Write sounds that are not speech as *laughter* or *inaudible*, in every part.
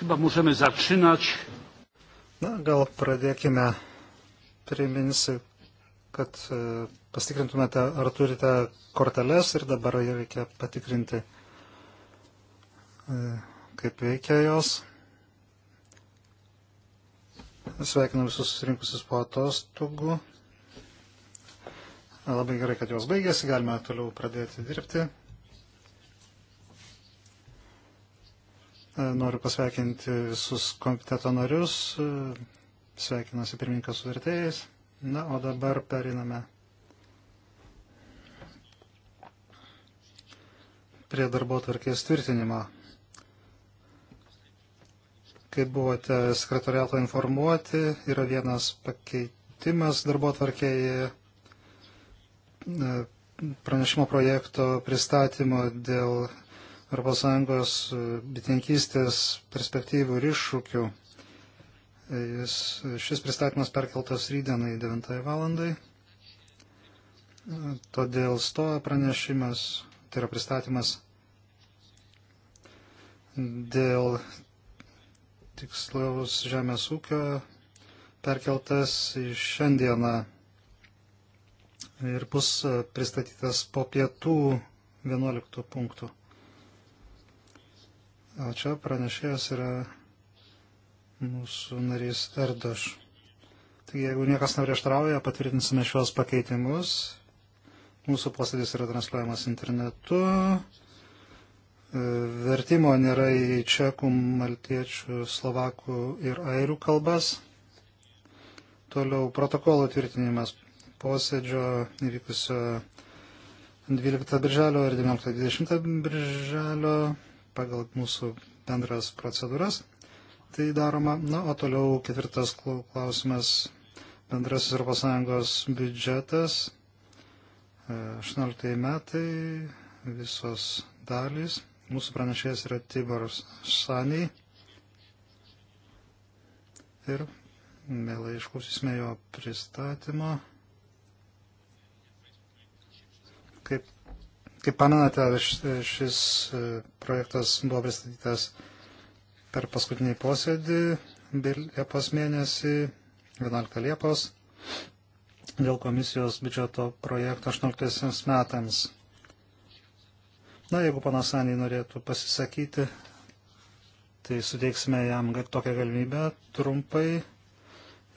Chyba możemy zaczynać. Na, gal pradėkime. Priminsiu, kad e, pastikrintumėte, ar turite korteles ir dabar reikia patikrinti, e, kaip veikia jos. Sveikinam visus susirinkusius po atostogų. Labai gerai, kad jos baigėsi, galime toliau pradėti dirbti. E, noriu pasveikinti visus komiteto narius, e, sveikinasi pirmininkas su vertėjais. Na, o dabar periname prie darbo tvarkės tvirtinimo. Kaip buvote sekretoriato informuoti, yra vienas pakeitimas darbo tvarkėje e, pranešimo projekto pristatymo dėl ES e, bitininkystės perspektyvų ir iššūkių. E, jis, e, šis pristatymas perkeltas rydienai 9 valandai. Todėl stoja pranešimas, tai yra pristatymas dėl tikslaus žemės ūkio perkeltas į šiandieną ir bus pristatytas po pietų 11 punktų. O čia pranešėjas yra mūsų narys Erdoš. Taigi, jeigu niekas neprieštarauja, patvirtinsime šios pakeitimus. Mūsų posėdis yra transliuojamas internetu. E, vertimo nėra į čekų, maltiečių, slovakų ir airių kalbas. Toliau protokolo tvirtinimas posėdžio įvykusio 12 birželio ir 19-20 birželio pagal mūsų bendras procedūras. Tai daroma. Na, o toliau ketvirtas klausimas - bendrasis ES biudžetas. 18 e, metai, visos dalys. Mūsų pranešėjas yra Tiboras Saniai. Ir mielai išklausysime jo pristatymo. Kaip pamenate, šis e, projektas buvo pristatytas per paskutinį posėdį Liepos mėnesį, 11 Liepos, dėl komisijos biudžeto projekto 18 metams. Na, jeigu panas Anį norėtų pasisakyti, tai suteiksime jam tokią galimybę trumpai,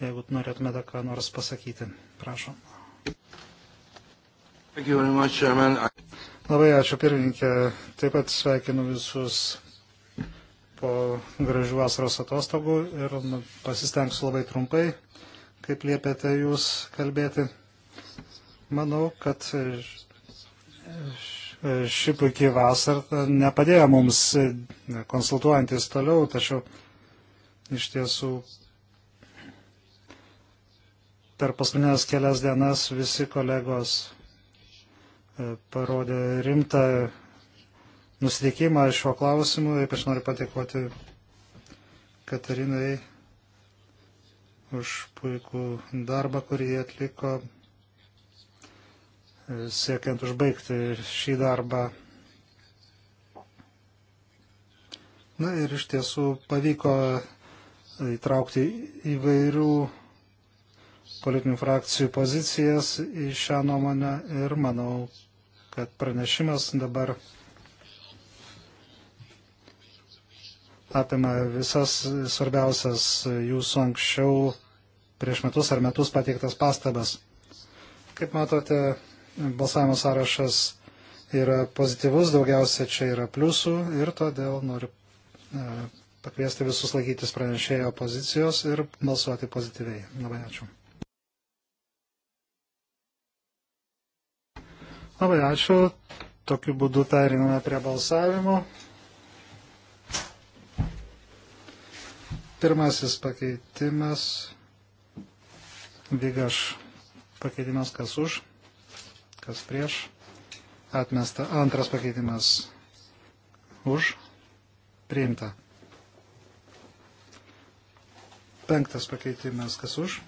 jeigu norėtumėte ką nors pasakyti. Prašom. Thank you very much, Chairman. I... Labai ačiū pirmininkė. Taip pat sveikinu visus po gražių vasaros atostogų ir nu, pasistengsiu labai trumpai, kaip liepėte jūs kalbėti. Manau, kad ši puikiai vasara nepadėjo mums konsultuojantis toliau, tačiau iš tiesų per paskutinės kelias dienas visi kolegos E, parodė rimtą nusiteikimą šiuo klausimu. Ypač noriu patikoti Katarinai už puikų darbą, kurį jie atliko, e, siekiant užbaigti šį darbą. Na ir iš tiesų pavyko įtraukti įvairių politinių frakcijų pozicijas į šią nuomonę ir manau, kad pranešimas dabar apima visas svarbiausias jūsų anksčiau prieš metus ar metus pateiktas pastabas. Kaip matote, balsavimo sąrašas yra pozityvus, daugiausia čia yra pliusų ir todėl noriu e, pakviesti visus laikytis pranešėjo pozicijos ir balsuoti pozityviai. Labai ačiū. Labai ačiū. Tokiu būdu periname prie balsavimo. Pirmasis pakeitimas. Vigaš pakeitimas kas už, kas prieš. Atmesta. Antras pakeitimas už. Priimta. Penktas pakeitimas kas už.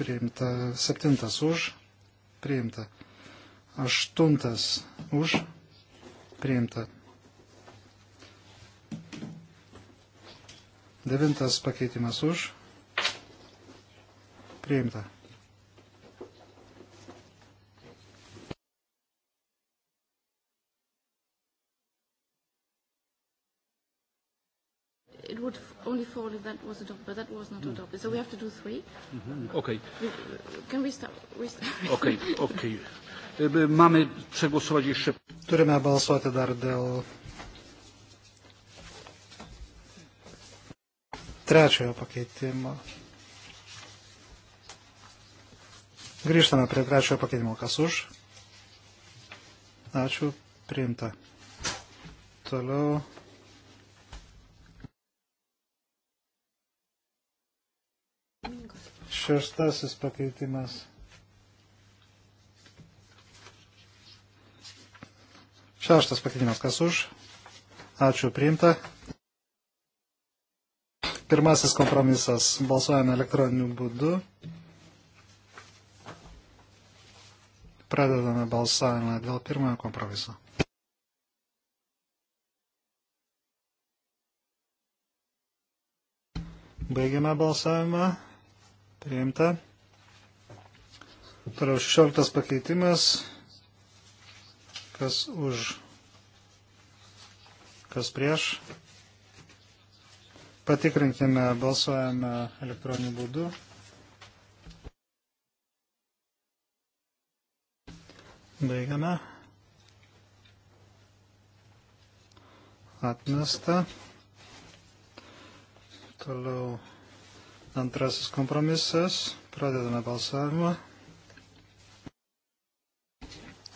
Priimta. Septintas už priimta. Aštuntas už priimta. Devintas pakeitimas už priimta. falling, that was adopted, but that was not mm. adopted. So we have to do three. Mm-hmm. Okay. We, can we start? We start. Okay, okay. Mamy przegłosować jeszcze. Turime balsuoti dar dėl trečiojo pakeitimo. Grįžtame prie trečiojo pakeitimo. Kas už? Ačiū. Priimta. Toliau Šeštasis pakeitimas. Šeštas pakeitimas. Kas už? Ačiū. Priimta. Pirmasis kompromisas. Balsuojame elektroniniu būdu. Pradedame balsavimą dėl pirmojo kompromiso. Baigiame balsavimą priimta. Toliau 16 pakeitimas. Kas už, kas prieš. Patikrinkime, balsuojame elektroniniu būdu. Baigiame. Atmesta. Toliau Antrasis kompromisas. Pradedame balsavimą.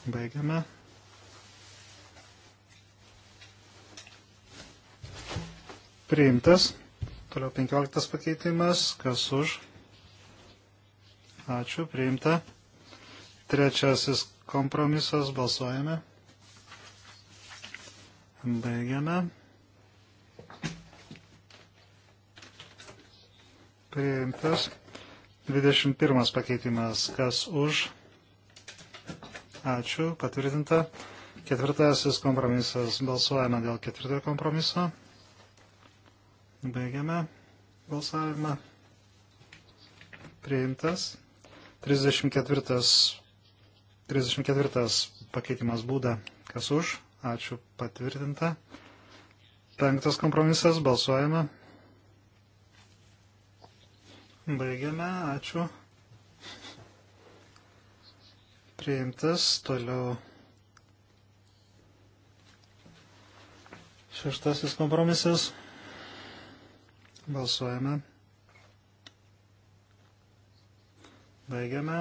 Baigiame. Priimtas. Toliau 15 pakeitimas. Kas už? Ačiū. Priimta. Trečiasis kompromisas. Balsuojame. Baigiame. priimtas. 21 pakeitimas, kas už. Ačiū, patvirtinta. Ketvirtasis kompromisas, balsuojame dėl ketvirtojo kompromiso. Baigiame balsavimą. Priimtas. 34, 34 pakeitimas būda, kas už. Ačiū, patvirtinta. Penktas kompromisas, balsuojame. Baigiame, ačiū. Priimtas toliau. Šeštasis kompromisas. Balsuojame. Baigiame.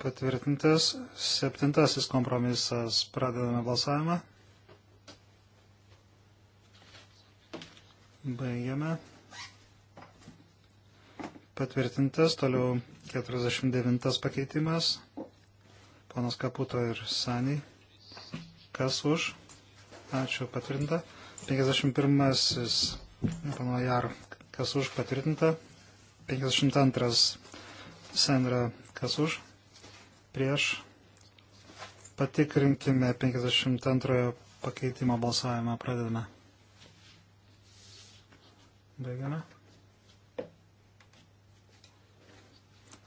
Patvirtintas septintasis kompromisas. Pradedame balsavimą. Baigiame. Patvirtintas toliau 49 pakeitimas. Ponas Kaputo ir Saniai. Kas už? Ačiū patvirtinta. 51. Pano Jar. Kas už patvirtinta? 52. Sandra. Kas už? Prieš. Patikrinkime 52 pakeitimo balsavimą. Pradedame. Baigiame.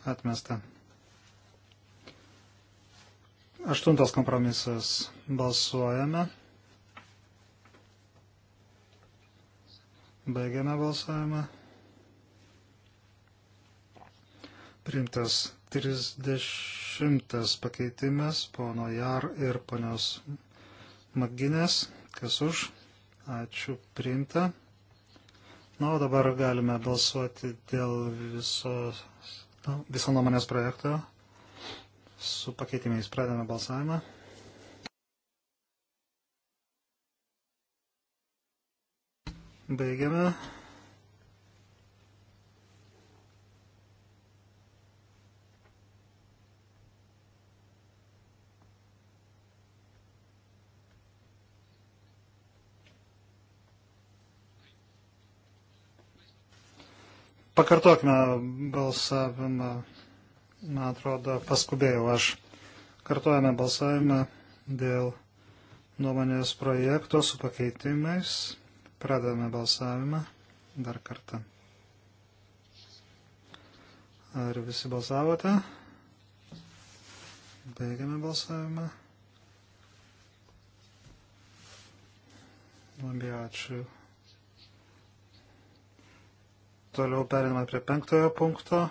Atmesta. Aštuntas kompromisas. Balsuojame. Baigiame balsavimą. Priimtas 30 pakeitimas pono Jar ir ponios Maginės. Kas už? Ačiū. Priimta. Na, o dabar galime balsuoti dėl viso, na, viso nuomonės projekto. Su pakeitimais pradame balsavimą. Baigiame. pakartokime balsavimą. Man atrodo, paskubėjau aš. Kartuojame balsavimą dėl nuomonės projekto su pakeitimais. Pradame balsavimą dar kartą. Ar visi balsavote? Baigiame balsavimą. Labai ačiū Toliau periname prie penktojo punkto. E,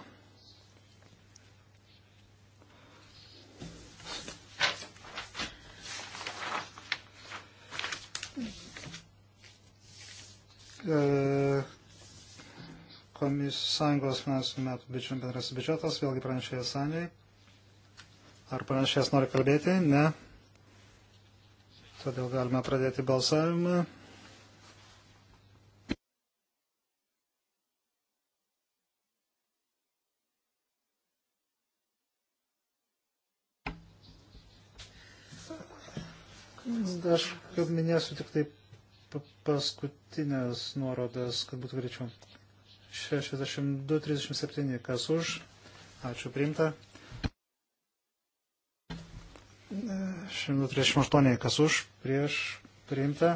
Komisijos sąjungos finansų metų bendras biudžetas, vėlgi pranešėjas Sanijai. Ar pranešėjas nori kalbėti? Ne. Todėl galime pradėti balsavimą. minėsiu tik tai paskutinės nuorodas, kad būtų greičiau. 62-37, kas už. Ačiū, priimta. 138, kas už, prieš, priimta.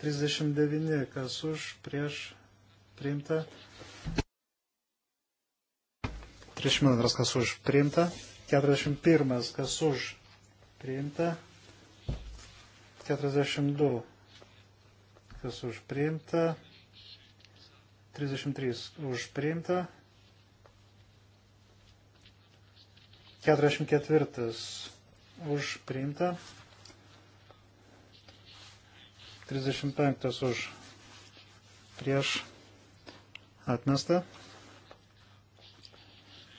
39, kas už, prieš, priimta. 32, kas už, priimta. 41, kas už, priimta. 42. Kas už priimta. 33 už priimta. 44 už priimta. 35 už prieš atmestą.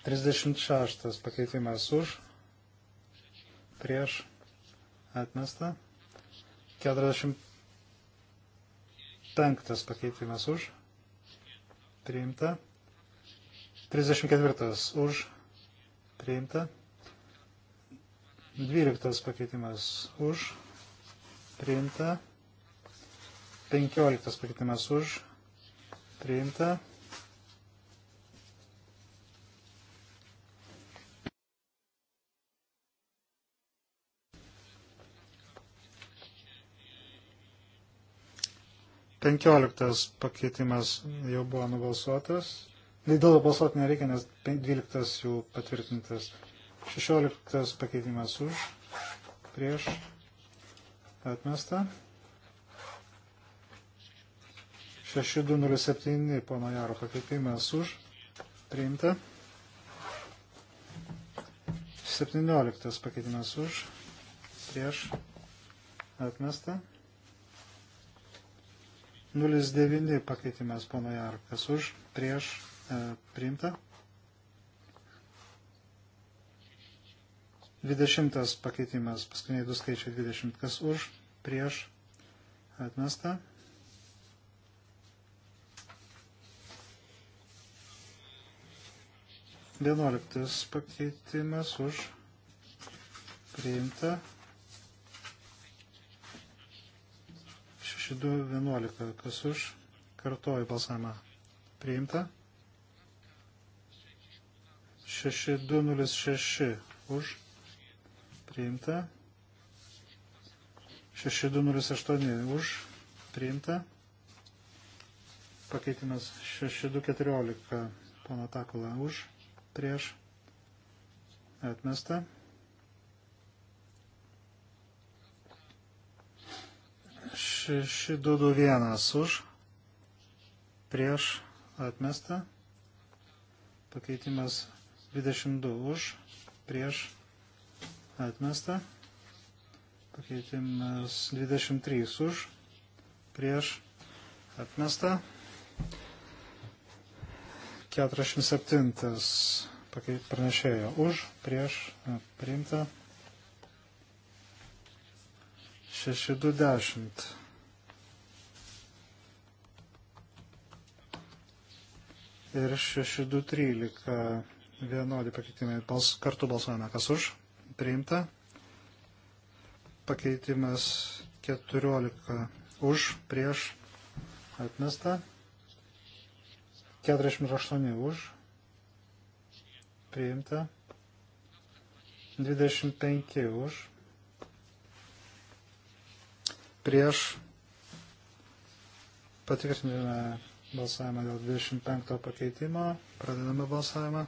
36 pakeitimas už prieš atmestą. 45 pakeitimas už. Priimta. 34 už. Priimta. 12 pakeitimas už. Priimta. 15 pakeitimas už. Priimta. 15 pakeitimas jau buvo nubalsuotas. Dėl balsuoti nereikia, nes 12 jau patvirtintas. 16 pakeitimas už, prieš, atmesta. 6207 pono Jaro pakeitimas už, priimta. 17 pakeitimas už, prieš, atmesta. 09 pakeitimas pono Jar. Kas už, prieš, e, priimta. 20 pakeitimas, paskutiniai du skaičiai 20. Kas už, prieš, atmesta. Vienuoliktas pakeitimas už priimta. 6211. Kas už? Kartuoju balsavimą. Priimta. 6206 už. Priimta. 6208 už. Priimta. Pakeitimas 6214 pana Takula už. Prieš. Atmesta. 621 už, prieš atmestą, pakeitimas 22 už, prieš atmestą, pakeitimas 23 už, prieš atmestą, 47 pranešėjo už, prieš priimtą. 620. Ir 6213 vienodi pakeitimai. Bals, kartu balsuojame, kas už. Priimta. Pakeitimas 14 už, prieš, atmesta. 48 už, priimta. 25 už, prieš patvirtiname balsavimą dėl 25 pakeitimo, pradedame balsavimą,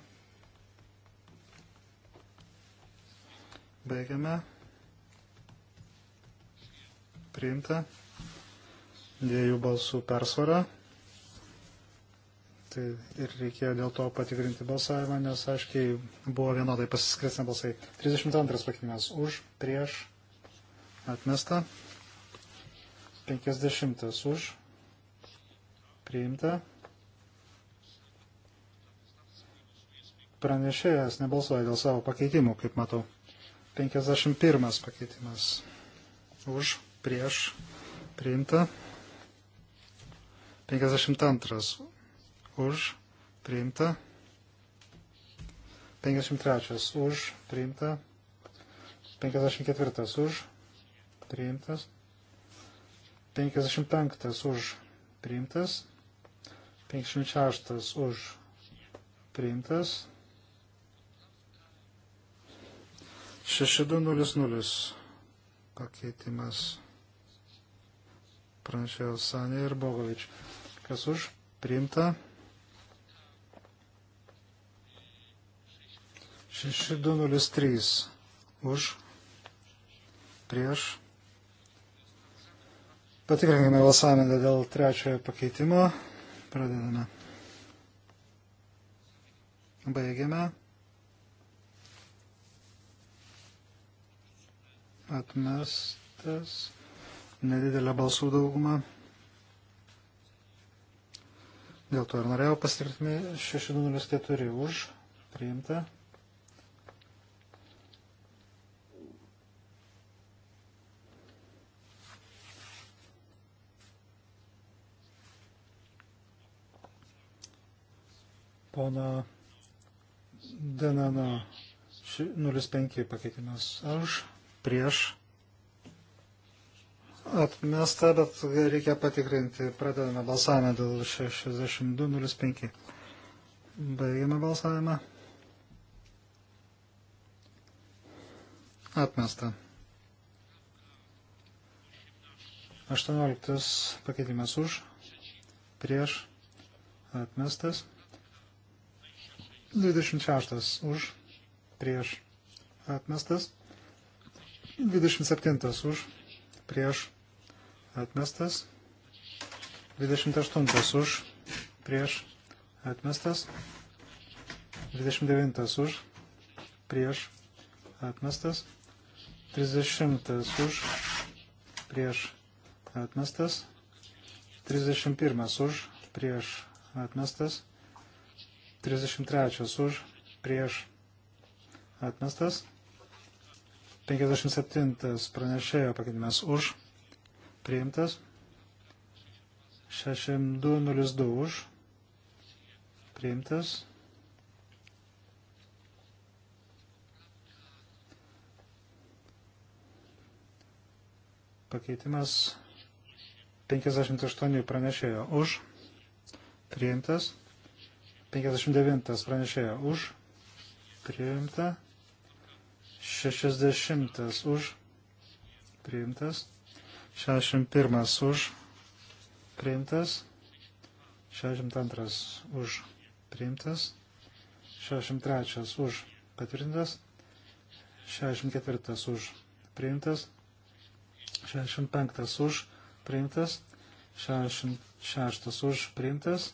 baigiame, priimta dviejų balsų persvara. Tai ir reikėjo dėl to patikrinti balsavimą, nes aiškiai buvo vienodai pasiskirtinę balsai. 32 pakeitimas už, prieš, atmesta. 50 už. Priimta. Pranešėjas nebalsuoja dėl savo pakeitimų, kaip matau. 51 pakeitimas. Už, prieš, priimta. 52 už, priimta. 53 už, priimta. 54 už, priimtas. 55 už priimtas, 56 už priimtas, 6200 pakeitimas pranešėjo Sanė ir Bogovič. Kas už priimta? 6203 už prieš Patikrinkime balsavimą dėl trečiojo pakeitimo. Pradedame. Baigiame. Atmestas. Nedidelė balsų dauguma. Dėl to ir norėjau pasirinkti 604 už. Priimta. pono Denano 05 pakeitimas už, prieš. Atmesta, bet reikia patikrinti. Pradedame balsavimą dėl 62.05. Baigiame balsavimą. Atmesta. 18 pakeitimas už, prieš, atmestas. 26 už, prieš atmestas. 27 už, prieš atmestas. 28 už, prieš atmestas. 29 už, prieš atmestas. 30 už, prieš atmestas. 31 už, prieš atmestas. 33 už, prieš atmestas. 57 pranešėjo pakeitimas už, priimtas. 6202 už, priimtas. Pakeitimas 58 pranešėjo už, priimtas. 59 pranešėjo už, priimta. 60 už, priimtas. 61 už, priimtas. 62 už, priimtas. 63 už, patvirtintas. 64 už, priimtas. 65 už, priimtas. 66 už, priimtas.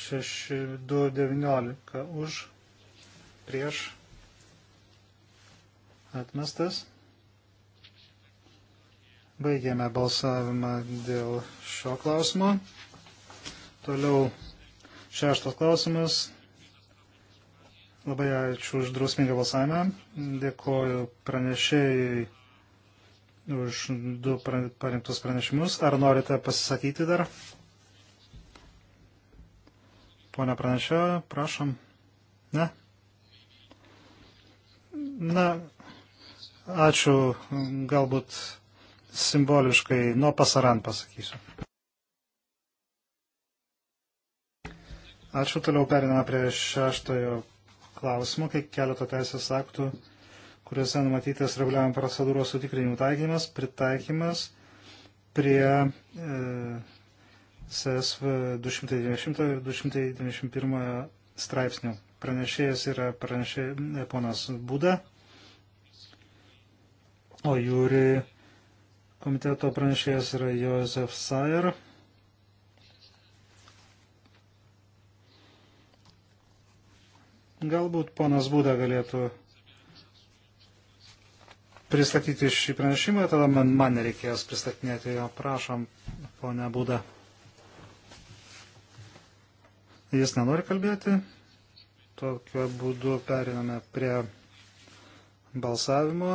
6219 už, prieš, atmestas. Baigėme balsavimą dėl šio klausimo. Toliau šeštas klausimas. Labai ačiū už drausmingą balsavimą. Dėkoju pranešėjai už du parinktus pranešimus. Ar norite pasisakyti dar? Pone pranešė, prašom. Ne? Na, ačiū, galbūt simboliškai, nuo pasaran pasakysiu. Ačiū, toliau periname prie šeštojo klausimo, kai keletą teisės aktų, kuriuose numatytas reguliavimo procedūros sutikrinimų taikymas, pritaikymas prie e, CSV 290 ir 291 straipsnių. Pranešėjas yra pranešė e, ponas Būda, o jūri komiteto pranešėjas yra Josef Sayer. Galbūt ponas Būda galėtų pristatyti šį pranešimą, tada man, man nereikės pristatinėti jo. Prašom, ponia Būda. Jis nenori kalbėti. Tokiu būdu periname prie balsavimo.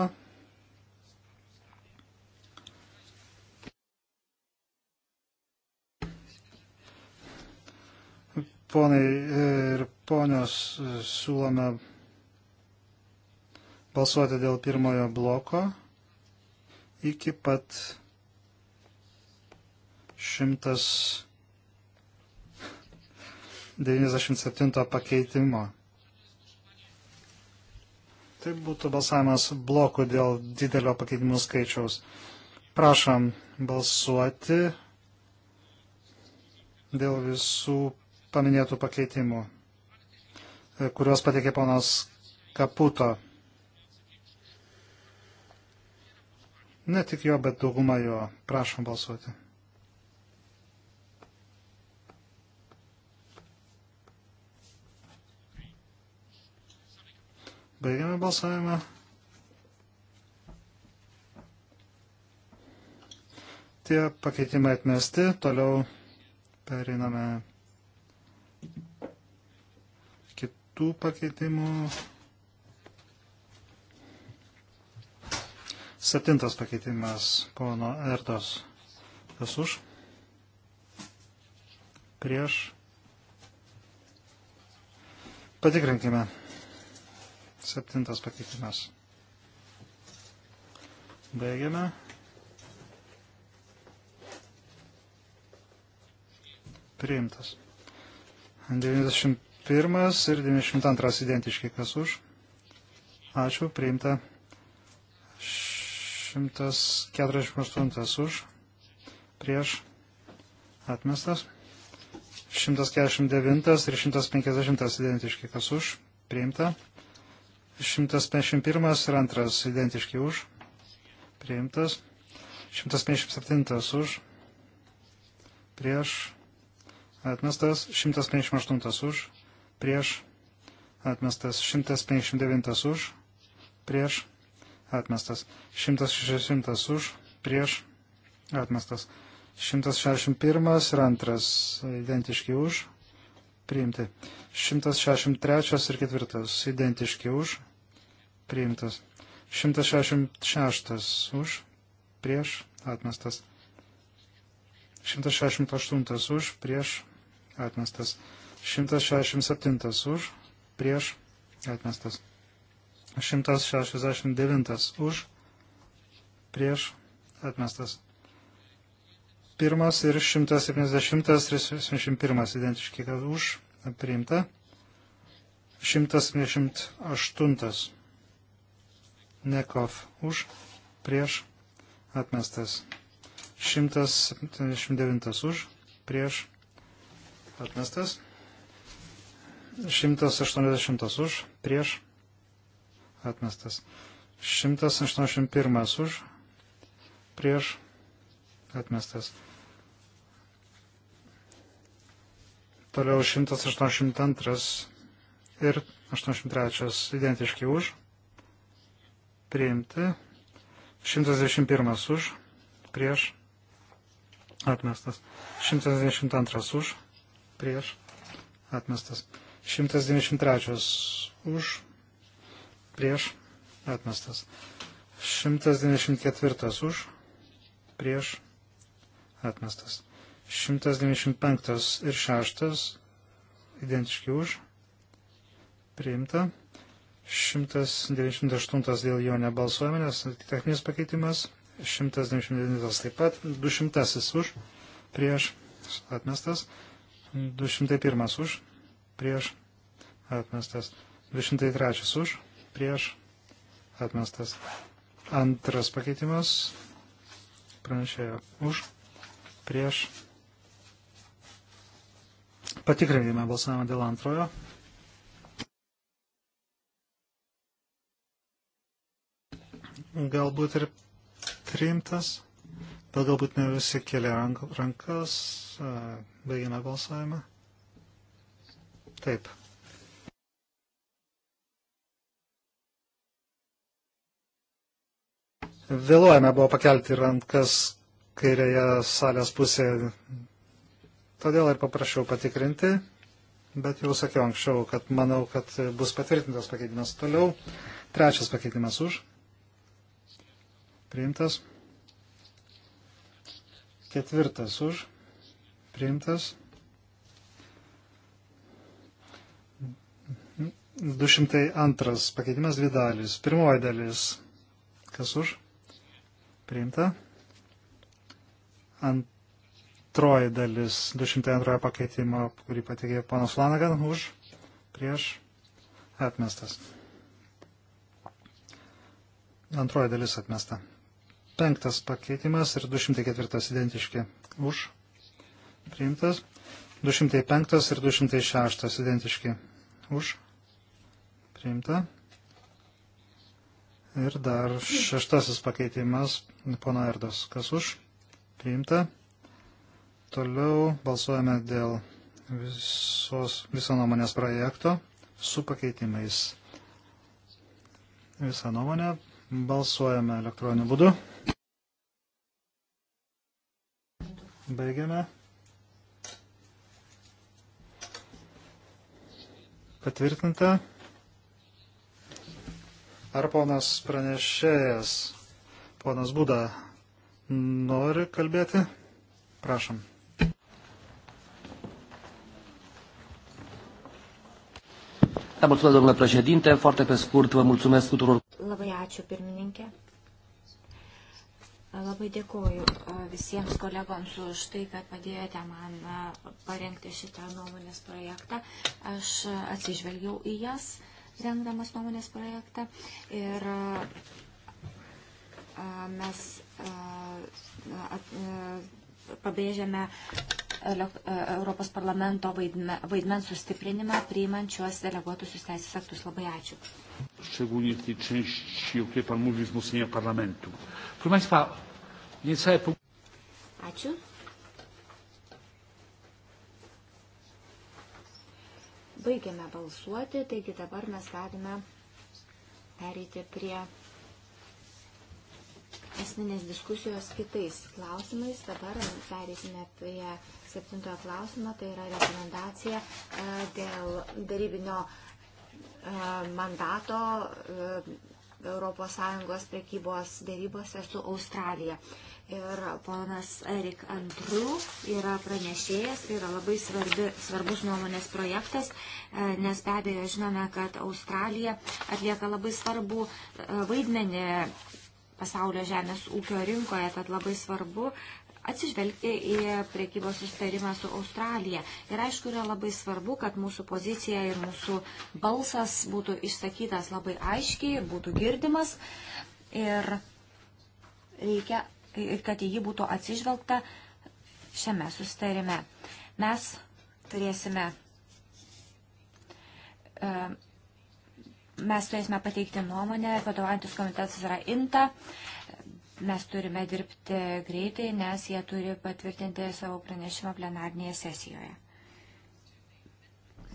Ponai ir ponios siūlome balsuoti dėl pirmojo bloko iki pat 100. 97 pakeitimo. Tai būtų balsavimas blokų dėl didelio pakeitimų skaičiaus. Prašom balsuoti dėl visų paminėtų pakeitimų, e, kuriuos pateikė ponas Kaputo. Ne tik jo, bet dauguma jo. Prašom balsuoti. Baigiame balsavimą. Tie pakeitimai atmesti. Toliau periname kitų pakeitimų. Septintas pakeitimas pono Ertos. Kas už? Prieš. Patikrinkime. Septintas pakeitimas. Baigiame. Priimtas. 91 ir 92 identiški, kas už. Ačiū, priimta. 148 už. Prieš. Atmestas. 149 ir 150 identiški, kas už. Priimta. 151 ir 2 identiški už. Priimtas. 157 už. Prieš. Atmestas. 158 už. Prieš. Atmestas. 159 už. Prieš. Atmestas. 160 už. Prieš. Atmestas. 161 ir 2 identiški už priimti. 163 ir 4 identiški už, priimtas. 166 už, prieš, atmestas. 168 už, prieš, atmestas. 167 už, prieš, atmestas. 169 už, prieš, atmestas ir 170 ir 71 identiški, kad už priimta. 178 Nekov už prieš atmestas. 179 už prieš atmestas. 180 už prieš atmestas. 181 už prieš atmestas atmestas. Toliau 182 ir 83 identiški už. Priimti. 121 už. Prieš. Atmestas. 122 už. Prieš. Atmestas. 193 už. Prieš. Atmestas. 194 už. Prieš atmestas. 195 ir 6 identiški už. Priimta. 198 dėl jo nebalsuojame, nes techninis pakeitimas. 199 taip pat. 200 už. Prieš. Atmestas. 201 už. Prieš. Atmestas. 203 už. Prieš. Atmestas. Antras pakeitimas. Pranešėjo už prieš. Patikrinkime balsavimą dėl antrojo. Galbūt ir trimtas, bet galbūt ne visi kelia rankas. Baigime balsavimą. Taip. Vėluojame buvo pakelti rankas kairėje salės pusėje. Todėl ir paprašiau patikrinti, bet jau sakiau anksčiau, kad manau, kad bus patvirtintas pakeitimas toliau. Trečias pakeitimas už. Priimtas. Ketvirtas už. Priimtas. 202 pakeitimas dvi dalis. Pirmoji dalis. Kas už? Priimta antroji dalis 202 pakeitimo, kurį patikė panas Flanagan už, prieš, atmestas. Antroji dalis atmesta. Penktas pakeitimas ir 204 identiški už, priimtas. 205 ir 206 identiški už, priimta. Ir dar šeštasis pakeitimas, pono Erdos. Kas už? priimta. Toliau balsuojame dėl visos, viso nuomonės projekto su pakeitimais. Visą nuomonę balsuojame elektroniniu būdu. Baigiame. Patvirtinta. Ar ponas pranešėjas, ponas Būda, nori kalbėti? Prašom. Da, mulțumesc, domnule președinte. Foarte pe scurt, vă mulțumesc tuturor. Labai ačiū, pirmininkė. Labai dėkuoju visiems kolegoms už tai, kad padėjote man parengti šitą nuomonės projektą. Aš atsižvelgiau į jas, rengdamas nuomonės projektą. Ir mes pabrėžiame e, Europos parlamento vaidmens sustiprinimą priimant šiuos deleguotusius teisės aktus. Labai ačiū. Szczególnie w tej części, o której Pan mówi, wzmocnienia parlamentu. Proszę Państwa, niecałe pół... Ačiū. Baigiame balsuoti, taigi dabar mes galime pereiti prie esminės diskusijos kitais klausimais. Dabar perėsime prie septintojo klausimo, tai yra rekomendacija e, dėl darybinio e, mandato ES prekybos dėrybose su Australija. Ir ponas Erik Andriu yra pranešėjas, tai yra labai svarbi, svarbus nuomonės projektas, e, nes be abejo žinome, kad Australija atlieka labai svarbų vaidmenį pasaulio žemės ūkio rinkoje, tad labai svarbu atsižvelgti į priekybos sustarimą su Australija. Ir aišku, yra labai svarbu, kad mūsų pozicija ir mūsų balsas būtų išsakytas labai aiškiai, būtų girdimas ir reikia, kad į jį būtų atsižvelgta šiame sustarime. Mes turėsime e, mes turėsime pateikti nuomonę, vadovantis komitetas yra imta. Mes turime dirbti greitai, nes jie turi patvirtinti savo pranešimą plenarnėje sesijoje.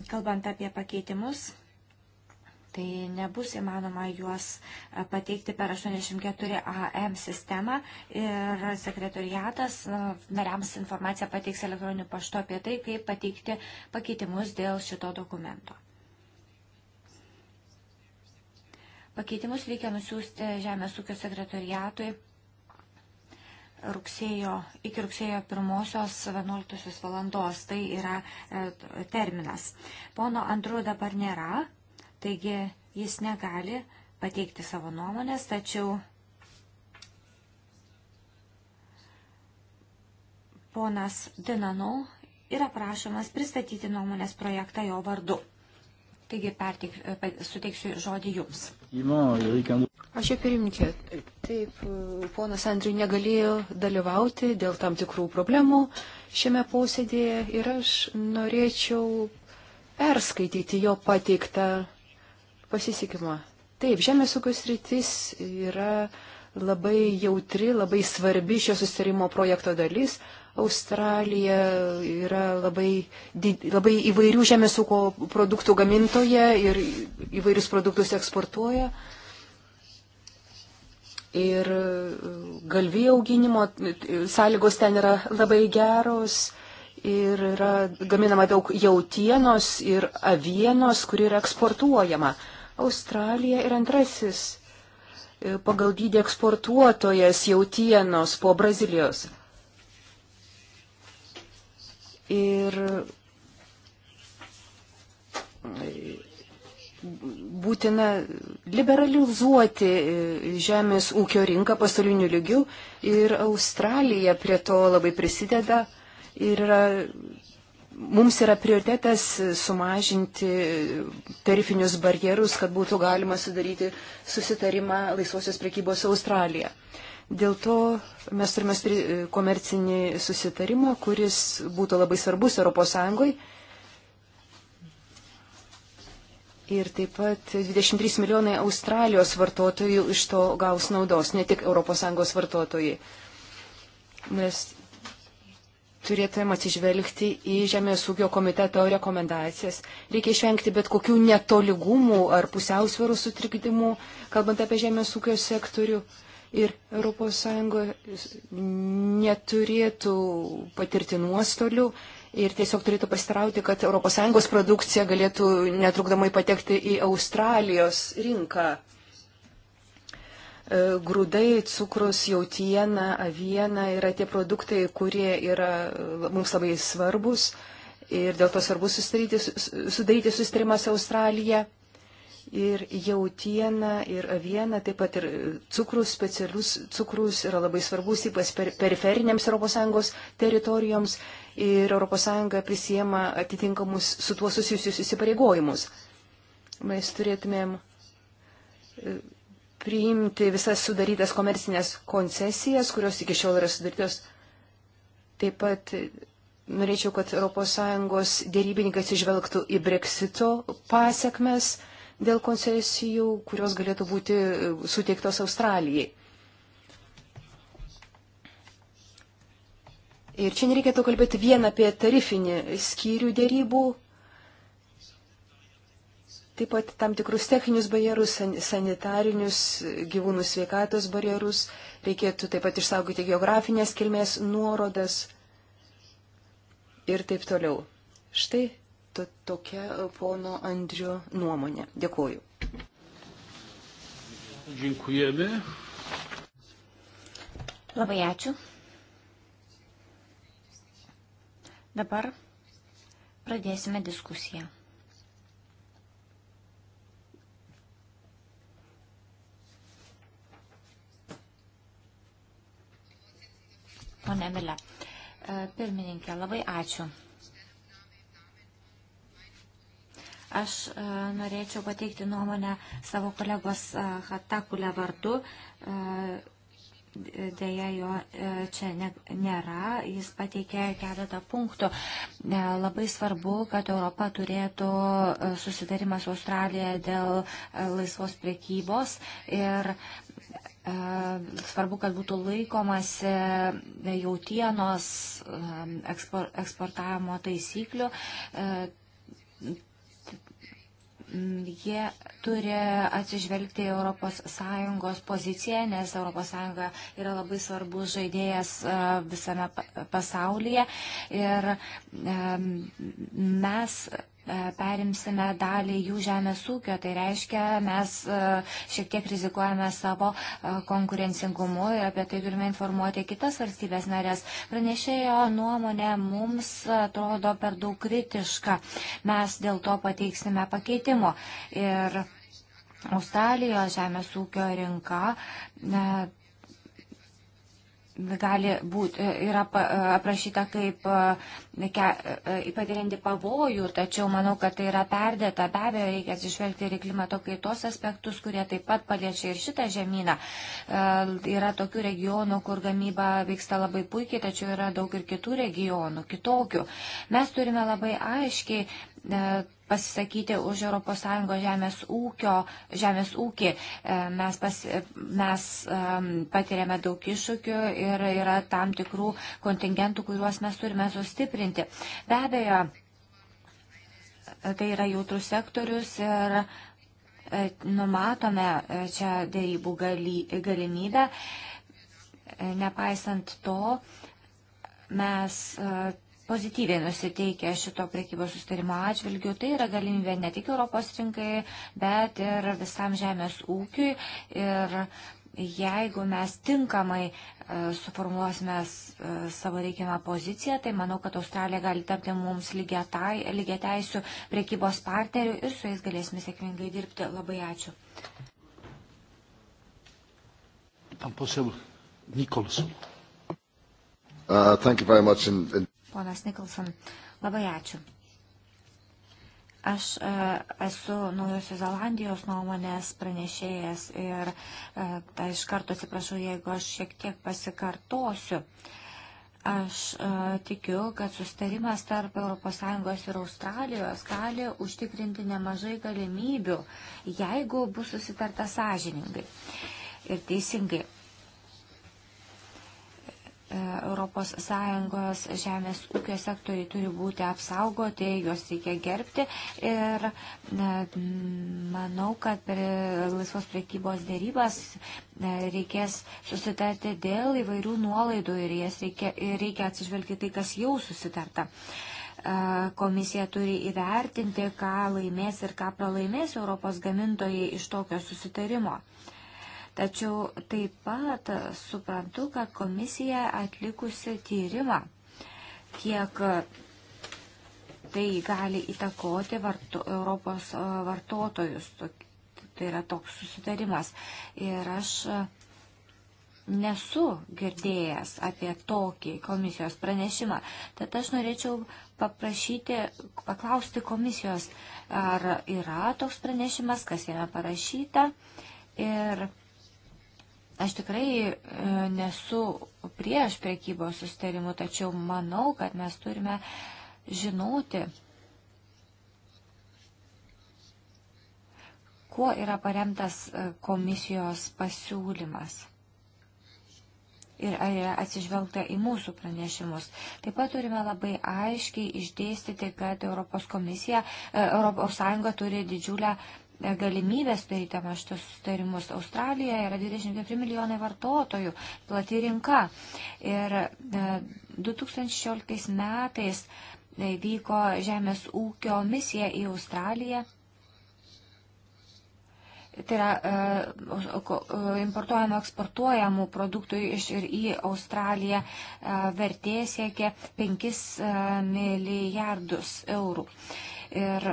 Kalbant apie pakeitimus, tai nebus įmanoma juos e, pateikti per 84 AM sistemą ir sekretoriatas e, nariams informaciją pateiks elektroniniu paštu apie tai, kaip pateikti pakeitimus dėl šito dokumento. Pakeitimus reikia nusiųsti Žemės ūkio sekretoriatui rugsėjo, iki rugsėjo 1.11 valandos. Tai yra e, terminas. Pono Andru dabar nėra, taigi jis negali pateikti savo nuomonės, tačiau ponas Dinanau yra prašomas pristatyti nuomonės projektą jo vardu. Taigi pertik, e, suteiksiu žodį jums. Aš jau pirmininkė. Taip, e, ponas Andriu negalėjo dalyvauti dėl tam tikrų problemų šiame posėdėje ir aš norėčiau perskaityti jo pateiktą pasisikimą. Taip, žemės ūkio sritis yra labai jautri, labai svarbi šio sustarimo projekto dalis. Australija yra labai, labai įvairių žemės ūkio produktų gamintoje ir įvairius produktus eksportuoja. Ir e, galvijų auginimo e, sąlygos ten yra labai geros ir yra gaminama daug jautienos ir avienos, kuri yra eksportuojama. Australija yra antrasis e, pagal dydį eksportuotojas jautienos po Brazilijos ir būtina liberalizuoti žemės ūkio rinką pasauliniu lygiu ir Australija prie to labai prisideda ir yra, mums yra prioritetas sumažinti tarifinius barjerus, kad būtų galima sudaryti susitarimą laisvosios prekybos Australija. Australija. Dėl to mes turime komercinį susitarimą, kuris būtų labai svarbus ES. Ir taip pat 23 milijonai Australijos vartotojų iš to gaus naudos, ne tik ES vartotojai. Mes turėtumėm atsižvelgti į Žemės ūkio komiteto rekomendacijas. Reikia išvengti bet kokių netolygumų ar pusiausvėrų sutrikdymų, kalbant apie Žemės ūkio sektorių ir ES neturėtų patirti nuostolių ir tiesiog turėtų pasitrauti, kad ES produkcija galėtų netrukdomai patekti į Australijos rinką. E, grūdai, cukrus, jautiena, aviena yra tie produktai, kurie yra e, mums labai svarbus ir dėl to svarbu susidaryti, sudaryti sustarimą su Australija ir jautiena, ir aviena, taip pat ir cukrus, specialius cukrus yra labai svarbus, ypač per, periferiniams ES teritorijoms ir ES prisiema atitinkamus su tuo susijusius įsipareigojimus. Mes turėtumėm e, priimti visas sudarytas komercinės koncesijas, kurios iki šiol yra sudarytos. Taip pat e, norėčiau, kad ES dėrybininkas išvelgtų į breksito pasiekmes dėl koncesijų, kurios galėtų būti e, suteiktos Australijai. Ir čia nereikėtų kalbėti vien apie tarifinį skyrių dėrybų, taip pat tam tikrus techninius barjerus, sanitarinius, gyvūnų sveikatos barjerus, reikėtų taip pat išsaugoti geografinės kilmės nuorodas ir taip toliau. Štai to, tokia e, pono Andriu nuomonė. Dėkuoju. Dziękujemy. Labai ačiū. Dabar pradėsime diskusiją. Pone Milė, e, pirmininkė, labai ačiū. Aš e, norėčiau pateikti nuomonę savo kolegos e, Hatakulė vardu. E, Deja, jo čia nėra, jis pateikė keletą punktų. Labai svarbu, kad Europa turėtų susidarimą su Australija dėl laisvos priekybos ir svarbu, kad būtų laikomasi jautienos ekspor, eksportavimo taisyklių Mm, jie turi atsižvelgti į ES poziciją, nes ES yra labai svarbus žaidėjas e, visame pasaulyje. Ir mes E, perimsime dalį jų žemės ūkio. Tai reiškia, mes e, šiek tiek rizikuojame savo e, konkurencingumu ir apie tai turime informuoti kitas valstybės narės. Pranešėjo nuomonė mums atrodo per daug kritiška. Mes dėl to pateiksime pakeitimo. Ir Australijos žemės ūkio rinka. Ne, gali būti, e, yra e, aprašyta kaip e, patirianti pavojų, tačiau manau, kad tai yra perdėta. Be abejo, reikia atsižvelgti ir į klimato kaitos aspektus, kurie taip pat paliečia ir šitą žemyną. Yra tokių regionų, kur gamyba vyksta labai puikiai, tačiau yra daug ir kitų regionų, kitokių. Mes turime labai aiškiai E, pasisakyti už ES žemės, ūkio, žemės ūkį. E, mes, pas, e, mes patiriame daug iššūkių ir yra tam tikrų kontingentų, kuriuos mes turime sustiprinti. Be abejo, tai yra jautrus sektorius ir numatome čia dėrybų galimybę. Nepaisant to, mes pozityviai nusiteikę šito prekybos sustarimo atžvilgių. Tai yra galimybė ne tik Europos rinkai, bet ir visam žemės ūkiui. Ir jeigu mes tinkamai e, suformuosime e, savo reikiamą poziciją, tai manau, kad Australija gali tapti mums lygiateisių tai, priekybos partnerių ir su jais galėsime sėkmingai dirbti. Labai ačiū. Pan poseł Nicholson. Uh, thank you very much. In, in... Ponas Nikolson, labai ačiū. Aš e, esu Naujosios Zelandijos nuomonės pranešėjas ir e, tai iš karto atsiprašau, jeigu aš šiek tiek pasikartosiu. Aš e, tikiu, kad sustarimas tarp ES ir Australijos gali užtikrinti nemažai galimybių, jeigu bus susitarta sąžiningai ir teisingai. ES žemės ūkio sektoriai turi būti apsaugoti, juos reikia gerbti ir manau, kad per laisvos priekybos dėrybas reikės susitarti dėl įvairių nuolaidų ir jas reikia, reikia atsižvelgti tai, kas jau susitarta komisija turi įvertinti, ką laimės ir ką pralaimės Europos gamintojai iš tokio susitarimo. Tačiau taip pat suprantu, kad komisija atlikusi tyrimą, kiek tai gali įtakoti varto, Europos e, vartotojus. Tai yra toks susitarimas. Ir aš nesu girdėjęs apie tokį komisijos pranešimą. Tad aš norėčiau paprašyti, paklausti komisijos, ar yra toks pranešimas, kas jame parašyta. Ir Aš tikrai e, nesu prieš priekybos sustarimų, tačiau manau, kad mes turime žinoti, kuo yra paremtas e, komisijos pasiūlymas ir ar yra atsižvelgta į mūsų pranešimus. Taip pat turime labai aiškiai išdėstyti, kad Europos komisija, e, Europos Sąjunga turi didžiulę galimybės darydama šitus sustarimus. Australija yra 24 milijonai vartotojų, plati rinka. Ir 2016 e, metais e, vyko žemės ūkio misija į Australiją. Tai yra e, importuojamų, eksportuojamų produktų iš ir į Australiją vertė siekia 5 milijardus eurų. Ir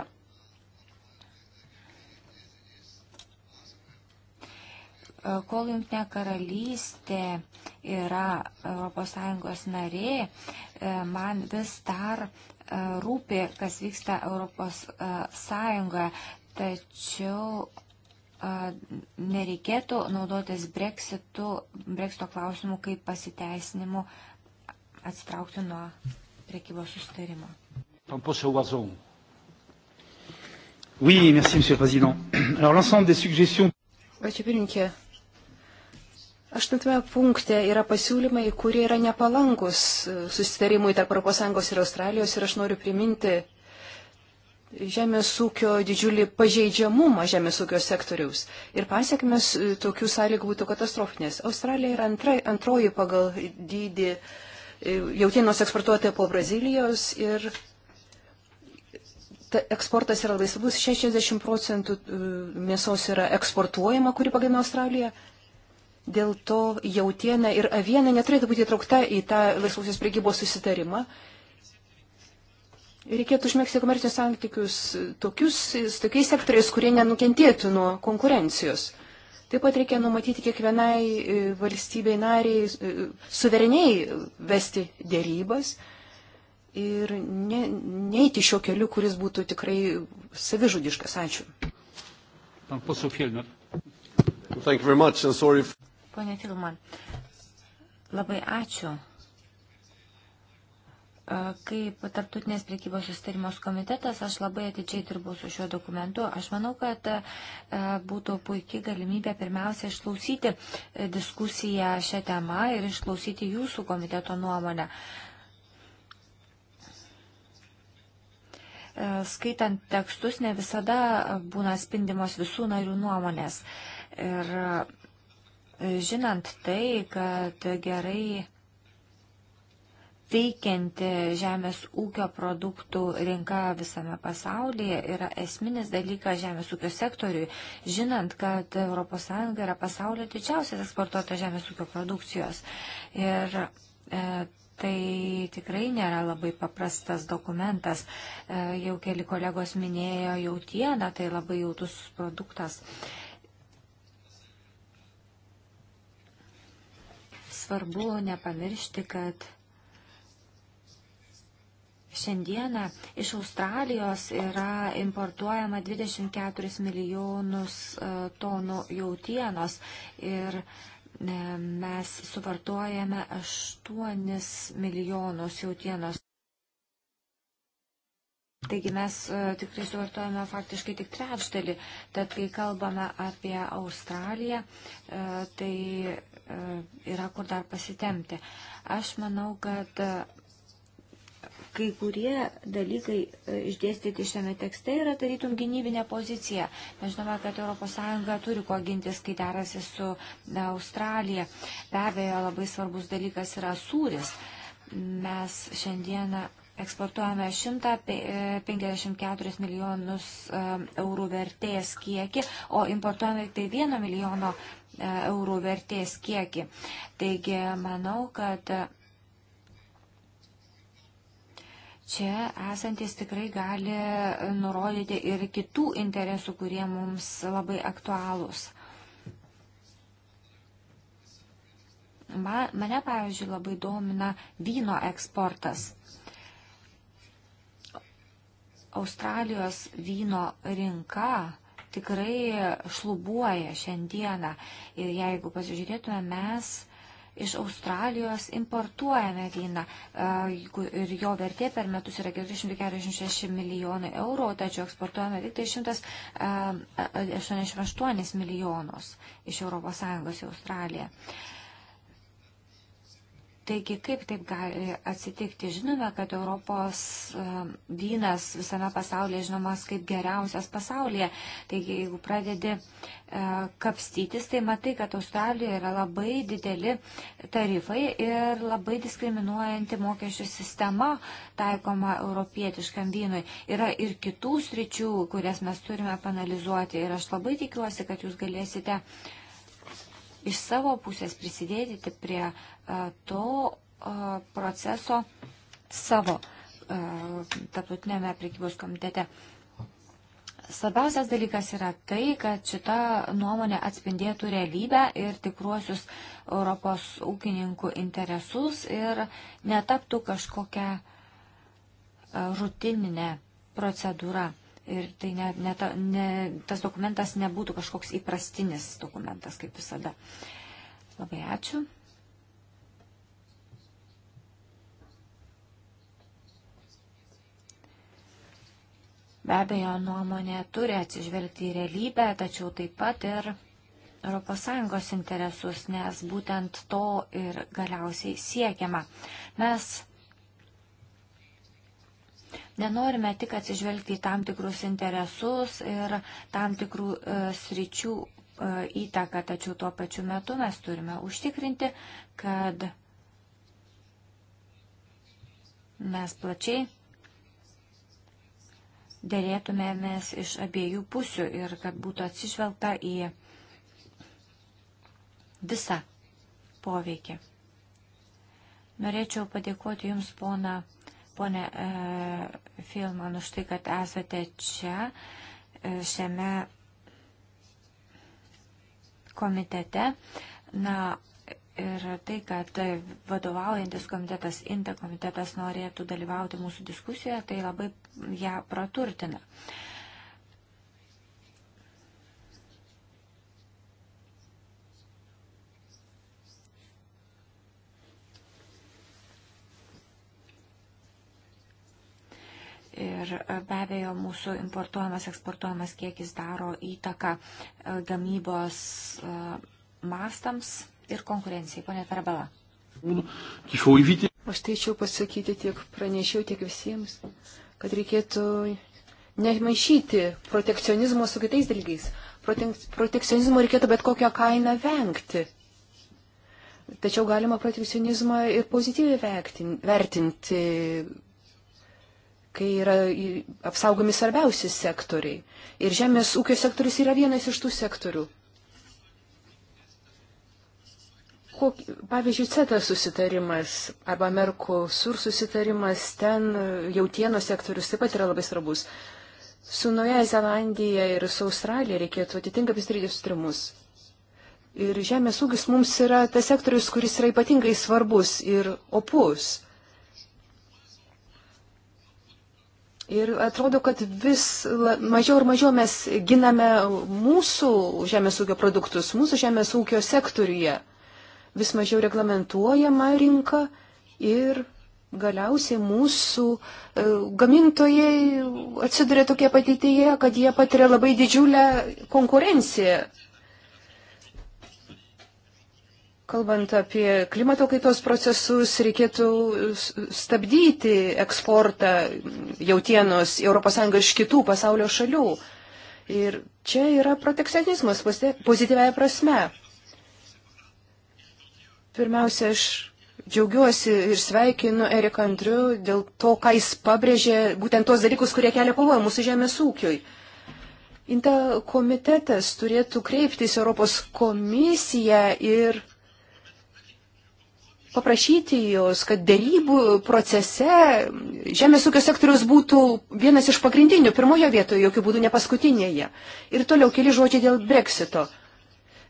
kol Junktinė karalystė yra ES narė, e, man vis dar e, rūpi, kas vyksta ES. E, Tačiau nereikėtų naudotis breksitu, breksito klausimu kaip pasiteisinimu atsitraukti nuo prekybos sustarimo. Oui, merci, Monsieur le Président. Alors, l'ensemble des suggestions. Ačiū pirmininkė. Aštuntame punkte yra pasiūlymai, kurie yra nepalankus e, susitarimui tarp ES ir Australijos ir aš noriu priminti žemės ūkio didžiulį pažeidžiamumą žemės ūkio sektoriaus. Ir pasiekmes e, tokių sąlygų būtų katastrofinės. Australija yra antra, antroji pagal dydį e, jautienos eksportuotoja po Brazilijos ir ta, eksportas yra laisvus, 60 procentų mėsos yra eksportuojama, kuri pagamina Australija. Dėl to jautiena ir aviena neturėtų būti įtraukta į tą laisvosios priegybos susitarimą. Reikėtų užmėgsti komercinius santykius tokius, su tokiais sektoriais, kurie nenukentėtų nuo konkurencijos. Taip pat reikia numatyti kiekvienai e, valstybei nariai e, suvereniai vesti dėrybas ir ne, neiti šio keliu, kuris būtų tikrai savižudiškas. Ačiū. Pan posūk Helmer. Thank you very much and sorry. Pone Tilman, labai ačiū. Kaip tarptautinės priekybos sustarimos komitetas, aš labai atidžiai dirbau su šiuo dokumentu. Aš manau, kad būtų puikiai galimybė pirmiausia išklausyti e, diskusiją šią temą ir išklausyti jūsų komiteto nuomonę. E, skaitant tekstus ne visada būna spindimos visų narių nuomonės. Ir žinant tai, kad gerai veikianti žemės ūkio produktų rinka visame pasaulyje yra esminis dalykas žemės ūkio sektoriui, žinant, kad ES yra pasaulio didžiausias eksportuotas žemės ūkio produkcijos. Ir e, tai tikrai nėra labai paprastas dokumentas. E, jau keli kolegos minėjo jautieną, tai labai jautus produktas. E, svarbu nepamiršti, kad šiandieną iš Australijos yra importuojama 24 milijonus e, tonų jautienos ir e, mes suvartojame 8 milijonus jautienos. Taigi mes e, tikrai suvartojame faktiškai tik trečdalį, tad kai kalbame apie Australiją, tai E, yra kur dar pasitemti. Aš manau, kad e, kai kurie dalykai e, išdėstyti šiame tekste yra tarytum gynybinė pozicija. Mes žinome, kad ES turi ko gintis, kai derasi su Australija. Be abejo, labai svarbus dalykas yra sūris. Mes šiandieną eksportuojame 154 milijonus eurų vertės kiekį, o importuojame tik tai 1 milijono E, eurų vertės kiekį. Taigi, manau, kad čia esantis tikrai gali nurodyti ir kitų interesų, kurie mums labai aktualūs. Man, mane, pavyzdžiui, labai domina vyno eksportas. Australijos vyno rinka tikrai šlubuoja šiandieną. Ir jeigu pasižiūrėtume, mes iš Australijos importuojame vyną e, ir jo vertė per metus yra 446 milijonai eurų, tačiau eksportuojame tik tai 188 e, e, milijonus iš ES į Australiją. Taigi, kaip taip gali atsitikti? Žinome, kad Europos e, vynas visame pasaulyje žinomas kaip geriausias pasaulyje. Taigi, jeigu pradedi e, kapstytis, tai matai, kad Australijoje yra labai dideli tarifai ir labai diskriminuojanti mokesčių sistema taikoma europietiškam vynui. Yra ir kitų sričių, kurias mes turime panalizuoti ir aš labai tikiuosi, kad jūs galėsite uh, iš savo pusės prisidėti prie e, to e, proceso savo e, tarptautinėme prekybos komitete. Svarbiausias dalykas yra tai, kad šita nuomonė atspindėtų realybę ir tikruosius Europos ūkininkų interesus ir netaptų kažkokią rutininę procedūrą ir tai ne, ne ta, ne, tas dokumentas nebūtų kažkoks įprastinis dokumentas, kaip visada. Labai ačiū. Be abejo, nuomonė turi atsižvelgti į realybę, tačiau taip pat ir ES interesus, nes būtent to ir galiausiai siekiama. Mes Nenorime tik atsižvelgti į tam tikrus interesus ir tam tikrų e, sričių e, įtaką, tačiau tuo pačiu metu mes turime užtikrinti, kad mes plačiai dėrėtumėmės iš abiejų pusių ir kad būtų atsižvelgta į visą poveikį. Norėčiau padėkoti Jums, pona Pone e, Filman, už tai, kad esate čia e, šiame komitete. Na, ir tai, kad vadovaujantis komitetas, INTA komitetas norėtų dalyvauti mūsų diskusijoje, tai labai ją praturtina. Uh, Ir e, be abejo, mūsų importuojamas, eksportuojamas kiekis daro įtaką e, gamybos e, mastams ir konkurencijai. Pone Tarbala. Aš teičiau pasakyti tiek pranešiau, tiek visiems, kad reikėtų nemaišyti protekcionizmo su kitais dalykais. Protekcionizmo reikėtų bet kokią kainą vengti. Tačiau galima protekcionizmą ir pozityviai vertinti, vertinti kai yra apsaugomi svarbiausi sektoriai. Ir žemės ūkio sektorius yra vienas iš tų sektorių. Kok, pavyzdžiui, CETA susitarimas arba Merkosur susitarimas, ten jautienos sektorius taip pat yra labai svarbus. Su Nuoja Zelandija ir su Australija reikėtų atitinkamus trydės sutrimus. Ir žemės ūkis mums yra tas sektorius, kuris yra ypatingai svarbus ir opus. Ir atrodo, kad vis mažiau ir mažiau mes giname mūsų žemės ūkio produktus, mūsų žemės ūkio sektoriuje. Vis mažiau reglamentuojama rinka ir galiausiai mūsų e, gamintojai atsiduria tokie pateityje, kad jie patiria labai didžiulę konkurenciją Kalbant apie klimato kaitos procesus, reikėtų stabdyti eksportą jautienos ES iš kitų pasaulio šalių. Ir čia yra protekcionizmas pozityviaja prasme. Pirmiausia, aš džiaugiuosi ir sveikinu Eriką Andriu dėl to, ką jis pabrėžė, būtent tos dalykus, kurie kelia pavojų mūsų žemės ūkiui. Inta komitetas turėtų kreiptis Europos komisiją ir paprašyti jūs, kad dėrybų procese žemės ūkio sektorius būtų vienas iš pagrindinių, pirmojo vietoje, jokių būdų ne paskutinėje. Ir toliau keli žodžiai dėl breksito.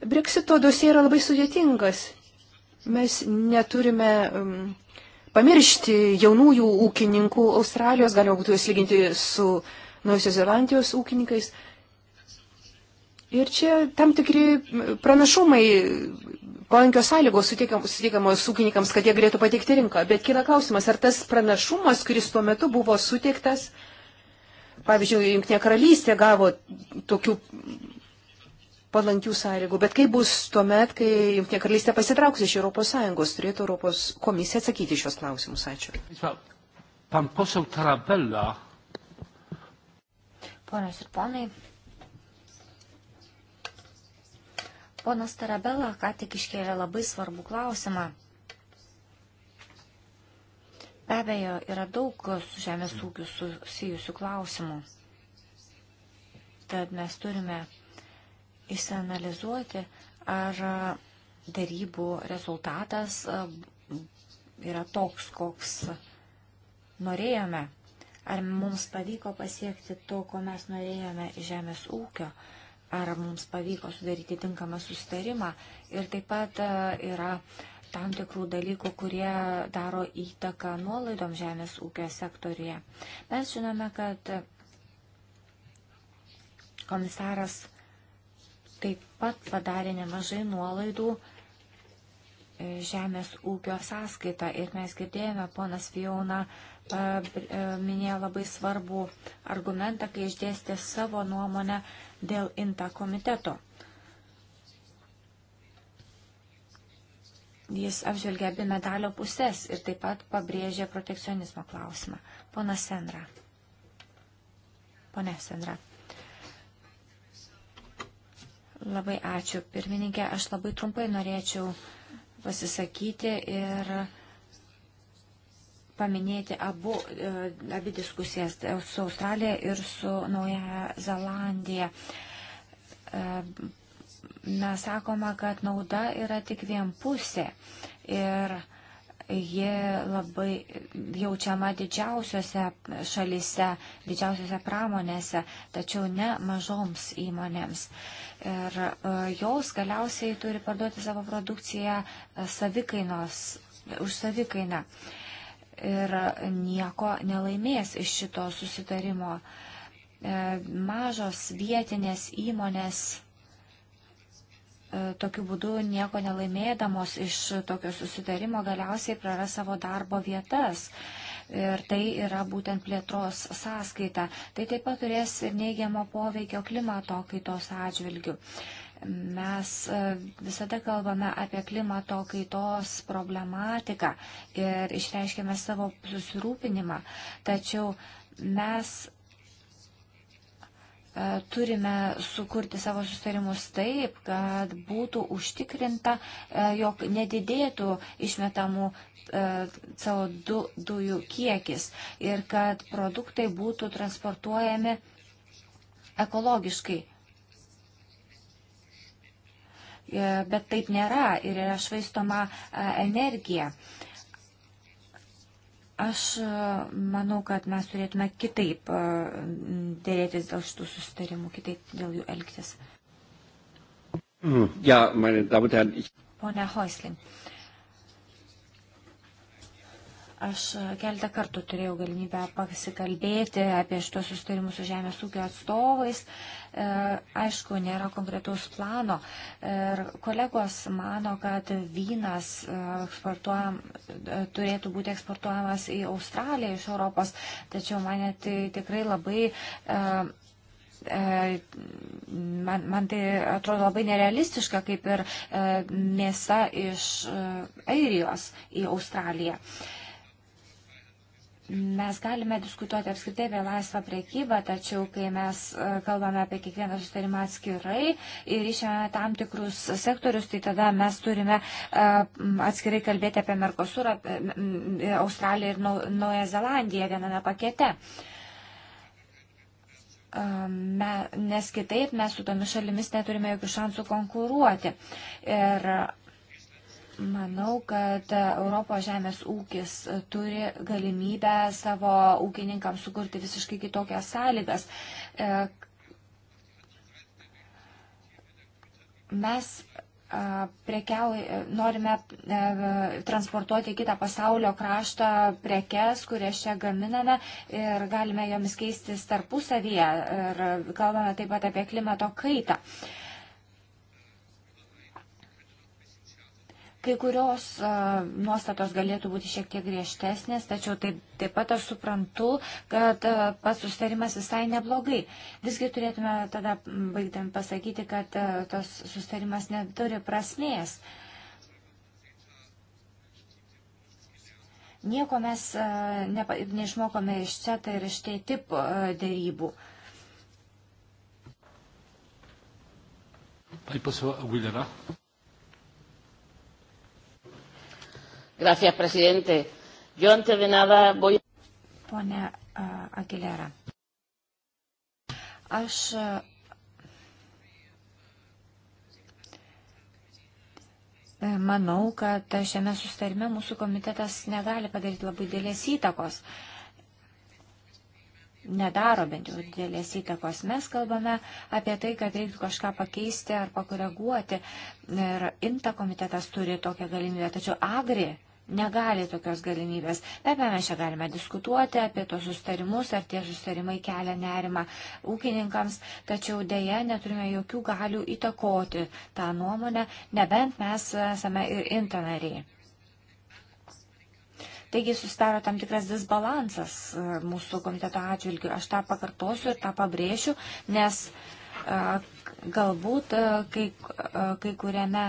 Breksito dosija yra labai sudėtingas. Mes neturime um, pamiršti jaunųjų ūkininkų Australijos, galima būtų juos lyginti su Naujosios Zelandijos ūkininkais. Ir čia tam tikri pranašumai palankios sąlygos suteikiamos ūkininkams, kad jie galėtų pateikti rinką. Bet kyla klausimas, ar tas pranašumas, kuris tuo metu buvo suteiktas, pavyzdžiui, Junktinė karalystė gavo tokių palankių sąlygų, bet kaip bus tuo met, kai Junktinė karalystė pasitrauks iš Europos Sąjungos, turėtų Europos komisija atsakyti šios klausimus. Ačiū. Ponas ir ponai, Ponas Tarabela ką tik iškėlė labai svarbų klausimą. Be abejo, yra daug su žemės ūkiu susijusių klausimų. Tad mes turime įsianalizuoti, ar darybų rezultatas e, yra toks, koks norėjome. Ar mums pavyko pasiekti to, ko mes norėjome žemės ūkio. Uh, ar mums pavyko sudaryti tinkamą sustarimą. Ir taip pat e, yra tam tikrų dalykų, kurie daro įtaką nuolaidom žemės ūkio sektorija. Mes žinome, kad komisaras taip pat padarė nemažai nuolaidų e, žemės ūkio sąskaitą ir mes girdėjome, ponas Vijauna e, minėjo labai svarbų argumentą, kai išdėstė savo nuomonę dėl INTA komiteto. Jis apžvelgia abi medalio pusės ir taip pat pabrėžė protekcionizmo klausimą. Pona Senra. Pone Senra. Labai ačiū, pirmininkė. Aš labai trumpai norėčiau pasisakyti ir uh, paminėti abu, e, abi diskusijas tai su Australija ir su Nauja Zelandija. Mes sakoma, kad nauda yra tik vienpusė ir ji labai jaučiama didžiausiose šalise, didžiausiose pramonėse, tačiau ne mažoms įmonėms. Ir e, jos galiausiai turi parduoti savo produkciją e, savikainos, už savikainą. Uh, ir nieko nelaimės iš šito susitarimo. E, mažos vietinės įmonės e, tokiu būdu nieko nelaimėdamos iš tokio susitarimo galiausiai praras savo darbo vietas. Ir tai yra būtent plėtros sąskaita. Tai taip pat turės ir neigiamo poveikio klimato kaitos atžvilgių. Mes e, visada kalbame apie klimato kaitos problematiką ir išreiškėme savo susirūpinimą, tačiau mes e, turime sukurti savo sustarimus taip, kad būtų užtikrinta, e, jog nedidėtų išmetamų CO2 dujų kiekis ir kad produktai būtų transportuojami ekologiškai. E, bet taip nėra ir yra švaistoma e, energija. Aš e, manau, kad mes turėtume kitaip dėrėtis dėl šitų sustarimų, kitaip dėl jų elgtis. Hm. Ja, meine Damen und Herren, ich. Pone Häusling. Uh, Aš e, keletą kartų turėjau galimybę pasikalbėti apie šitos sustarimus su žemės ūkio atstovais. E, aišku, nėra konkretaus plano. E, ir kolegos mano, kad vynas turėtų būti eksportuojamas į Australiją iš Europos, tačiau mane tai tikrai labai man, man tai atrodo labai nerealistiška, kaip ir mėsa iš Airijos į Australiją. E, Mes galime diskutuoti apskritai apie laisvą priekybą, tačiau kai mes e, kalbame apie kiekvieną sutarimą atskirai ir išėmėme tam tikrus sektorius, tai tada mes turime e, atskirai kalbėti apie Merkosurą, e, Australiją ir Naują Zelandiją viename pakete. Me, nes kitaip mes su tomis šalimis neturime jokių šansų konkuruoti. Ir Manau, kad Europos žemės ūkis turi galimybę savo ūkininkams sukurti visiškai kitokias sąlygas. E, mes e, prekiau, norime e, transportuoti kitą pasaulio kraštą prekes, kurias čia gaminame ir galime jomis keistis tarpusavyje ir kalbame taip pat apie klimato kaitą. Uh, Kai kurios a, nuostatos galėtų būti šiek tiek griežtesnės, tačiau taip, taip pat aš suprantu, kad a, pats sustarimas visai neblogai. Visgi turėtume tada baigdami pasakyti, kad a, tas sustarimas neturi prasmės. Nieko mes a, ne, neišmokome iš CETA ir iš TTIP dėrybų. Pani poseł Aguilera. Gracias, presidente. Yo antes de nada voy. Pone uh, Aguilera. Aš manau, kad šiame sustarime mūsų komitetas negali padaryti labai dėlės įtakos. Nedaro bent jau dėlės įtakos. Mes kalbame apie tai, kad reiktų kažką pakeisti ar pakoreguoti. Ir INTA komitetas turi tokią galimybę. Tačiau AGRI negali tokios galimybės. Be abejo, mes čia galime diskutuoti apie tos sustarimus, ar tie sustarimai kelia nerimą ūkininkams, tačiau dėje neturime jokių galių įtakoti tą nuomonę, nebent mes esame ir intonariai. Taigi susidaro tam tikras disbalansas e, mūsų komiteto atžvilgiu. Aš tą pakartosiu ir tą pabrėšiu, nes e, galbūt e, kai, kai kuriame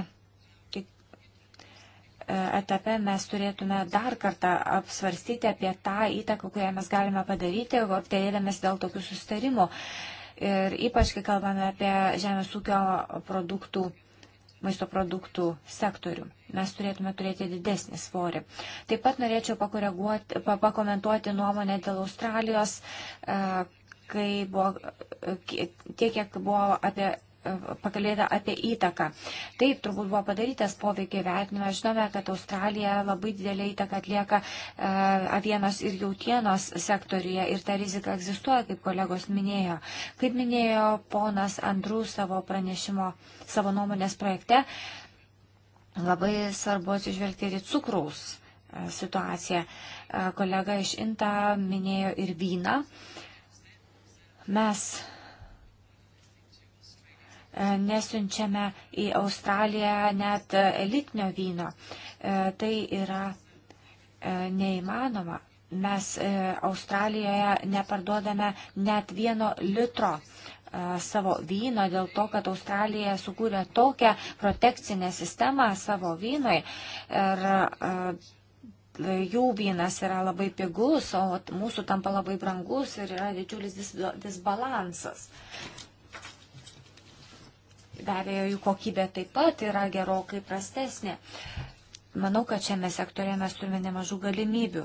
etape mes turėtume dar kartą apsvarstyti apie tą įtaką, kurią mes galime padaryti, aptarėdamės dėl tokių sustarimų. Ir ypač, kai kalbame apie žemės ūkio produktų maisto produktų sektorių. Mes turėtume turėti didesnį svorį. Taip pat norėčiau pakomentuoti nuomonę dėl Australijos, e, kai buvo, e, tiek, kiek buvo apie pakalbėta apie įtaką. Taip, turbūt buvo padarytas poveikio vertinimas. Žinome, kad Australija labai didelį įtaką atlieka e, avienos ir jautienos sektorija ir ta rizika egzistuoja, kaip kolegos minėjo. Kaip minėjo ponas Andrų savo pranešimo, savo nuomonės projekte, labai svarbu atsižvelgti ir į cukraus e, situaciją. E, kolega iš Inta minėjo ir vyną. Mes nesiunčiame į Australiją net elitinio vyno. E, tai yra e, neįmanoma. Mes e, Australijoje neparduodame net vieno litro savo vyno dėl to, kad Australija sukūrė tokią protekcinę sistemą savo vynoj. Ir, jų vynas yra labai pigus, o mūsų tampa labai brangus ir yra didžiulis disbalansas. Dis Be abejo, jų kokybė taip pat yra gerokai prastesnė. Manau, kad šiame sektorėje mes turime nemažų galimybių.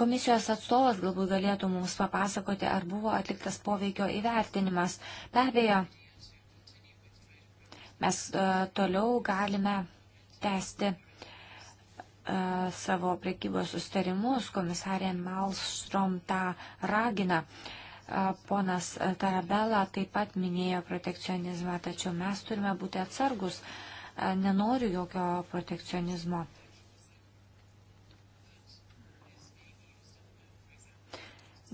Komisijos atstovas galbūt galėtų mums papasakoti, ar buvo atliktas poveikio įvertinimas. Be abejo, mes e, toliau galime tęsti e, savo priekybos sustarimus, komisarė Malstrom tą ragina. Ponas Tarabela taip pat minėjo protekcionizmą, tačiau mes turime būti atsargus. Nenoriu jokio protekcionizmo.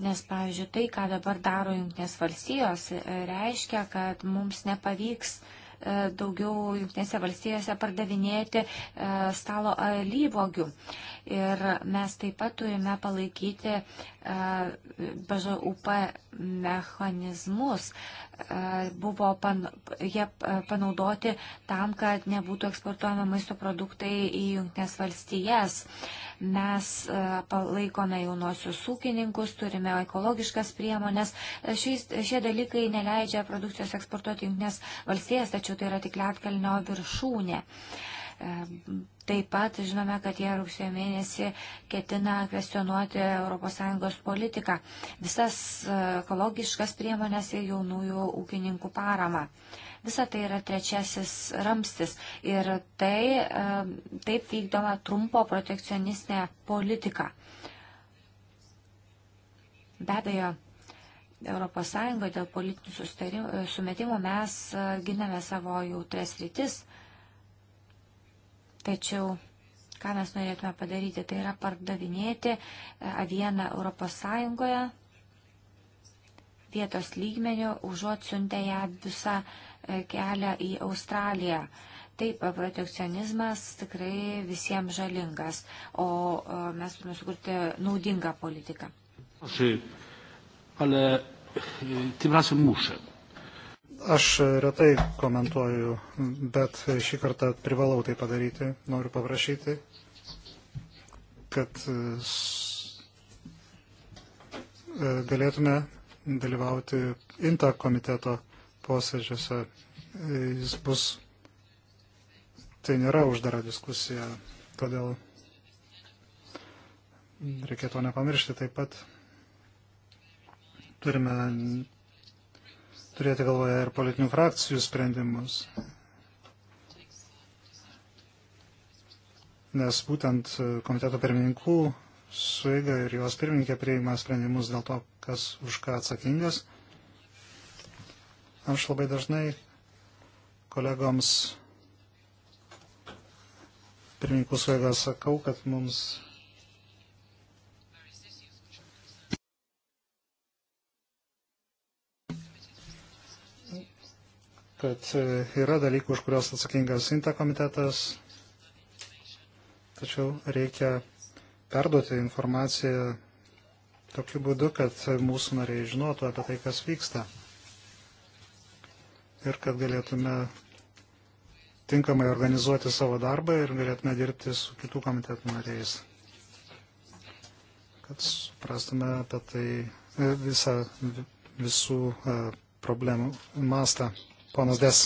Nes, pavyzdžiui, tai, ką dabar daro Junktinės valstijos, e, reiškia, kad mums nepavyks e, daugiau Junktinėse valstijose pardavinėti e, stalo alyvogių. Ir mes taip pat turime palaikyti e, BŽUP mechanizmus. E, buvo pan, jie e, panaudoti tam, kad nebūtų eksportuojama maisto produktai į Junktinės valstijas. Mes palaikome jaunosius ūkininkus, turime ekologiškas priemonės. Šiais, šie dalykai neleidžia produkcijos eksportuoti Junktinės valstijas, tačiau tai yra tik lietkalnio viršūnė. Taip pat žinome, kad jie rugsėjo mėnesį ketina kvestionuoti ES politiką, visas e, ekologiškas priemonės ir jaunųjų ūkininkų paramą. Visa tai yra trečiasis ramstis ir tai e, taip vykdoma trumpo protekcionistinė politika. Be abejo, ES dėl politinių e, sumetimų mes giname savo jautres rytis Tačiau ką mes norėtume padaryti, tai yra pardavinėti e, avieną Europos Sąjungoje vietos lygmenių, užuot siuntę ją visą e, kelią į Australiją. Taip, protekcionizmas tikrai visiems žalingas, o mes turime sukurti naudingą politiką. Ale e, tym razem muszę. Aš retai komentuoju, bet šį kartą privalau tai padaryti. Noriu paprašyti, kad e, galėtume dalyvauti INTA komiteto posėdžiuose. Jis bus. Tai nėra uždara diskusija, todėl reikėtų nepamiršti taip pat. Turime turėti galvoje ir politinių frakcijų sprendimus. Nes būtent komiteto pirmininkų suiga ir jos pirmininkė priima sprendimus dėl to, kas už ką atsakingas. Aš labai dažnai kolegoms pirmininkų suiga sakau, kad mums kad e, yra dalykų, už kurios atsakingas Inta komitetas, tačiau reikia perduoti informaciją tokiu būdu, kad mūsų nariai žinotų apie tai, kas vyksta ir kad galėtume tinkamai organizuoti savo darbą ir galėtume dirbti su kitų komitetų nariais, kad suprastume apie tai e, visą visų e, problemų mastą. Ponas Des.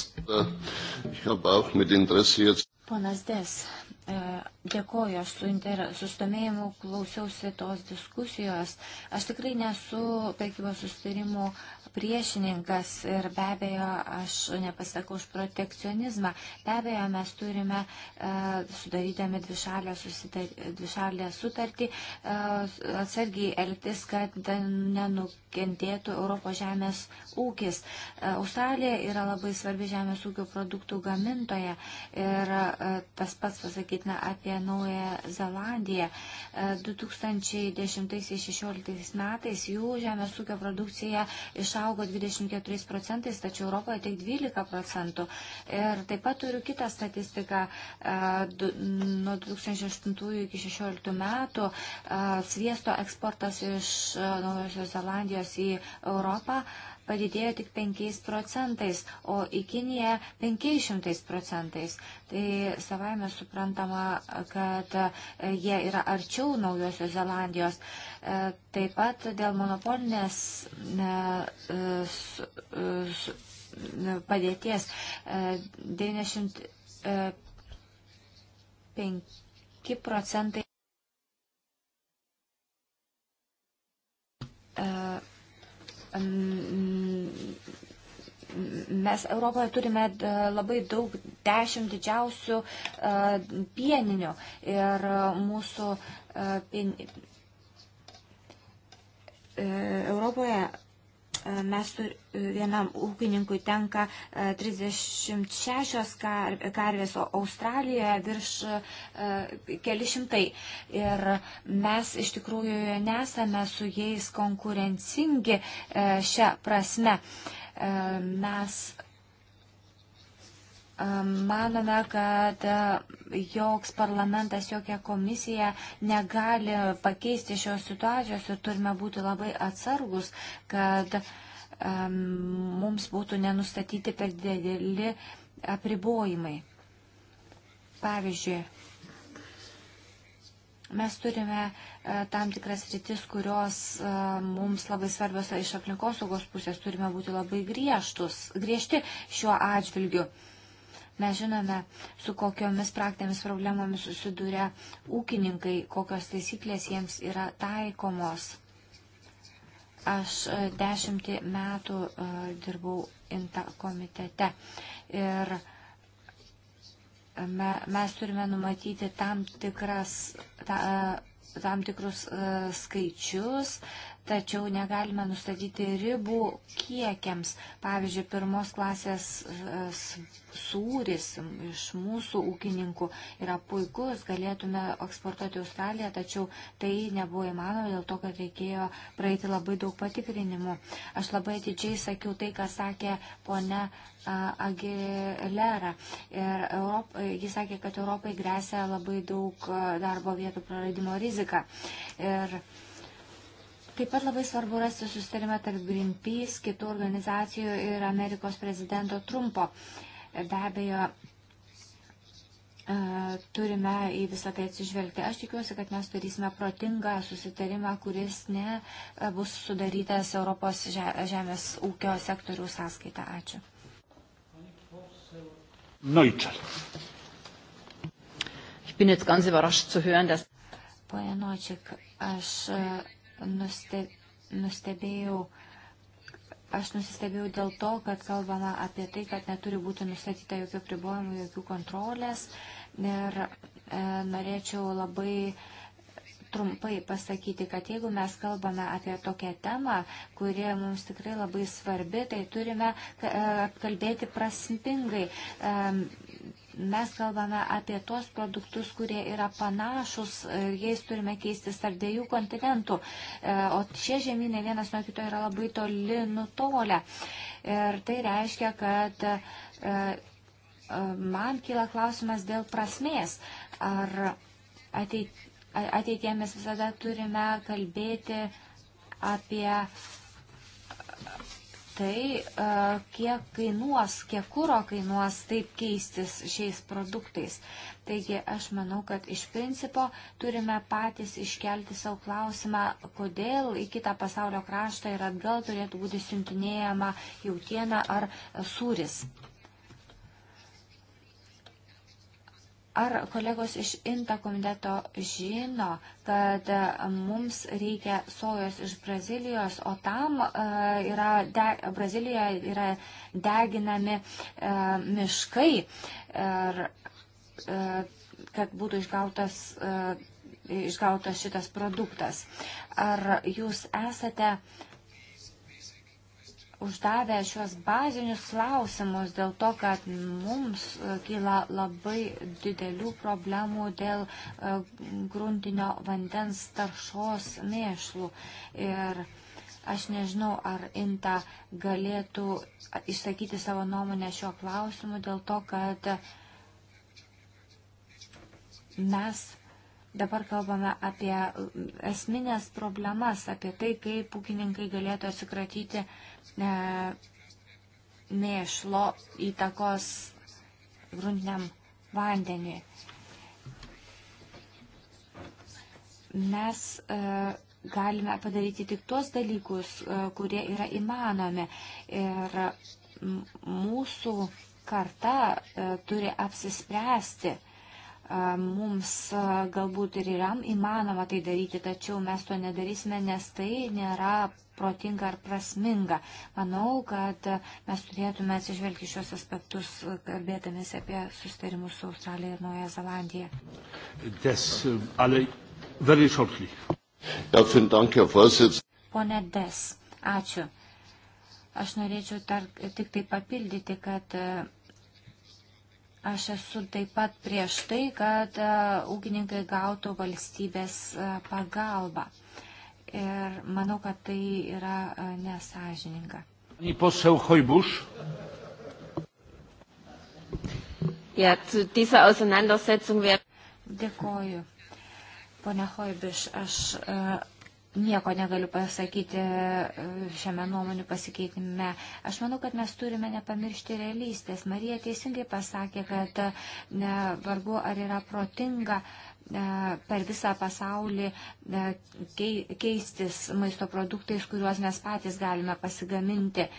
Ponas Des, e, dėkoju, aš su inter... sustomėjimu klausiausi tos diskusijos. Aš tikrai nesu prekybos sustarimų priešininkas ir be abejo aš nepasakau už protekcionizmą. Be abejo mes turime, e, sudarydami dvišalę, susitar, dvišalę sutartį, e, atsargiai elgtis, kad nenukentėtų Europos žemės ūkis. E, Australija yra labai svarbi žemės ūkio produktų gamintoja ir tas pats pasakytina apie Naują Zelandiją. 2010-2016 metais jų žemės ūkio produkcija išaugo išaugo 24 procentais, tačiau Europoje tik 12 procentų. Ir taip pat turiu kitą statistiką. E, nuo 2008 iki 2016 metų e, sviesto eksportas iš e, Naujosios Zelandijos į Europą padidėjo tik 5 procentais, o į Kiniją 500 procentais. Tai savai mes suprantama, kad e, jie yra arčiau Naujosios Zelandijos. E, taip pat dėl monopolinės e, padėties 95 procentai. Uh Mes Europoje turime e, labai daug dešimt didžiausių e, pieninių ir mūsų e, Europoje E, mes tur, e, vienam ūkininkui tenka 36 e, kar, karvės, o Australijoje virš keli šimtai. Ir mes iš tikrųjų nesame su jais konkurencingi šią prasme. Mes Manome, kad e, joks parlamentas, jokia komisija negali pakeisti šios situacijos ir turime būti labai atsargus, kad e, mums būtų nenustatyti per dideli apribojimai. Pavyzdžiui, mes turime e, tam tikras rytis, kurios mums labai svarbios iš aplinkosaugos pusės, turime būti labai griežtus, griežti šiuo atžvilgiu. Mes žinome, su kokiomis praktinėmis problemomis susiduria ūkininkai, kokios taisyklės jiems yra taikomos. Aš e, dešimtį metų e, dirbau INTA komitete ir e, mes turime numatyti tam tikras. Ta, tam tikrus skaičius, tačiau negalime nustatyti ribų kiekiams. Pavyzdžiui, pirmos klasės e, sūris iš mūsų ūkininkų yra puikus, galėtume eksportuoti Australiją, tačiau tai nebuvo įmanoma dėl to, kad reikėjo praeiti labai daug patikrinimų. Aš labai atidžiai sakiau tai, ką sakė pone Agilera. Ir Europ, jis sakė, kad Europai grėsia labai daug darbo vietų praradimo rizika. Ir Taip pat labai svarbu rasti susitarimą tarp Greenpeace, kitų organizacijų ir Amerikos prezidento Trumpo. Be abejo, e, turime į visą tai atsižvelgti. Aš tikiuosi, kad mes turėsime protingą susitarimą, kuris ne e, bus sudarytas Europos žemės ūkio sektorių sąskaita. Ačiū. Neuchel. Ich bin jetzt ganz überrascht zu hören, dass. Poje Nočik, aš e, nuste, nustebėjau, aš nusistebėjau dėl to, kad kalbama apie tai, kad neturi būti nustatyta jokių pribojimų, jokių kontrolės. Ir e, norėčiau labai trumpai pasakyti, kad jeigu mes kalbame apie tokią temą, kuri mums tikrai labai svarbi, tai turime apkalbėti e, prasmingai. E, mes kalbame apie tuos produktus, kurie yra panašus, e, jais turime keistis tarp dviejų kontinentų, e, o šie žemynai vienas nuo kito yra labai toli nutolę. Ir tai reiškia, kad e, man kyla klausimas dėl prasmės. Ar ateitie mes visada turime kalbėti apie tai, e, kiek kainuos, kiek kūro kainuos taip keistis šiais produktais. Taigi aš manau, kad iš principo turime patys iškelti savo klausimą, kodėl į kitą pasaulio kraštą ir atgal turėtų būti siuntinėjama jautiena ar sūris. Ar kolegos iš INTA komiteto žino, kad e, mums reikia sojos iš Brazilijos, o tam e, yra de, Brazilijoje yra deginami e, miškai, ir, kad būtų išgautas išgautas šitas produktas. Ar jūs esate uždavę šios bazinius klausimus dėl to, kad mums e, kyla labai didelių problemų dėl e, gruntinio vandens taršos mėšlų. Ir aš nežinau, ar Inta galėtų išsakyti savo nuomonę šio klausimu dėl to, kad mes Dabar kalbame apie esminės problemas, apie tai, kaip ūkininkai galėtų atsikratyti e, mėšlo įtakos gruntiniam vandeniui. Mes e, galime padaryti tik tuos dalykus, e, kurie yra įmanomi. Ir mūsų karta e, turi apsispręsti Mums galbūt ir yra įmanoma tai daryti, tačiau mes to nedarysime, nes tai nėra protinga ar prasminga. Manau, kad mes turėtume atsižvelgti šios aspektus, kalbėdamės apie sustarimus su Australija ir Nauja Zelandija. Des, um, ale, very shortly. Ja, vielen Dank, Herr Vorsitz. Pone Des, ačiū. Aš norėčiau tar, tik tai papildyti, kad Aš esu taip pat prieš tai, kad e, ūkininkai gautų valstybės e, pagalbą. Ir manau, kad tai yra e, nesažininga. Poseł Hojbusz. Ja, zu dieser Auseinandersetzung wäre. Dėkoju. Pone Hojbiš, aš uh, nieko negaliu pasakyti e, šiame nuomonių pasikeitime. Aš manau, kad mes turime nepamiršti realystės. Marija teisingai pasakė, kad e, ne, vargu ar yra protinga e, per visą pasaulį keistis maisto produktais, kuriuos mes patys galime pasigaminti.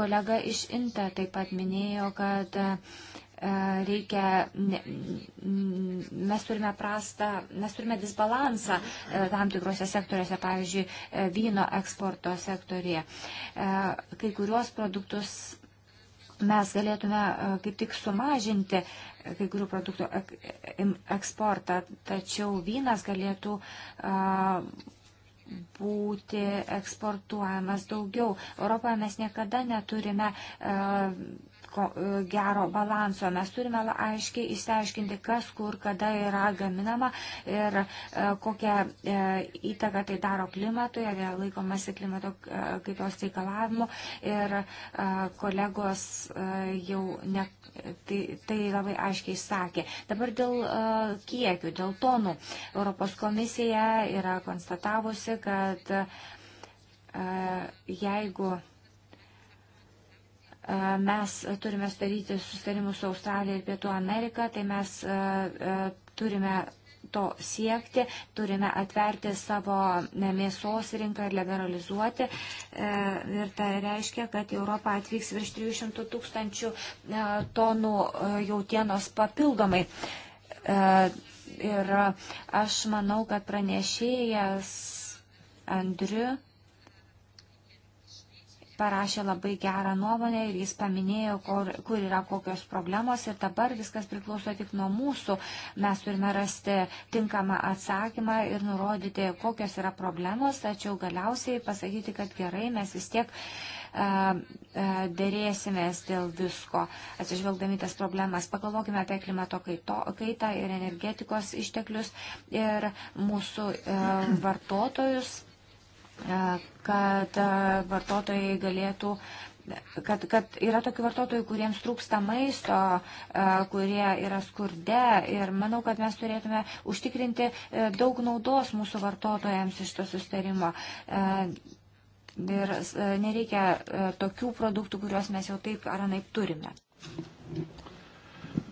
Kolega iš Inta taip pat minėjo, kad E, reikia, mes turime prastą, mes turime disbalansą e, tam tikrose sektoriuose, pavyzdžiui, e, vyno eksporto sektorėje. Kai kuriuos produktus mes galėtume kaip tik sumažinti kai kurių produktų eksportą, tačiau vynas galėtų būti eksportuojamas daugiau. Europoje mes niekada neturime uh, E, gero balanso. Mes turime aiškiai įsiaiškinti, kas kur, kada yra gaminama ir e, kokią e, įtaką tai daro klimatui, ar laikomasi klimato kaitos reikalavimų. Ir kolegos jau ne, tai, tai labai aiškiai sakė. Dabar dėl kiekių, dėl tonų. Europos komisija yra konstatavusi, kad jeigu mes turime sudaryti susitarimus su Australija ir Pietų Amerika, tai mes e, e, turime to siekti, turime atverti savo e, mėsos rinką ir liberalizuoti. Ir tai reiškia, kad į Europą atvyks virš 300 tūkstančių tonų jautienos papildomai. Ir aš manau, kad pranešėjas Andriu parašė labai gerą nuomonę ir jis paminėjo, kur, kur yra kokios problemos ir dabar viskas priklauso tik nuo mūsų. Mes turime rasti tinkamą atsakymą ir nurodyti, kokios yra problemos, tačiau galiausiai pasakyti, kad gerai, mes vis tiek dėrėsimės dėl visko, atsižvelgdami tas problemas. Pagalvokime apie klimato kaito, kaitą ir energetikos išteklius ir mūsų vartotojus kad vartotojai galėtų kad, kad yra tokių vartotojų, kuriems trūksta maisto, kurie yra skurde ir manau, kad mes turėtume užtikrinti e, daug naudos mūsų vartotojams iš to sustarimo. Ir nereikia tokių produktų, kuriuos mes jau taip ar anaip turime.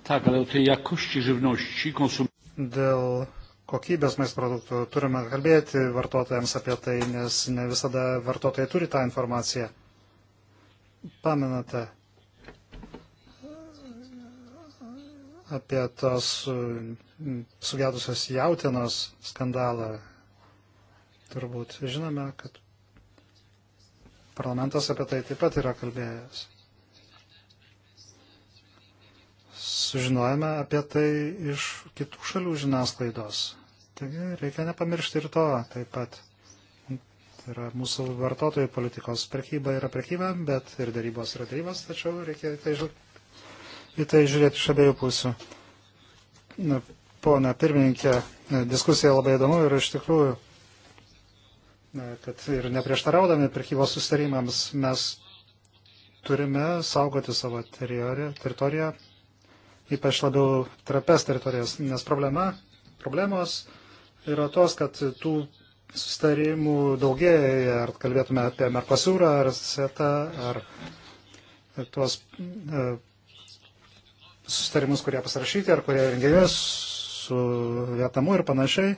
Tak, ale o tej jakości żywności konsum... Dėl kokybės maisto produktų. Turime kalbėti vartotojams apie tai, nes ne visada vartotojai turi tą informaciją. Pamenate apie tos mm, sugedusios jautinos skandalą. Turbūt žinome, kad parlamentas apie tai taip pat yra kalbėjęs. sužinojame apie tai iš kitų šalių žiniasklaidos. Taigi reikia nepamiršti ir to taip pat. Tai yra mūsų vartotojų politikos prekyba yra prekyba, bet ir darybos yra darybos, tačiau reikia tai ži... į tai žiūrėti iš abiejų pusių. Na, pona pirmininkė, diskusija labai įdomu ir iš tikrųjų, kad ir neprieštaraudami prekybos sustarimams mes turime saugoti savo teritoriją, ypač labiau trapes teritorijas, nes problema, problemos yra tos, kad tų sustarimų daugėja, ar kalbėtume apie Merkosūrą, ar SETA, ar tuos e, sustarimus, kurie pasirašyti, ar kurie rengėjai su Vietnamu ir panašiai.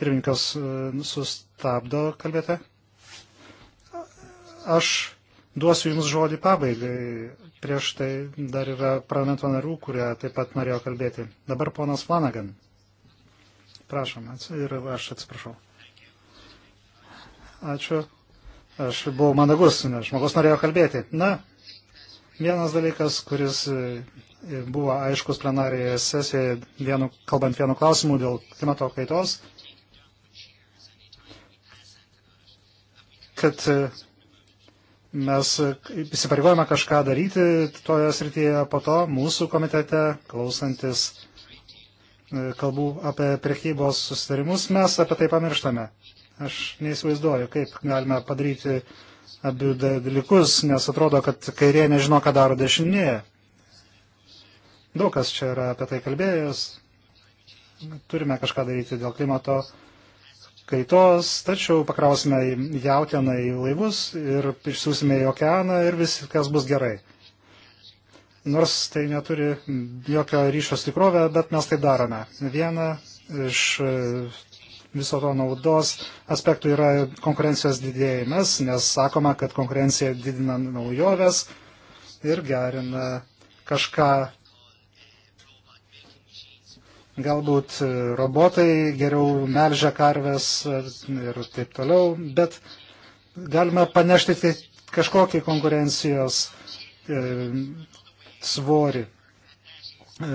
Pirmininkas e, sustabdo kalbėti. Aš duosiu Jums žodį pabaigai. Prieš tai dar yra parlamento narių, kurie taip pat norėjo kalbėti. Dabar ponas Flanagan. Prašom, ir aš atsiprašau. Ačiū. Aš buvau mandagus, nes žmogus norėjo kalbėti. Na, vienas dalykas, kuris e, buvo aiškus plenarėje sesijoje, vienu, kalbant vienu klausimu dėl klimato kaitos, kad e, mes įsipareigojame kažką daryti toje srityje, po to mūsų komitete, klausantis E, kalbų apie prekybos susitarimus, mes apie tai pamirštame. Aš neįsivaizduoju, kaip galime padaryti abių dalykus, nes atrodo, kad kairė nežino, ką daro dešinėje. Daug kas čia yra apie tai kalbėjęs. Turime kažką daryti dėl klimato kaitos, tačiau pakrausime jautieną į laivus ir išsiųsime į okeaną ir viskas bus gerai nors tai neturi jokio ryšio su tikrove, bet mes tai darome. Viena iš e, viso to naudos aspektų yra konkurencijos didėjimas, nes sakoma, kad konkurencija didina naujoves ir gerina kažką. Galbūt e, robotai geriau melžia karves ir taip toliau, bet galime panešti kažkokį konkurencijos e, svorį. E,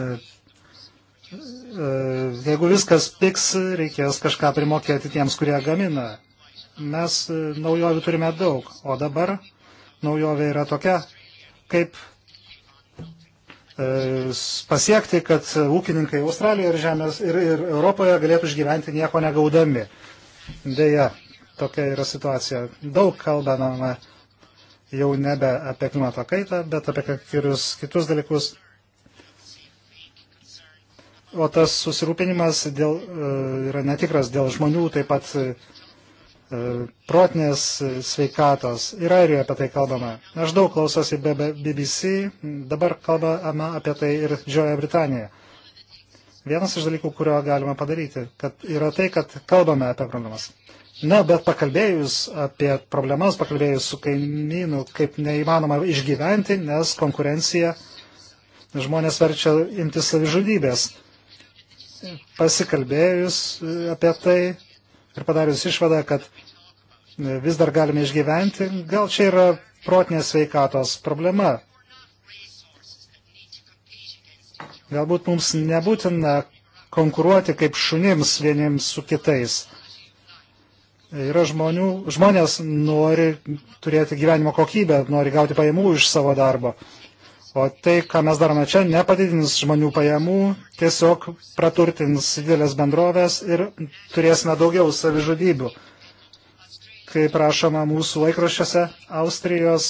e, jeigu viskas piks, reikės kažką primokėti tiems, kurie gamina. Mes e, naujovių turime daug, o dabar naujovė yra tokia, kaip pasiekti, kad ūkininkai Australijoje ir, žemės, ir, ir Europoje galėtų išgyventi nieko negaudami. Deja, tokia yra situacija. Daug kalbame jau nebe apie klimato kaitą, bet apie kitus, kitus dalykus. O tas susirūpinimas dėl, e, yra netikras dėl žmonių, taip pat e, protinės sveikatos. Yra ir apie tai kalbama. Aš daug klausosi BBC, dabar kalbama apie tai ir Džioja Britanija. Vienas iš dalykų, kurio galima padaryti, kad yra tai, kad kalbame apie problemas. Na, bet pakalbėjus apie problemas, pakalbėjus su kaimynu, kaip neįmanoma išgyventi, nes konkurencija žmonės verčia imti savižudybės. Pasikalbėjus apie tai ir padarius išvadą, kad vis dar galime išgyventi, gal čia yra protinės veikatos problema. Galbūt mums nebūtina konkuruoti kaip šunims vieniems su kitais. Yra žmonių, žmonės nori turėti gyvenimo kokybę, nori gauti pajamų iš savo darbo. O tai, ką mes darome čia, nepadidins žmonių pajamų, tiesiog praturtins didelės bendrovės ir turėsime daugiau savižudybių. Kaip rašoma mūsų laikraščiuose, Austrijos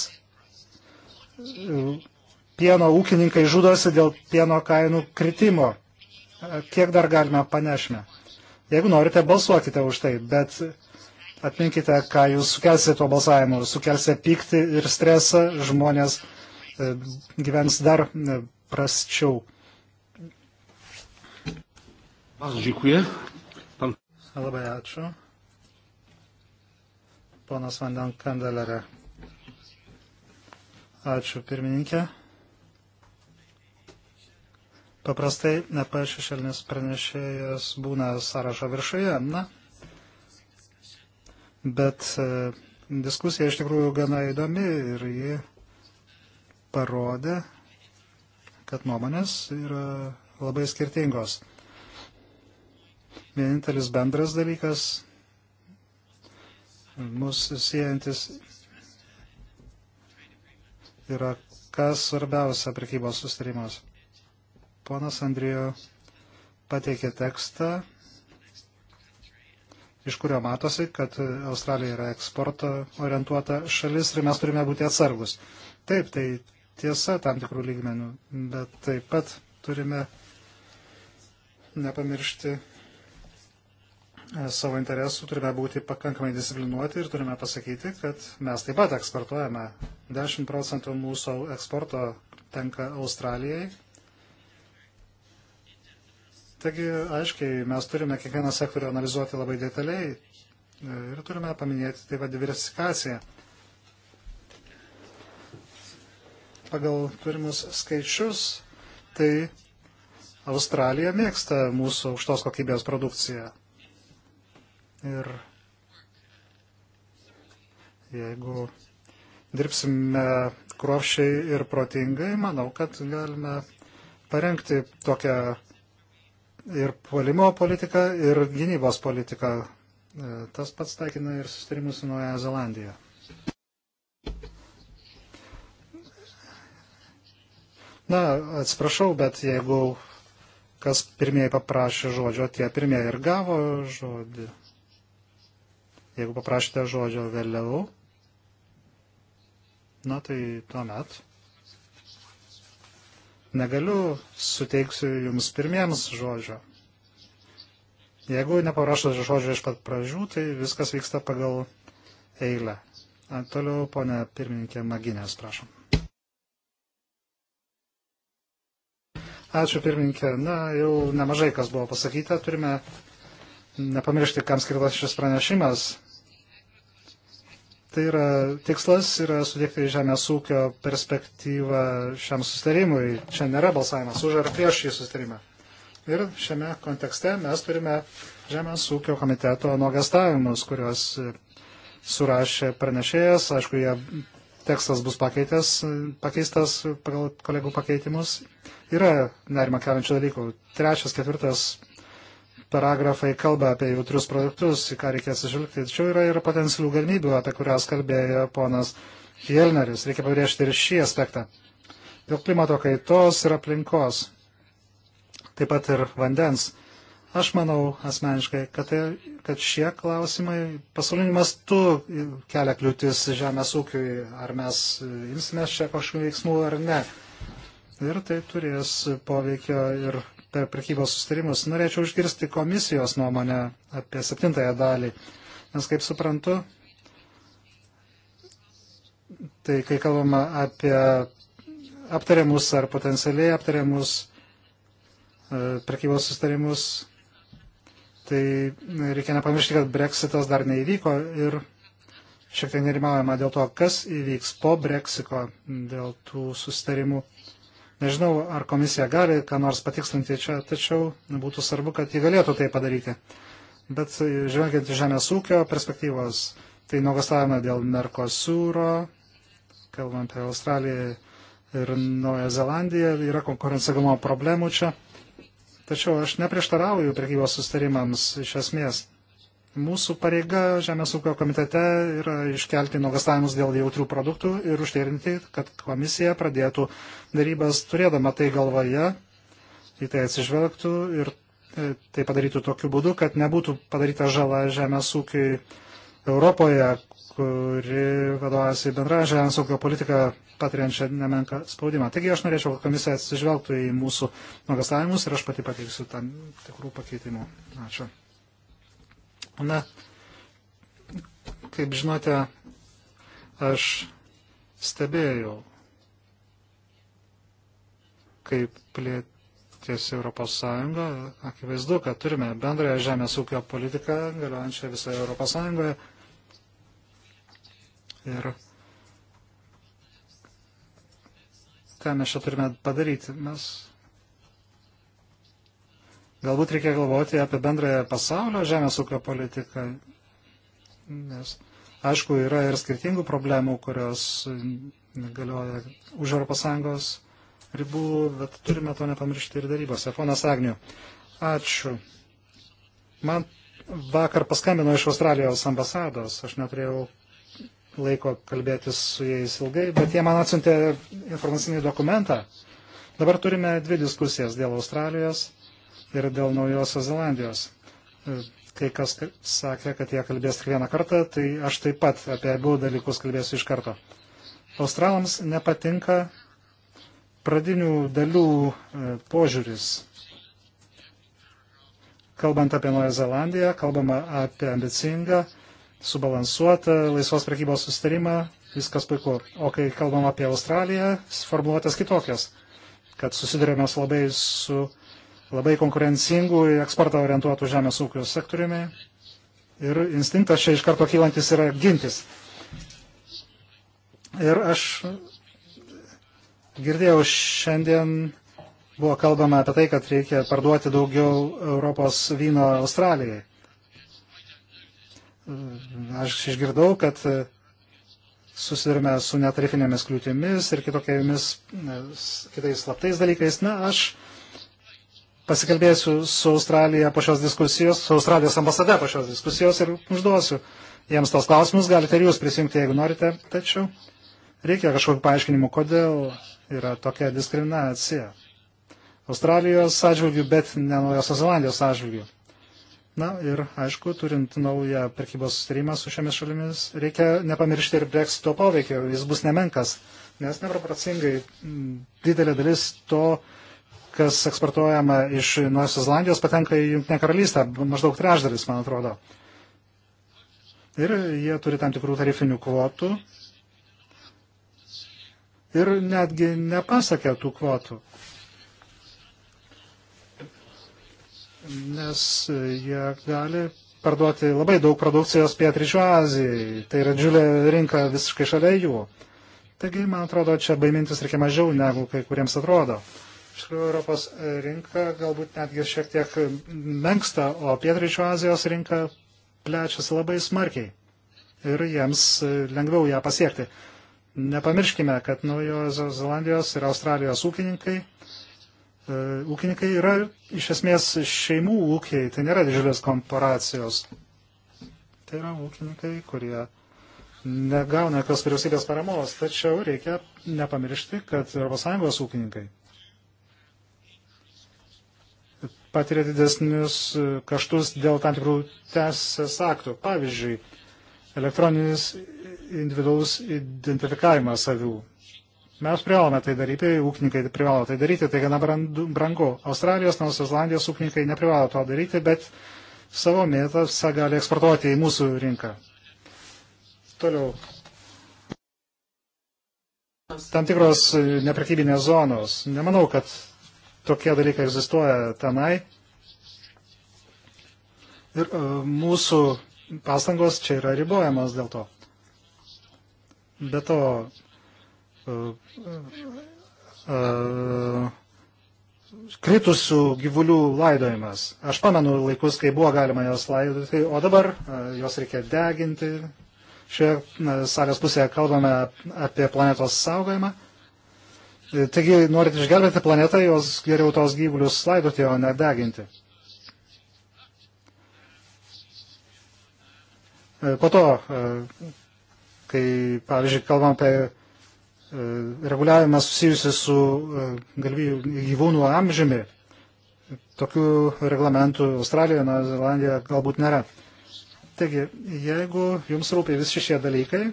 pieno ūkininkai žudosi dėl pieno kainų kritimo. Kiek dar galime panešime? Jeigu norite, balsuokite už tai, bet Atminkite, ką jūs sukelsite tuo balsavimu. Sukelsite pyktį ir stresą, žmonės e, gyvens dar e, prasčiau. Labai ačiū. Ponas Vandan Kandelere. Ačiū pirmininkė. Paprastai nepašešėlinis pranešėjas būna sąrašo viršuje. Na, bet e, diskusija iš tikrųjų gana įdomi ir ji parodė, kad nuomonės yra labai skirtingos. Vienintelis bendras dalykas mus siejantis yra kas svarbiausia prekybos sustarimas. Ponas Andrijo pateikė tekstą, iš kurio matosi, kad Australija yra eksporto orientuota šalis ir mes turime būti atsargus. Taip, tai tiesa tam tikrų lygmenių, bet taip pat turime nepamiršti e, savo interesų, turime būti pakankamai disciplinuoti ir turime pasakyti, kad mes taip pat eksportuojame. 10 procentų mūsų eksporto tenka Australijai, Taigi, aiškiai, mes turime kiekvieną sektorių analizuoti labai detaliai e, ir turime paminėti taip pat diversifikaciją. Pagal turimus skaičius, tai Australija mėgsta mūsų aukštos kokybės produkciją. Ir jeigu dirbsime kruopščiai ir protingai, manau, kad galime parengti tokią ir puolimo politika, ir gynybos politika. E, tas pats taikina ir sustarimus su Nuoja Zelandija. Na, atsiprašau, bet jeigu kas pirmieji paprašė žodžio, tie pirmieji ir gavo žodį. Jeigu paprašėte žodžio vėliau, na tai tuomet negaliu, suteiksiu jums pirmiems žodžio. Jeigu neparašote žodžio iš pat pradžių, tai viskas vyksta pagal eilę. A, toliau, ponė pirmininkė Maginės, prašom. Ačiū pirmininkė. Na, jau nemažai kas buvo pasakyta. Turime nepamiršti, kam skirtas šis pranešimas. Tai yra tikslas yra sudėkti žemės ūkio perspektyvą šiam sustarimui. Čia nėra balsavimas už ar prieš šį sustarimą. Ir šiame kontekste mes turime žemės ūkio komiteto nuogastavimus, kuriuos surašė pranešėjas. Aišku, jie tekstas bus pakeitęs, pakeistas pagal kolegų pakeitimus. Yra nerima keliančių dalykų. Trečias, ketvirtas paragrafai kalba apie jautrius produktus, į ką reikės išvilgti. Tačiau yra ir potencialių galimybių, apie kurias kalbėjo ponas Jelneris. Reikia pabrėžti ir šį aspektą. Dėl klimato kaitos ir aplinkos, taip pat ir vandens. Aš manau asmeniškai, kad, tai, kad šie klausimai pasauliniu mastu kelia kliūtis žemės ūkiui, ar mes imsimės čia kažkokių veiksmų ar ne. Ir tai turės poveikio ir per prekybos sustarimus. Norėčiau išgirsti komisijos nuomonę apie septintąją dalį, nes kaip suprantu, tai kai kalbama apie aptariamus ar potencialiai aptariamus e, prekybos sustarimus, tai reikia nepamiršti, kad breksitas dar neįvyko ir šiek tiek nerimaujama dėl to, kas įvyks po breksiko dėl tų sustarimų. Nežinau, ar komisija gali ką nors patikslinti čia, tačiau būtų svarbu, kad ji galėtų tai padaryti. Bet e, žvelgiant iš žemės ūkio perspektyvos, tai nuogastavimą dėl Merkosūro, kalbant apie Australiją ir Naują Zelandiją, yra konkurencingumo problemų čia. Tačiau aš neprieštarauju prekybos sustarimams iš esmės. Mūsų pareiga Žemės ūkio komitete yra iškelti nuogastavimus dėl jautrių produktų ir užtikrinti, kad komisija pradėtų darybas turėdama tai galvoje, į tai atsižvelgtų ir e, tai padarytų tokiu būdu, kad nebūtų padaryta žala Žemės ūkiai Europoje, kuri vadovaujasi bendra žemės ūkio politika patiriančia nemenką spaudimą. Taigi aš norėčiau, kad komisija atsižvelgtų į mūsų nuogastavimus ir aš pati pateiksiu tam tikrų pakeitimų. Ačiū. Na, kaip žinote, aš stebėjau, kaip plėtėsi Europos Sąjunga. Akivaizdu, kad turime bendrąją žemės ūkio politiką, galiojančią visoje Europos Sąjungoje. Ir ką mes čia turime padaryti? Mes Galbūt reikia galvoti apie bendrąją pasaulio žemės ūkio politiką, nes aišku, yra ir skirtingų problemų, kurios galioja už ES ribų, bet turime to nepamiršti ir darybose. Ponas Agniu, ačiū. Man vakar paskambino iš Australijos ambasados, aš neturėjau laiko kalbėtis su jais ilgai, bet jie man atsiuntė informacinį dokumentą. Dabar turime dvi diskusijas dėl Australijos ir dėl Naujosios Zelandijos. E, kai kas sakė, kad jie kalbės tik vieną kartą, tai aš taip pat apie abu dalykus kalbėsiu iš karto. Australams nepatinka pradinių dalių e, požiūris. Kalbant apie Naują Zelandiją, kalbama apie ambicingą, subalansuotą laisvos prekybos sustarimą, viskas puiku. O kai kalbam apie Australiją, formuluotės kitokios, kad susidurėme labai su labai konkurencingų ir eksportą orientuotų žemės ūkio sektoriumi. Ir instinktas čia iš karto kylantis yra gintis. Ir aš girdėjau šiandien buvo kalbama apie tai, kad reikia parduoti daugiau Europos vyno Australijai. Aš išgirdau, kad susidurime su netarifinėmis kliūtimis ir kitokiais kitais slaptais dalykais. Na, aš Pasikalbėsiu su Australija po šios diskusijos, su Australijos ambasade po šios diskusijos ir užduosiu jiems tos klausimus. Galite ir jūs prisijungti, jeigu norite, tačiau reikia kažkokiu paaiškinimu, kodėl yra tokia diskriminacija. Australijos atžvilgių, bet ne Naujosios Zelandijos atžvilgių. Na ir aišku, turint naują prekybos sustarimą su šiomis šalimis, reikia nepamiršti ir breksito poveikio, jis bus nemenkas, nes neproporcingai mm, didelė dalis to kas eksportuojama iš Nuosios Zelandijos, patenka į Junktinę karalystę, maždaug trečdalis, man atrodo. Ir jie turi tam tikrų tarifinių kvotų. Ir netgi nepasakė tų kvotų. Nes jie gali parduoti labai daug produkcijos pietryčių Azijai. Tai yra džiulė rinka visiškai šalia jų. Taigi, man atrodo, čia baimintis reikia mažiau negu kai kuriems atrodo. Iš tikrųjų, Europos rinka galbūt netgi šiek tiek menksta, o Pietryčio Azijos rinka plečiasi labai smarkiai ir jiems lengviau ją pasiekti. Nepamirškime, kad Naujojos Zelandijos ir Australijos ūkininkai, e, ūkininkai yra iš esmės šeimų ūkiai, tai nėra didžiulės komparacijos. Tai yra ūkininkai, kurie negauna jokios vyriausybės paramos, tačiau reikia nepamiršti, kad ES ūkininkai patiria didesnius e, kaštus dėl tam tikrų teisės aktų. Pavyzdžiui, elektroninis individualus identifikavimas avių. Mes privalome tai daryti, ūkininkai privalo tai daryti, tai gana brangu. Australijos, Naujosios Zelandijos ūkininkai neprivalo to daryti, bet savo mėtasą gali eksportuoti į mūsų rinką. Toliau. Tam tikros e, neprekybinės zonos. Nemanau, kad tokie dalykai egzistuoja tenai. Ir e, mūsų pastangos čia yra ribojamas dėl to. Be to, e, e, kritusių gyvulių laidojimas. Aš pamenu laikus, kai buvo galima jos laidoti, o dabar jos reikia deginti. Šioje salės pusėje kalbame apie planetos saugojimą. Taigi, norint išgelbėti planetą, jos geriau tos gyvulius laidoti, o ne deginti. E, po to, e, kai, pavyzdžiui, kalbam apie e, reguliavimą susijusi su galvijų gyvūnų amžiumi, tokių reglamentų Australijoje, Nuojo Zelandijoje galbūt nėra. Taigi, jeigu jums rūpi visi šie dalykai,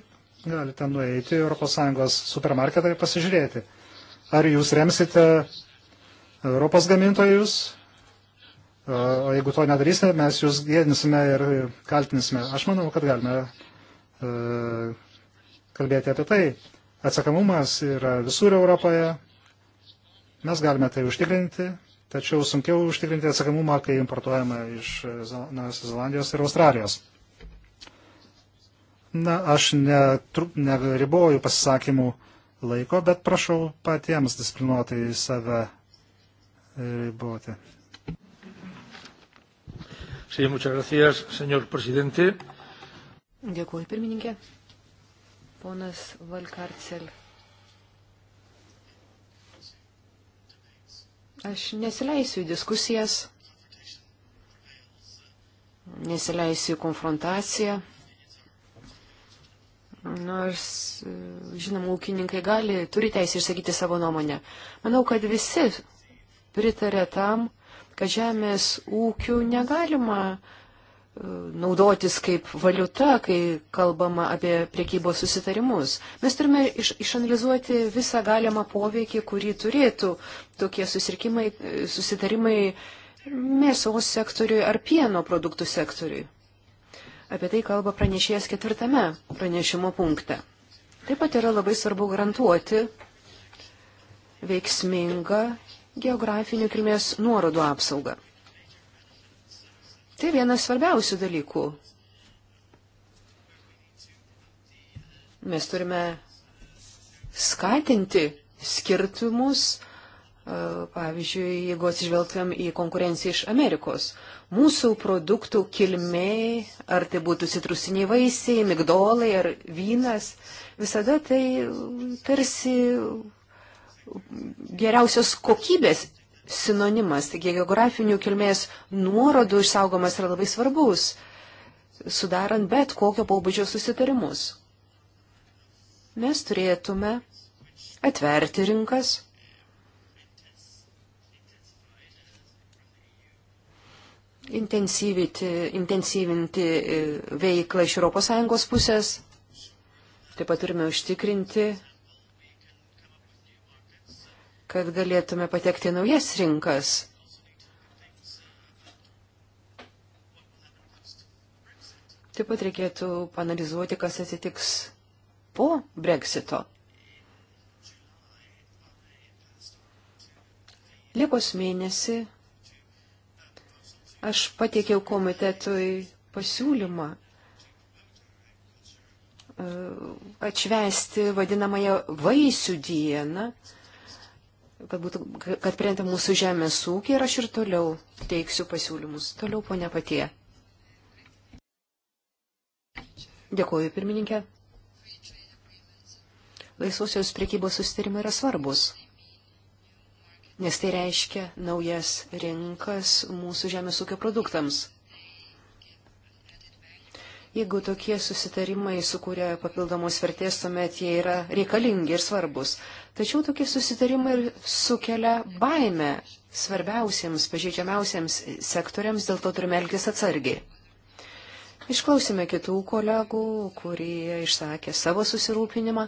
galite nueiti į ES supermarketą ir pasižiūrėti. Ar jūs remsite Europos gamintojus? O jeigu to nedarysime, mes jūs gėdinsime ir kaltinsime. Aš manau, kad galime e, kalbėti apie tai. Atsakamumas yra visur Europoje. Mes galime tai užtikrinti, tačiau sunkiau užtikrinti atsakamumą, kai importuojama iš Naujosios Zelandijos ir Australijos. Na, aš netru, neriboju pasisakymų uh, laiko, bet prašau patiems disciplinuotai save e, riboti. Sí, muchas gracias, señor presidente. Dėkuoju, pirmininkė. Ponas Valkarcel. Aš nesileisiu į diskusijas, nesileisiu į konfrontaciją. Nors, e, žinoma, ūkininkai gali, turi teisę išsakyti savo nuomonę. Manau, kad visi pritarė tam, kad žemės ūkių negalima e, naudotis kaip valiuta, kai kalbama apie priekybos susitarimus. Mes turime iš, išanalizuoti visą galimą poveikį, kurį turėtų tokie e, susitarimai mėsos sektoriui ar pieno produktų sektoriui. Apie tai kalba pranešėjas ketvirtame pranešimo punkte. Taip pat yra labai svarbu garantuoti veiksmingą geografinių kilmės nuorodų apsaugą. Tai vienas svarbiausių dalykų. Mes turime skatinti skirtumus Pavyzdžiui, jeigu atsižvelgtumėm į konkurenciją iš Amerikos, mūsų produktų kilmė, ar tai būtų citrusiniai vaisiai, migdolai ar vynas, visada tai tarsi geriausios kokybės sinonimas. Taigi geografinių kilmės nuorodų išsaugomas yra labai svarbus, sudarant bet kokio pobūdžio susitarimus. Mes turėtume atverti rinkas intensyvinti e, veiklą iš ES pusės. Taip pat turime užtikrinti, kad galėtume patekti naujas rinkas. Taip pat reikėtų panalizuoti, kas atsitiks po Brexito. Liepos mėnesį Aš pateikiau komitetui pasiūlymą e, atšvesti vadinamąją vaisių dieną, kad, būtų, kad prenta mūsų žemės ūkį ir aš ir toliau teiksiu pasiūlymus. Toliau ponia patie. Dėkuoju, pirmininkė. Laisvosios priekybos sustarimai yra svarbus nes tai reiškia naujas rinkas mūsų žemės ūkio produktams. Jeigu tokie susitarimai sukuria papildomos vertės, tuomet jie yra reikalingi ir svarbus. Tačiau tokie susitarimai sukelia baimę svarbiausiems, pažeidžiamiausiems sektoriams, dėl to turime elgtis atsargiai. Išklausime kitų kolegų, kurie išsakė savo susirūpinimą.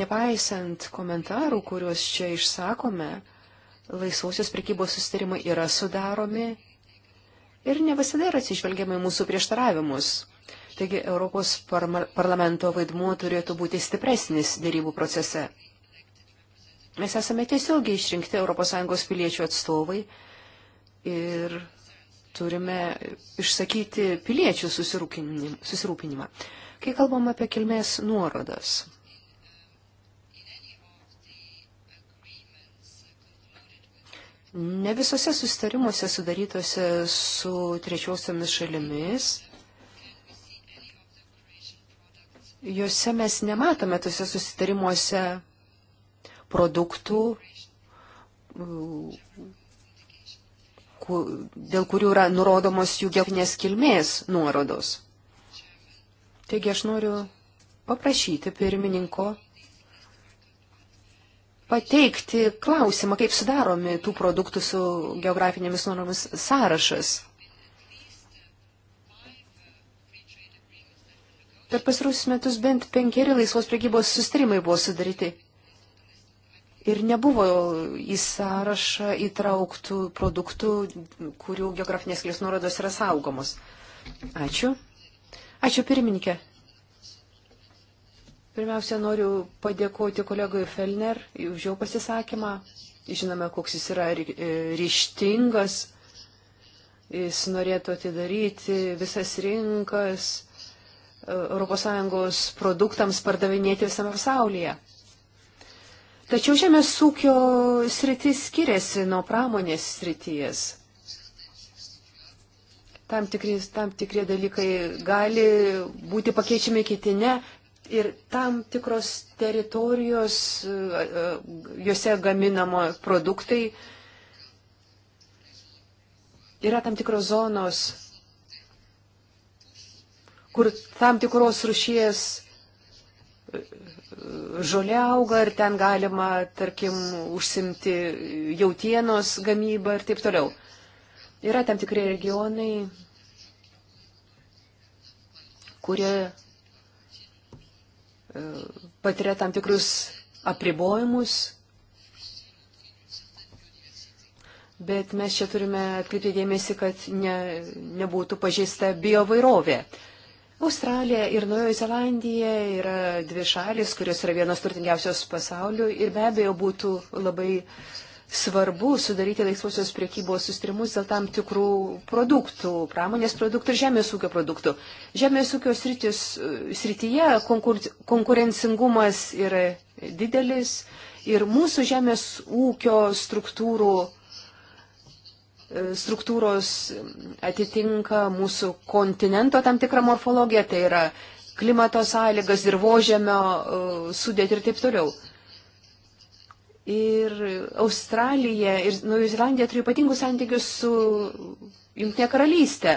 Nepaisant komentarų, kuriuos čia išsakome, laisvosios prekybos sustarimai yra sudaromi ir ne visada yra atsižvelgiama į mūsų prieštaravimus. Taigi Europos parlamento vaidmuo turėtų būti stipresnis dėrybų procese. Mes esame tiesiogiai išrinkti ES piliečių atstovai ir turime išsakyti piliečių susirūpinimą. Kai kalbam apie kilmės nuorodas, Ne visose sustarimuose sudarytose su trečiosiomis šalimis juose mes nematome tose susitarimuose produktų, dėl kurių yra nurodomos jų geokinės kilmės nuorodos. Taigi aš noriu paprašyti pirmininko pateikti klausimą, kaip sudaromi tų produktų su geografinėmis nuoromis sąrašas. Per pasrusius metus bent penkeri laisvos priekybos sustarimai buvo sudaryti. Ir nebuvo į sąrašą įtrauktų produktų, kurių geografinės kilės nuorodos yra saugomos. Ačiū. Ačiū pirmininkė. Pirmiausia, noriu padėkoti kolegui Felner už jo pasisakymą. Žinome, koks jis yra e, ryštingas. Jis norėtų atidaryti visas rinkas ES produktams pardavinėti visame pasaulyje. Tačiau žemės ūkio sritis skiriasi nuo pramonės srities. Tam tikri, tam tikri dalykai gali būti pakeičiami kiti ne, ir tam tikros teritorijos, e, e, juose gaminamo produktai, yra tam tikros zonos, kur tam tikros rušies e, žolė auga ir ten galima, tarkim, užsimti jautienos gamybą ir taip toliau. Yra tam tikri regionai, kurie patiria tam tikrus apribojimus, bet mes čia turime atkreipti dėmesį, kad ne, nebūtų pažįsta biovairovė. Australija ir Naujoji Zelandija yra dvi šalis, kurios yra vienos turtingiausios pasauliu ir be abejo būtų labai uh, svarbu sudaryti laisvosios priekybos sustrimus dėl tam tikrų produktų, pramonės produktų ir žemės ūkio produktų. Žemės ūkio sritis, srityje konkur, konkurencingumas yra didelis ir mūsų žemės ūkio struktūrų struktūros atitinka mūsų kontinento tam tikrą morfologiją, tai yra klimato sąlygas, dirbožėmio uh, sudėti ir taip toliau. Ir Australija ir Naujoji Zelandija turi ypatingus santykius su Junktinė karalystė.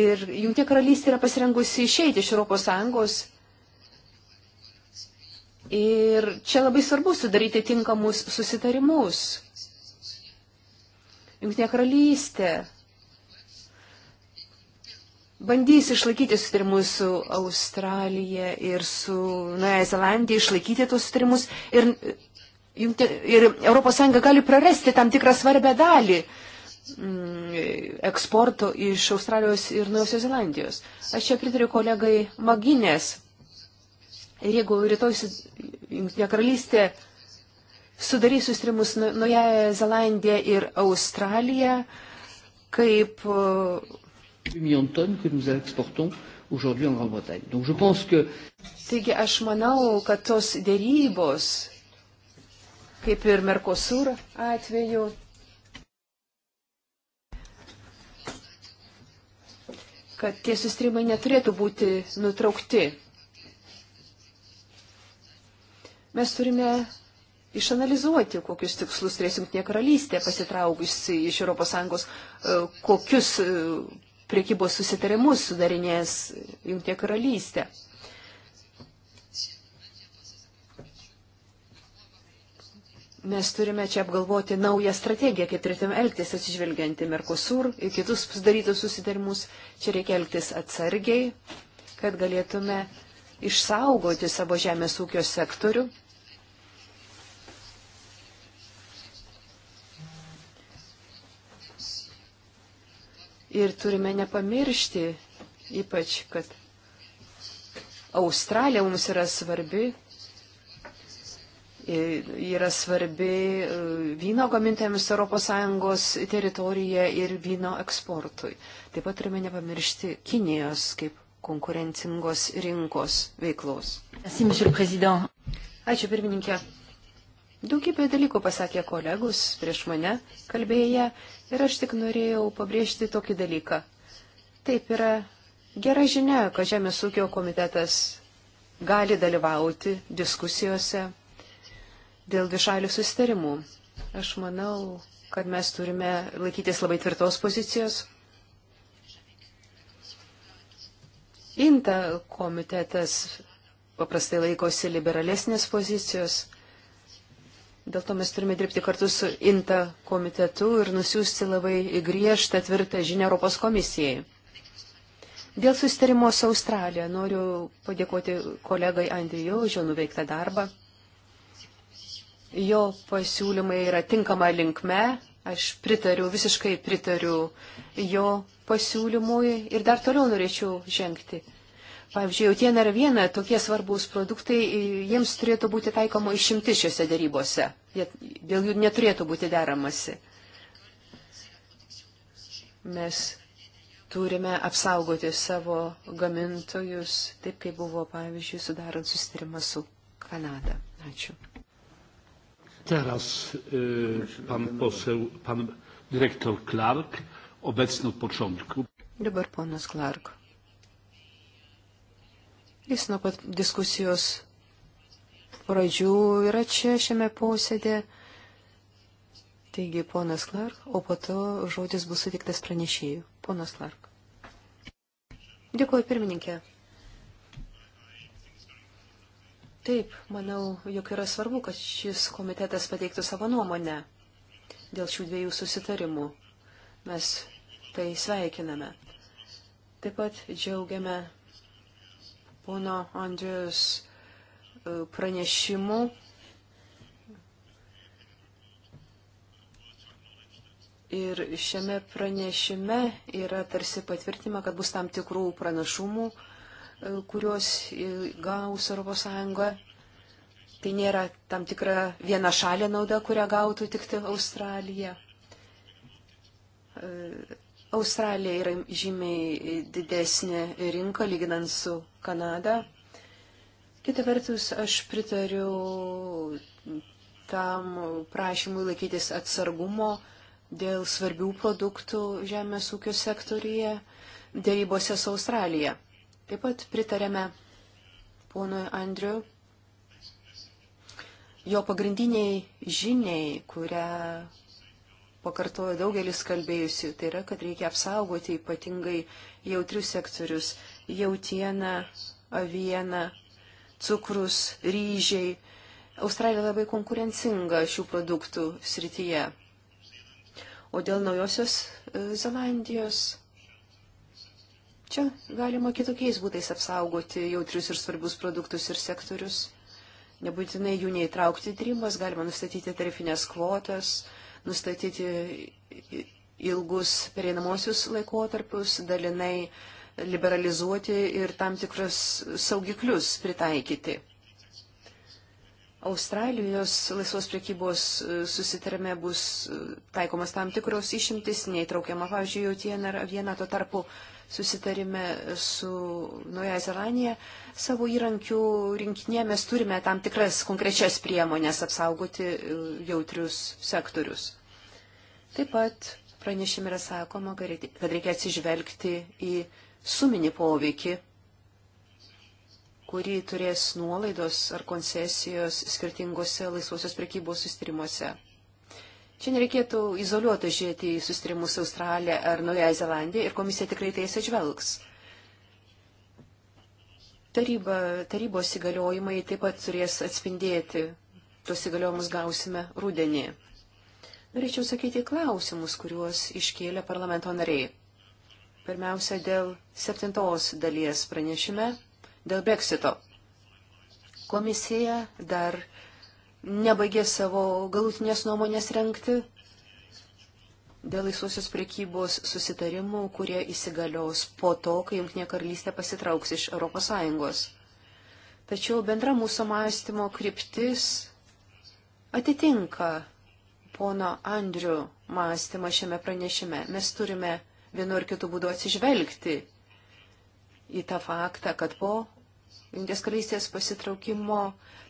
Ir Junktinė karalystė yra pasirengusi išeiti iš ES. Ir čia labai svarbu sudaryti tinkamus susitarimus. Junktinė karalystė bandys išlaikyti sutarimus su Australija ir su Nuoja Zelandija, išlaikyti tuos sutarimus ir ir ES gali prarasti tam tikrą svarbę dalį mm, eksporto iš Australijos ir Naujosios Zelandijos. Aš čia pritariu kolegai Maginės. Ir jeigu rytoj Junktinė karalystė sudarys sustrimus Naująją Zelandiją ir Australiją, kaip. E, Taigi aš manau, kad tos dėrybos kaip ir Merkosur atveju. kad tie sustrimai neturėtų būti nutraukti. Mes turime išanalizuoti, kokius tikslus turės Junktinė karalystė pasitraukusi iš ES, e, kokius e, priekybos susitarimus sudarinės Junktinė karalystė. Mes turime čia apgalvoti naują strategiją, kaip turėtume elgtis atsižvelgiant į Mercosur ir kitus sudarytus susitarimus. Čia reikia elgtis atsargiai, kad galėtume išsaugoti savo žemės ūkio sektorių. Ir turime nepamiršti ypač, kad Australija mums yra svarbi yra svarbi e, vyno gamintojams ES teritorija ir vyno eksportui. Taip pat turime nepamiršti Kinijos kaip konkurencingos rinkos veiklos. Ačiū, pirmininkė. Daugybė dalykų pasakė kolegus prieš mane kalbėję ir aš tik norėjau pabrėžti tokį dalyką. Taip yra gera žinia, kad Žemės ūkio komitetas gali dalyvauti diskusijose dėl dvišalių susitarimų. Aš manau, kad mes turime laikytis labai tvirtos pozicijos. Inta komitetas paprastai laikosi liberalesnės pozicijos. Dėl to mes turime dirbti kartu su INTA komitetu ir nusiųsti labai griežtą, tvirtą žinią Europos komisijai. Dėl susitarimo su Australija noriu padėkoti kolegai Andriju už jo nuveiktą darbą. Jo pasiūlymai yra tinkama linkme, aš pritariu, visiškai pritariu jo pasiūlymui ir dar toliau norėčiau žengti. Pavyzdžiui, jautiena ir viena tokie svarbus produktai, jiems turėtų būti taikoma išimti šiuose darybose. Dėl jų neturėtų būti deramasi. Mes turime apsaugoti savo gamintojus, taip kaip buvo, pavyzdžiui, sudarant susitarimą su Kanada. Ačiū. Teraz pan poseł, pan dyrektor Clark, obecny od początku. Dabar ponas Clark. Jis nuo pat diskusijos pradžių yra čia šiame posėdė. Taigi, ponas Clark, o po to žodis bus sutiktas pranešėjų. Ponas Clark. Dėkuoju, pirmininkė. Taip, manau, jog yra svarbu, kad šis komitetas pateiktų savo nuomonę dėl šių dviejų susitarimų. Mes tai sveikiname. Taip pat džiaugiame pono Andrius e, pranešimu. Ir šiame pranešime yra tarsi patvirtima, kad bus tam tikrų pranašumų kuriuos gaus ES. Tai nėra tam tikra viena šalė nauda, kurią gautų tik tai Australija. E, Australija yra žymiai didesnė rinka lyginant su Kanada. Kita vertus, aš pritariu tam prašymui laikytis atsargumo dėl svarbių produktų žemės ūkio sektorija dėrybose su Australija. Taip pat pritarėme ponui Andriu jo pagrindiniai žiniai, kurią pakartojo daugelis kalbėjusių, tai yra, kad reikia apsaugoti ypatingai jautrius sektorius - jautieną, avieną, cukrus, ryžiai. Australija labai konkurencinga šių produktų srityje. O dėl naujosios Zelandijos Čia galima kitokiais būdais apsaugoti jautrius ir svarbius produktus ir sektorius. Nebūtinai jų neįtraukti tyrimas, galima nustatyti tarifinės kvotas, nustatyti ilgus pereinamosius laikotarpius, dalinai liberalizuoti ir tam tikrus saugiklius pritaikyti. Australijos laisvos priekybos e, susitarime bus e, taikomas tam tikros išimtis, neįtraukiama, pavyzdžiui, jautiena ar viena, tuo tarpu susitarime su Nuoja Zelandija, savo įrankių rinkinėje mes turime tam tikras konkrečias priemonės apsaugoti e, jautrius sektorius. Taip pat pranešime yra sakoma, kad reikia atsižvelgti į suminį poveikį, kurį turės nuolaidos ar koncesijos skirtingose laisvosios prekybos sustarimuose. Čia nereikėtų izoliuotai žiūrėti į sustrimus Australiją ar Naująją Zelandiją ir komisija tikrai tai atsižvelgs. Taryba, tarybos įgaliojimai taip pat turės atspindėti, tuos įgaliojimus gausime rudenį. Norėčiau sakyti klausimus, kuriuos iškėlė parlamento nariai. Pirmiausia, dėl septintos dalies pranešime, dėl Brexito. Komisija dar nebaigė savo galutinės nuomonės renkti dėl laisvosios priekybos susitarimų, kurie įsigalios po to, kai Junktinė karalystė pasitrauks iš ES. Tačiau bendra mūsų mąstymo kryptis atitinka pono Andrių mąstymą šiame pranešime. Mes turime vienu ar kitu būdu atsižvelgti į tą faktą, kad po Indijos karalystės pasitraukimo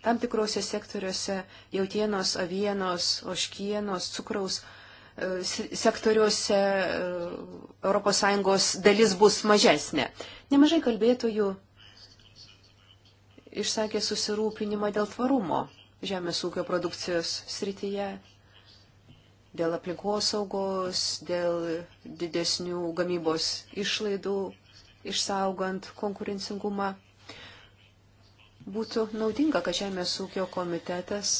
tam tikrose sektoriuose jautienos, avienos, oškienos, cukraus e, sektoriuose ES dalis bus mažesnė. Nemažai kalbėtojų išsakė susirūpinimą dėl tvarumo žemės ūkio produkcijos srityje, dėl aplinkosaugos, dėl didesnių gamybos išlaidų, išsaugant konkurencingumą. Būtų naudinga, kad Žemės ūkio komitetas,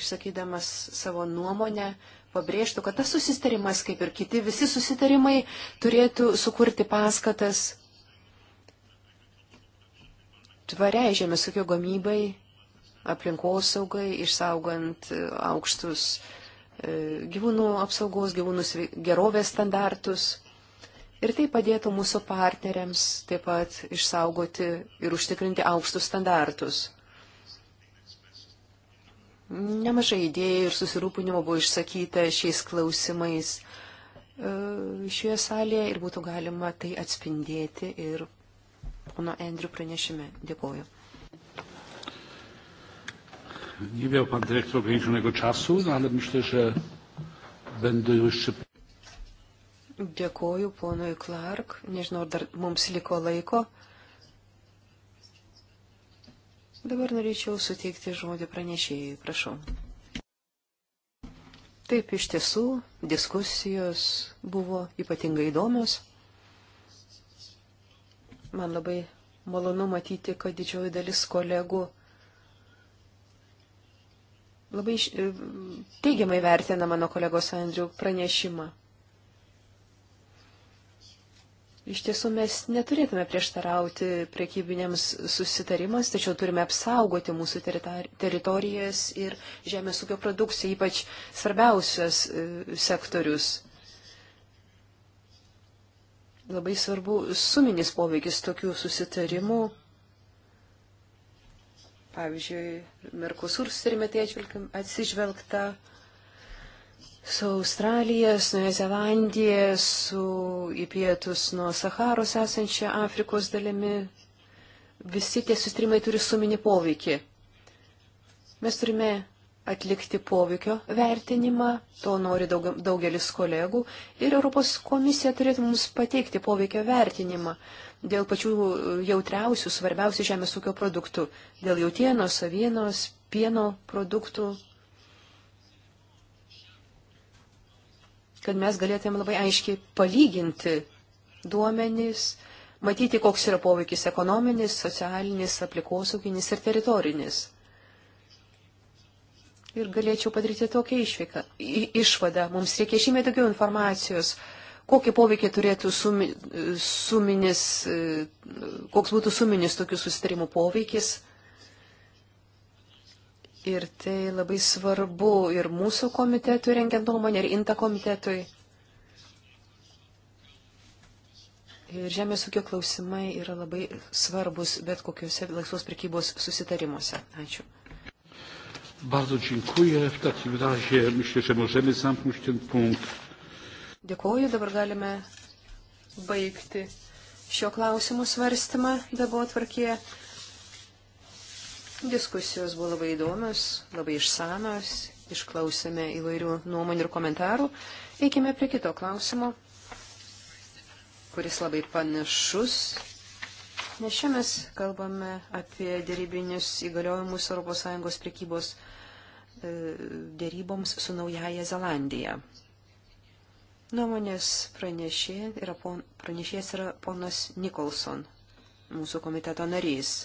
išsakydamas savo nuomonę, pabrėžtų, kad tas susitarimas, kaip ir kiti visi susitarimai, turėtų sukurti paskatas tvariai žemės ūkio gamybai, aplinkosaugai, išsaugant e, aukštus e, gyvūnų apsaugos, gyvūnų gerovės standartus. Ir tai padėtų mūsų partneriams taip pat išsaugoti ir užtikrinti aukštus standartus. Nemažai idėjų ir susirūpinimo buvo išsakyta šiais klausimais e, šioje salėje ir būtų galima tai atspindėti ir pono Andrių pranešime. Dėkuoju. Nie miał pan dyrektor ograniczonego czasu, no ale myślę, że będę już szybko. Dėkoju ponui Clark. Nežinau, dar mums liko laiko. Dabar norėčiau suteikti žodį pranešėjai. Prašau. Taip, iš tiesų, diskusijos buvo ypatingai įdomios. Man labai malonu matyti, kad didžioji dalis kolegų labai e, teigiamai vertina mano kolegos Andrių pranešimą. Iš tiesų mes neturėtume prieštarauti priekybinėms susitarimams, tačiau turime apsaugoti mūsų teritorijas ir žemės ūkio produkciją, ypač svarbiausias e, sektorius. Labai svarbu suminis poveikis tokių susitarimų pavyzdžiui, Merkusur surimė tai atsižvelgta, su Australija, su Nuoja Zelandija, su į pietus nuo Saharos esančia Afrikos dalimi. Visi tie sustrimai turi suminį poveikį. Mes turime atlikti poveikio vertinimą, to nori daug, daugelis kolegų, ir Europos komisija turėtų mums pateikti poveikio vertinimą dėl pačių jautriausių, svarbiausių žemės ūkio produktų, dėl jautienos, avienos, pieno produktų, kad mes galėtume labai aiškiai palyginti duomenys, matyti, koks yra poveikis ekonominis, socialinis, aplikosauginis ir teritorinis. Ir galėčiau padaryti tokią išvyką, išvadą. Mums reikia šimtai daugiau informacijos, kokį poveikį turėtų sumi, e, suminis, e, koks būtų suminis tokių susitarimų poveikis Ir tai labai svarbu ir mūsų komitetui rengiant nuomonę, ir INTA komitetui. Ir žemės ūkio klausimai yra labai svarbus bet kokiuose laisvos prekybos susitarimuose. Ačiū. Bardzo dziękuję. W takim razie myślę, że możemy zamknąć ten punkt. Dėkuoju, dabar galime baigti šio klausimų svarstymą darbo atvarkėje. Diskusijos buvo labai įdomios, labai išsamios, išklausėme įvairių nuomonių ir komentarų. Eikime prie kito klausimo, kuris labai panašus, nes čia mes kalbame apie dėrybinius įgaliojimus ES prekybos e, dėryboms su Naujaja Zelandija. Nuomonės pranešėjas yra, pon, pranešėjas yra ponas Nikolson, mūsų komiteto narys.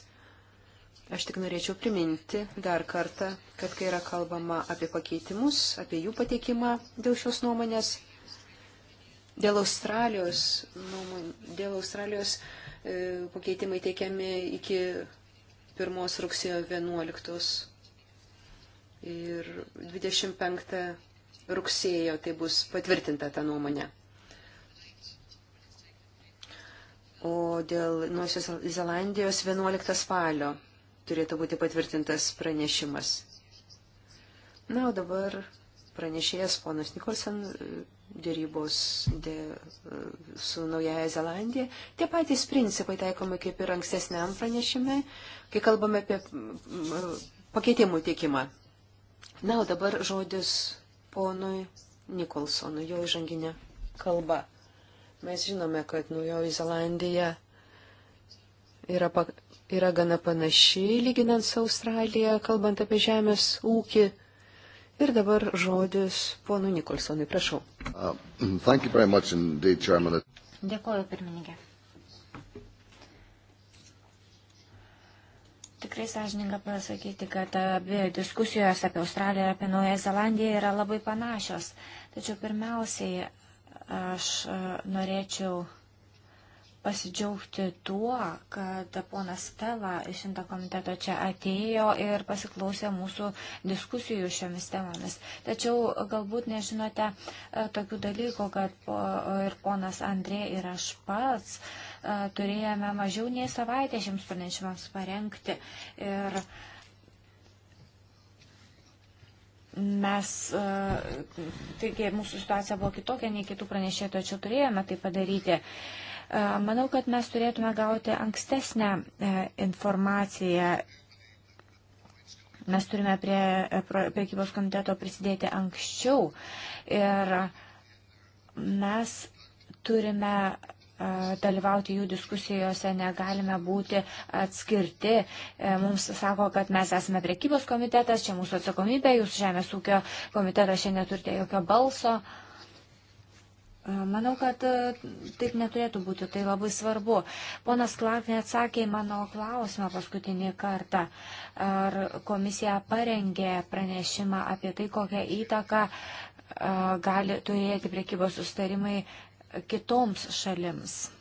Aš tik norėčiau priminti dar kartą, kad kai yra kalbama apie pakeitimus, apie jų pateikimą dėl šios nuomonės, dėl Australijos, nuomon, dėl Australijos e, pakeitimai teikiami iki 1 rugsėjo 11 ir 25 rugsėjo tai bus patvirtinta ta nuomonė. O dėl Nuosios Zelandijos 11 spalio turėtų būti patvirtintas pranešimas. Na, o dabar pranešėjas ponas Nikolsen e, dėrybos dė, e, su Naujaja Zelandija. Tie patys principai taikomi kaip ir ankstesniam pranešime, kai kalbame apie pakeitimų tiekimą. Na, o dabar žodis ponui Nikolsonui, jo įžanginė kalba. Mes žinome, kad Naujoji Zelandija yra pak yra gana panaši, lyginant su Australija, kalbant apie žemės ūkį. Ir dabar žodis ponu Nikolsonui, prašau. Uh, indeed, Chairman. Dėkuoju, pirmininkė. Tikrai sąžininga pasakyti, kad abi diskusijos apie Australiją ir apie Naują Zelandiją yra labai panašios. Tačiau pirmiausiai aš uh, norėčiau pasidžiaugti tuo, kad ponas Stela iš šimto komiteto čia atėjo ir pasiklausė mūsų diskusijų šiomis temomis. Tačiau galbūt nežinote e, tokių dalykų, kad ir ponas Andrė ir aš pats e, turėjome mažiau nei savaitę šiems pranešimams parengti. Ir mes, e, taigi mūsų situacija buvo kitokia nei kitų pranešėjų, tačiau turėjome tai padaryti. Manau, kad mes turėtume gauti ankstesnę e, informaciją. Mes turime prie e, priekybos komiteto prisidėti anksčiau ir mes turime e, dalyvauti jų diskusijose, negalime būti atskirti. Mums sako, kad mes esame priekybos komitetas, čia mūsų atsakomybė, jūs žemės ūkio komitetas šiandien neturite jokio balso. Uh, Manau, kad e, taip neturėtų būti, tai labai svarbu. Ponas Clark neatsakė į mano klausimą paskutinį kartą. Ar komisija parengė pranešimą apie tai, kokią įtaką e, gali turėti priekybos sustarimai kitoms šalims?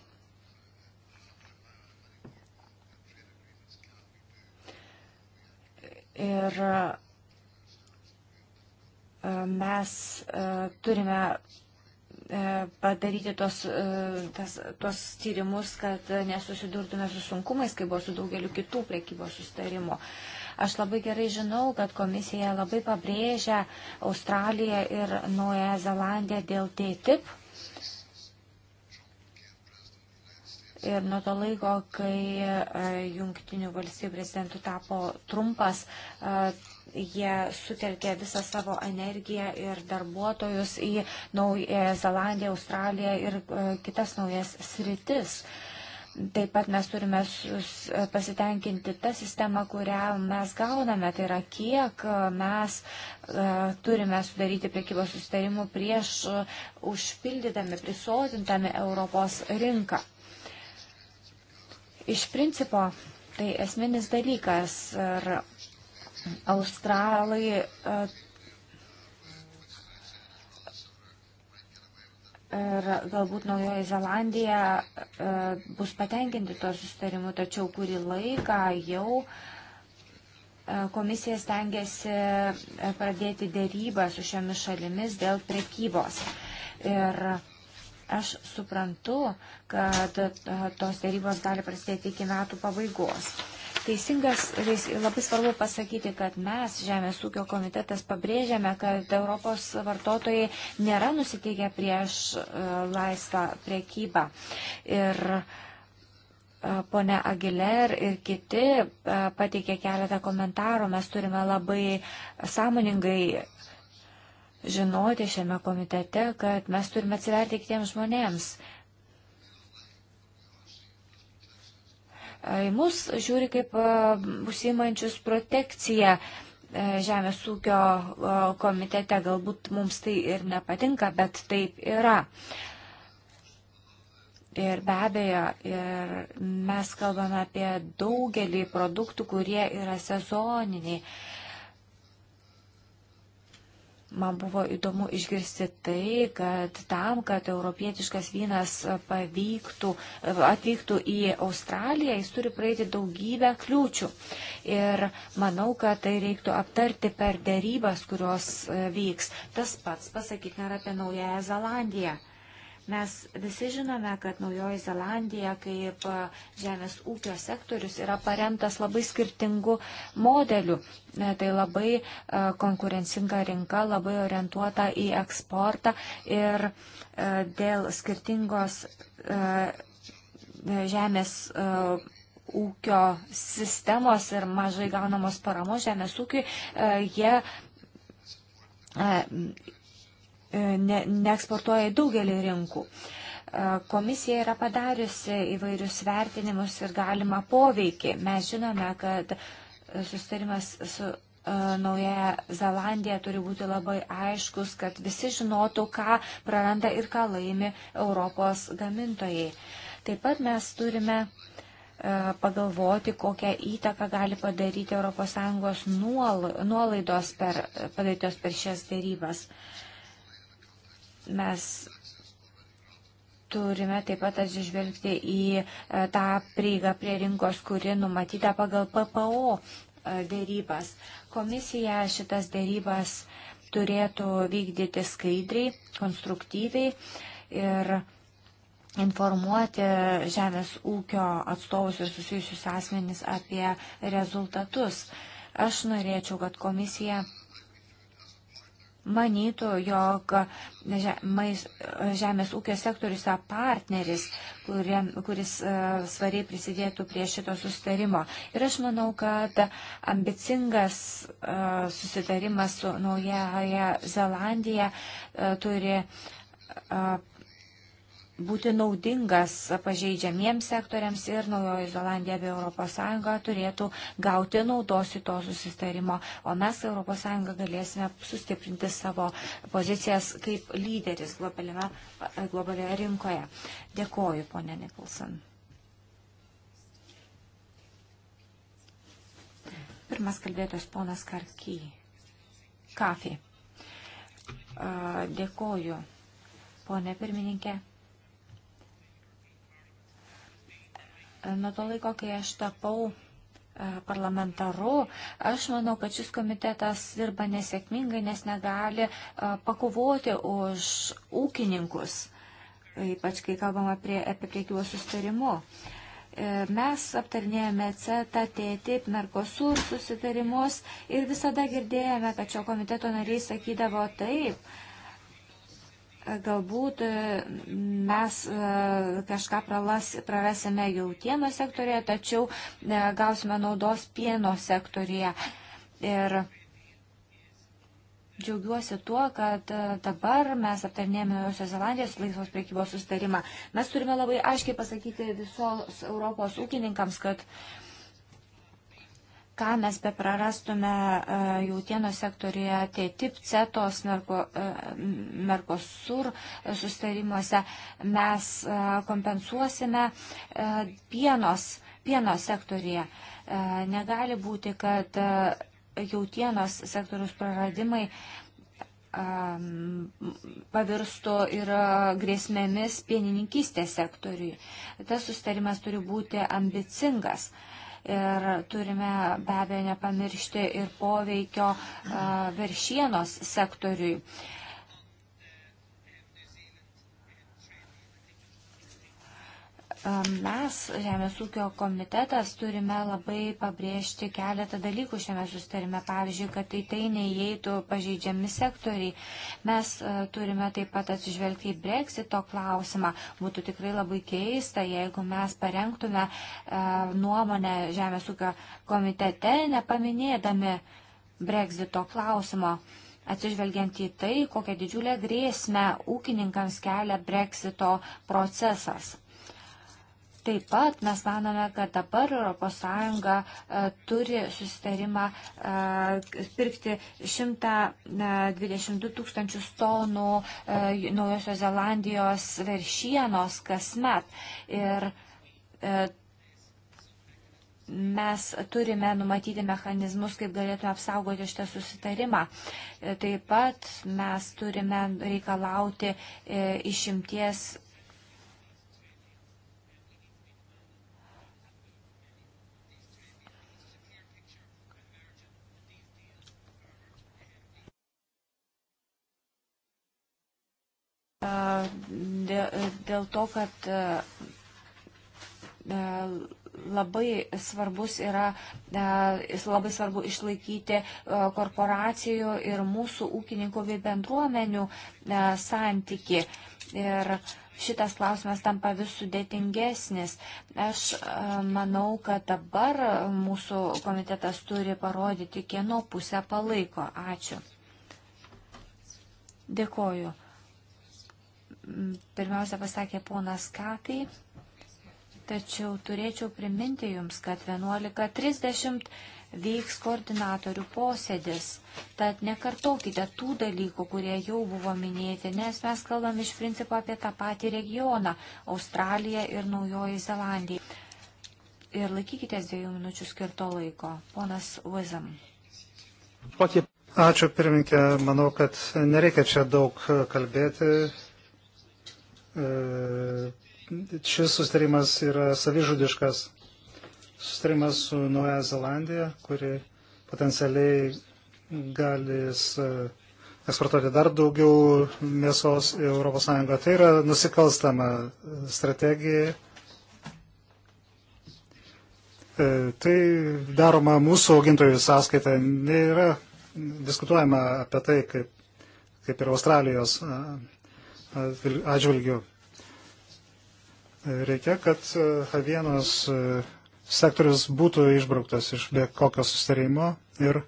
Ir e, mes turime E, padaryti tos, e, tas, tos tyrimus, kad nesusidurtume su sunkumais, kaip buvo su daugeliu kitų priekybos sustarimų. Aš labai gerai žinau, kad komisija labai pabrėžia Australiją ir Naująją Zelandiją dėl TTIP. Ir nuo to laiko, kai e, jungtinių valstybių prezidentų tapo trumpas, jie sutelkė visą savo energiją ir darbuotojus į Naują Zelandiją, Australiją ir e, kitas naujas sritis. Taip pat mes turime e, pasitenkinti tą sistemą, kurią mes gauname, tai yra kiek e, mes turime sudaryti priekybos sustarimų prieš užpildydami, prisodintami Europos rinką. Iš principo, tai esminis dalykas ir Australai e, ir galbūt Naujoji Zelandija e, bus patenkinti to sustarimu, tačiau kurį laiką jau e, komisija stengiasi pradėti dėrybą su šiomis šalimis dėl prekybos. Ir aš suprantu, kad tos dėrybos gali prasidėti iki metų pabaigos teisingas, labai svarbu pasakyti, kad mes, Žemės ūkio komitetas, pabrėžiame, kad Europos vartotojai nėra nusiteikę prieš e, laisvą priekybą. Ir e, ponia Aguiler ir kiti e, pateikė keletą komentarų. Mes turime labai sąmoningai žinoti šiame komitete, kad mes turime atsiverti kitiems žmonėms. į mus žiūri kaip e, užsimančius protekciją e, Žemės ūkio e, komitete. Galbūt mums tai ir nepatinka, bet taip yra. Ir be abejo, ir mes kalbame apie daugelį produktų, kurie yra sezoniniai. Man buvo įdomu išgirsti tai, kad tam, kad europietiškas vynas pavyktų, atvyktų į Australiją, jis turi praeiti daugybę kliūčių. Ir manau, kad tai reiktų aptarti per dėrybas, kurios e, vyks. Tas pats pasakytina ir apie Naująją Zelandiją. Mes visi žinome, kad Naujoji Zelandija kaip žemės ūkio sektorius yra paremtas labai skirtingų modelių. E, tai labai konkurencinga rinka, labai orientuota į eksportą ir e, dėl skirtingos e, žemės ūkio sistemos ir mažai gaunamos paramos žemės ūkiui, jie E, ne, neeksportuoja į daugelį rinkų. E, komisija yra padariusi įvairius vertinimus ir galima poveikį. Mes žinome, kad sustarimas su e, Nauja Zelandija turi būti labai aiškus, kad visi žinotų, ką praranda ir ką laimi Europos gamintojai. Taip pat mes turime pagalvoti, kokią įtaką gali padaryti ES nuolaidos per, padarytos per šias dėrybas. Uh, Mes turime taip pat atsižvelgti į e, tą prieigą prie rinkos, kuri numatyta pagal PPO e, dėrybas. Komisija šitas dėrybas turėtų vykdyti skaidriai, konstruktyviai ir informuoti žemės ūkio atstovus ir susijusius asmenys apie rezultatus. Aš norėčiau, kad komisija manytų, jog žemės ūkio sektorius yra partneris, kurie, kuris e, svariai prisidėtų prie šito sustarimo. Ir aš manau, kad ambicingas e, susitarimas su Naujaja Zelandija e, turi būti naudingas pažeidžiamiems sektoriams ir Naujoji Zelandija bei ES turėtų gauti naudos į to susitarimo, o mes ES galėsime sustiprinti savo pozicijas kaip lyderis globalioje rinkoje. Dėkoju, ponė Nikolson. Pirmas kalbėtos ponas Karky. Kafi. Dėkoju, ponė pirmininkė. Nuo to laiko, kai aš tapau e, parlamentaru, aš manau, kad šis komitetas dirba nesėkmingai, nes negali e, pakovoti už ūkininkus, ypač kai kalbama prie, apie priekybos sustarimu. E, mes aptarnėjome CETA, TTIP, Mercosur susitarimus ir visada girdėjome, kad šio komiteto nariai sakydavo taip Galbūt e, mes e, kažką pralas, prarasime jautieno sektorėje, tačiau e, gausime naudos pieno sektorėje. Ir džiaugiuosi tuo, kad dabar mes aptarnėjame Naujosios Zelandijos laisvos priekybos sustarimą. Mes turime labai aiškiai pasakyti visos Europos ūkininkams, kad uh, ką mes beprarastume e, jautienos sektorija, tai tip cetos, narko, merkosur e, e, sustarimuose, mes kompensuosime pienos, pieno sektorija. Negali būti, kad jautienos sektorius praradimai pavirsto ir grėsmėmis pienininkystės sektoriui. Tas sustarimas turi būti ambicingas. Uh, ir turime be abejo nepamiršti ir poveikio veršienos sektoriui. Mes, Žemės ūkio komitetas, turime labai pabrėžti keletą dalykų šiame sustarime. Pavyzdžiui, kad į tai neįeitų pažeidžiami sektoriai. Mes e, turime taip pat atsižvelgti į breksito klausimą. Būtų tikrai labai keista, jeigu mes parengtume e, nuomonę Žemės ūkio komitete, nepaminėdami breksito klausimo. Atsižvelgiant į tai, kokią didžiulę grėsmę ūkininkams kelia breksito procesas. Taip pat mes manome, kad dabar ES e, turi susitarimą e, pirkti 122 e, tūkstančius tonų Naujosios Zelandijos veršienos kasmet. Ir mes turime numatyti mechanizmus, kaip galėtume apsaugoti šitą susitarimą. Taip pat mes turime reikalauti išimties dėl to, kad labai svarbus yra, labai svarbu išlaikyti korporacijų ir mūsų ūkininkų bei bendruomenių santyki. Ir šitas klausimas tampa vis sudėtingesnis. Aš manau, kad dabar mūsų komitetas turi parodyti, kieno pusę palaiko. Ačiū. Dėkoju pirmiausia pasakė ponas Katai, tačiau turėčiau priminti Jums, kad 11.30 vyks koordinatorių posėdis. Tad nekartokite tų dalykų, kurie jau buvo minėti, nes mes kalbam iš principo apie tą patį regioną - Australiją ir Naujoji Zelandija. Ir laikykitės dviejų minučių skirto laiko. Ponas Vizam. Ačiū pirminkė, manau, kad nereikia čia daug kalbėti E, šis sustarimas yra savižudiškas sustarimas su Nuoja Zelandija, kuri potencialiai galis e, eksportuoti dar daugiau mėsos į ES. Tai yra nusikalstama strategija. E, tai daroma mūsų augintojų sąskaita. Nėra diskutuojama apie tai, kaip, kaip ir Australijos atžvilgių. Reikia, kad e, avienos e, sektorius būtų išbrauktas iš be kokio sustarimo ir e,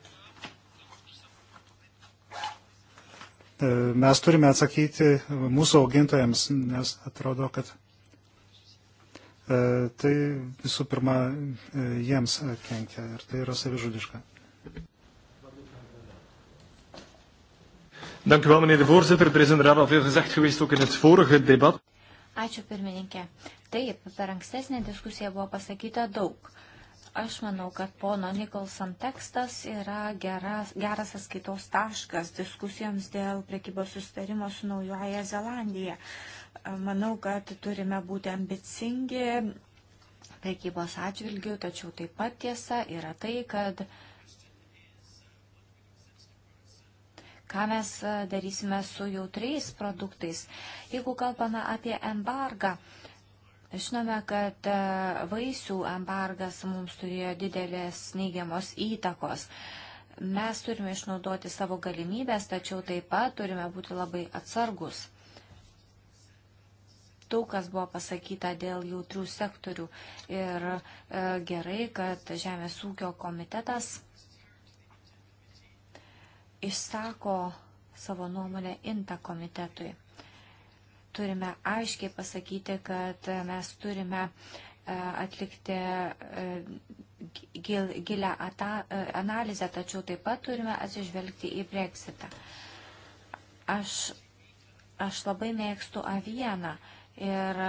mes turime atsakyti mūsų augintojams, nes atrodo, kad tai visų pirma jiems kenkia ir tai yra savižudiška. Dank u wel, meneer de voorzitter. Er is inderdaad al veel gezegd geweest, ook in het vorige debat. Ačiū pirmininkė. Taip, per ankstesnę diskusiją buvo pasakyta daug. Aš manau, kad pono Nikolson tekstas yra geras, geras atskaitos taškas diskusijoms dėl priekybos sustarimo su Naujoje Zelandija. Manau, kad turime būti ambicingi priekybos atžvilgių, tačiau taip pat tiesa yra tai, kad uh, ką mes e, darysime su jautriais produktais. Jeigu kalbame apie embargą, žinome, kad e, vaisių embargas mums turėjo didelės neigiamos įtakos. Mes turime išnaudoti savo galimybės, tačiau taip pat turime būti labai atsargus daug kas buvo pasakyta dėl jautrių sektorių. Ir e, gerai, kad Žemės ūkio komitetas išsako savo nuomonę INTA komitetui. Turime aiškiai pasakyti, kad mes turime e, atlikti e, gil, gilę ata, e, analizę, tačiau taip pat turime atsižvelgti į Brexitą. Aš, aš labai mėgstu avieną ir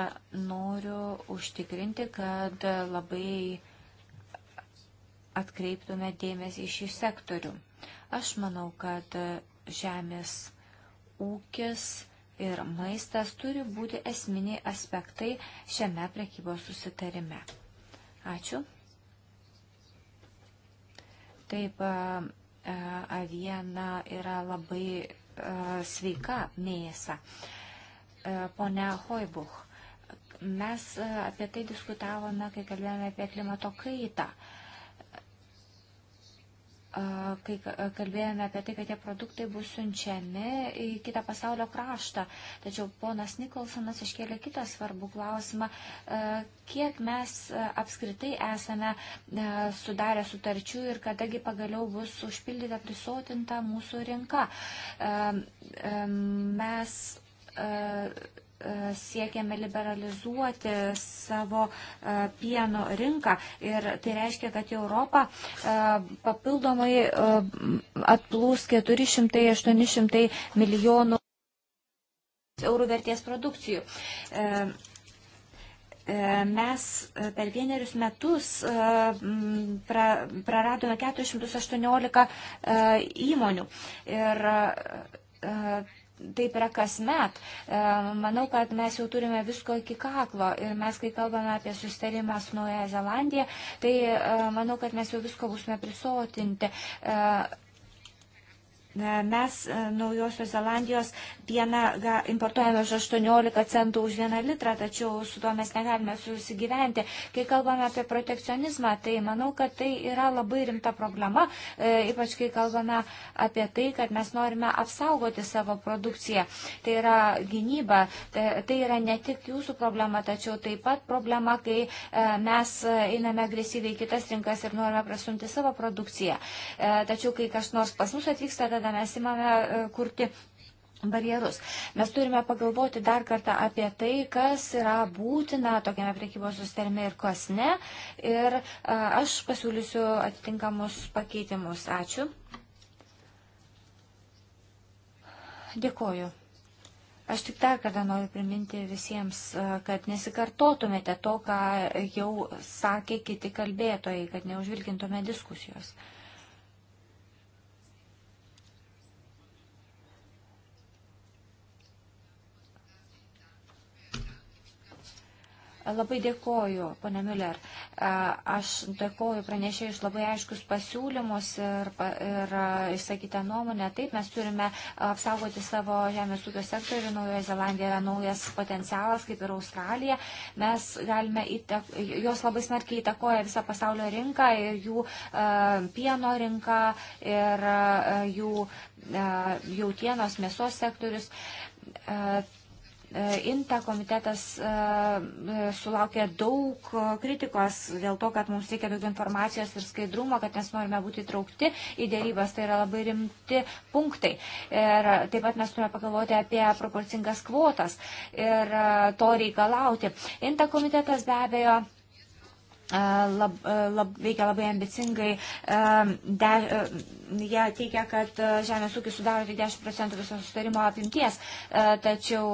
noriu užtikrinti, kad labai atkreiptume dėmesį į šį sektorių. Aš manau, kad žemės ūkis ir maistas turi būti esminiai aspektai šiame prekybos susitarime. Ačiū. Taip, aviena yra labai sveika mėsa. Pone Hoibuch, mes apie tai diskutavome, kai kalbėjome apie klimato kaitą kai kalbėjome apie tai, kad tie produktai bus siunčiami į kitą pasaulio kraštą. Tačiau ponas Nikolsonas iškėlė kitą svarbų klausimą, kiek mes apskritai esame sudarę sutarčių ir kadagi pagaliau bus užpildyta, prisotinta mūsų rinka. Mes E, siekiame liberalizuoti savo e, pieno rinką ir tai reiškia, kad į Europą e, papildomai atplūs 400-800 milijonų eurų vertės produkcijų mes per vienerius metus pra, praradome 418 įmonių. Ir taip yra kasmet. E, manau, kad mes jau turime visko iki kaklo ir mes, kai kalbame apie susitarimą su Naujaja Zelandija, tai e, manau, kad mes jau visko būsime prisotinti. E, Mes e, Naujosios Zelandijos pieną importuojame už 18 centų už vieną litrą, tačiau su tuo mes negalime susigyventi. Kai kalbame apie protekcionizmą, tai manau, kad tai yra labai rimta problema, e, ypač kai kalbame apie tai, kad mes norime apsaugoti savo produkciją. Tai yra gynyba, e, tai yra ne tik jūsų problema, tačiau taip pat problema, kai mes einame agresyviai kitas rinkas ir norime prasumti savo produkciją. Tačiau, kai kas nors pas mus atvyksta, tada kada mes įmame e, kurti barjerus. Mes turime pagalvoti dar kartą apie tai, kas yra būtina tokiame priekybos susitarime ir kas ne. Ir e, aš pasiūlysiu atitinkamus pakeitimus. Ačiū. Dėkoju. Aš tik dar kartą noriu priminti visiems, e, kad nesikartotumėte to, ką jau sakė kiti kalbėtojai, kad neužvilkintume diskusijos. Labai dėkoju, pane Miller. Aš dėkoju pranešėjai iš labai aiškius pasiūlymus ir, ir išsakytą nuomonę. Taip, mes turime apsaugoti savo žemės ūkio sektorių. Naujoje Zelandijoje yra naujas potencialas, kaip ir Australija. Mes galime, įtak, jos labai smarkiai įtakoja visą pasaulio rinką ir jų uh, pieno rinką ir uh, jų uh, jautienos mėsos sektorius. Uh, E, Inta komitetas e, e, sulaukė daug kritikos dėl to, kad mums reikia daugiau informacijos ir skaidrumo, kad mes norime būti traukti į dėrybas. Tai yra labai rimti punktai. Ir taip pat mes turime pagalvoti apie proporcingas kvotas ir to reikalauti. Inta komitetas be abejo. Lab, lab, veikia labai ambicingai. De, jie teikia, kad žemės ūkis sudaro tik 10 procentų viso sustarimo apimties, tačiau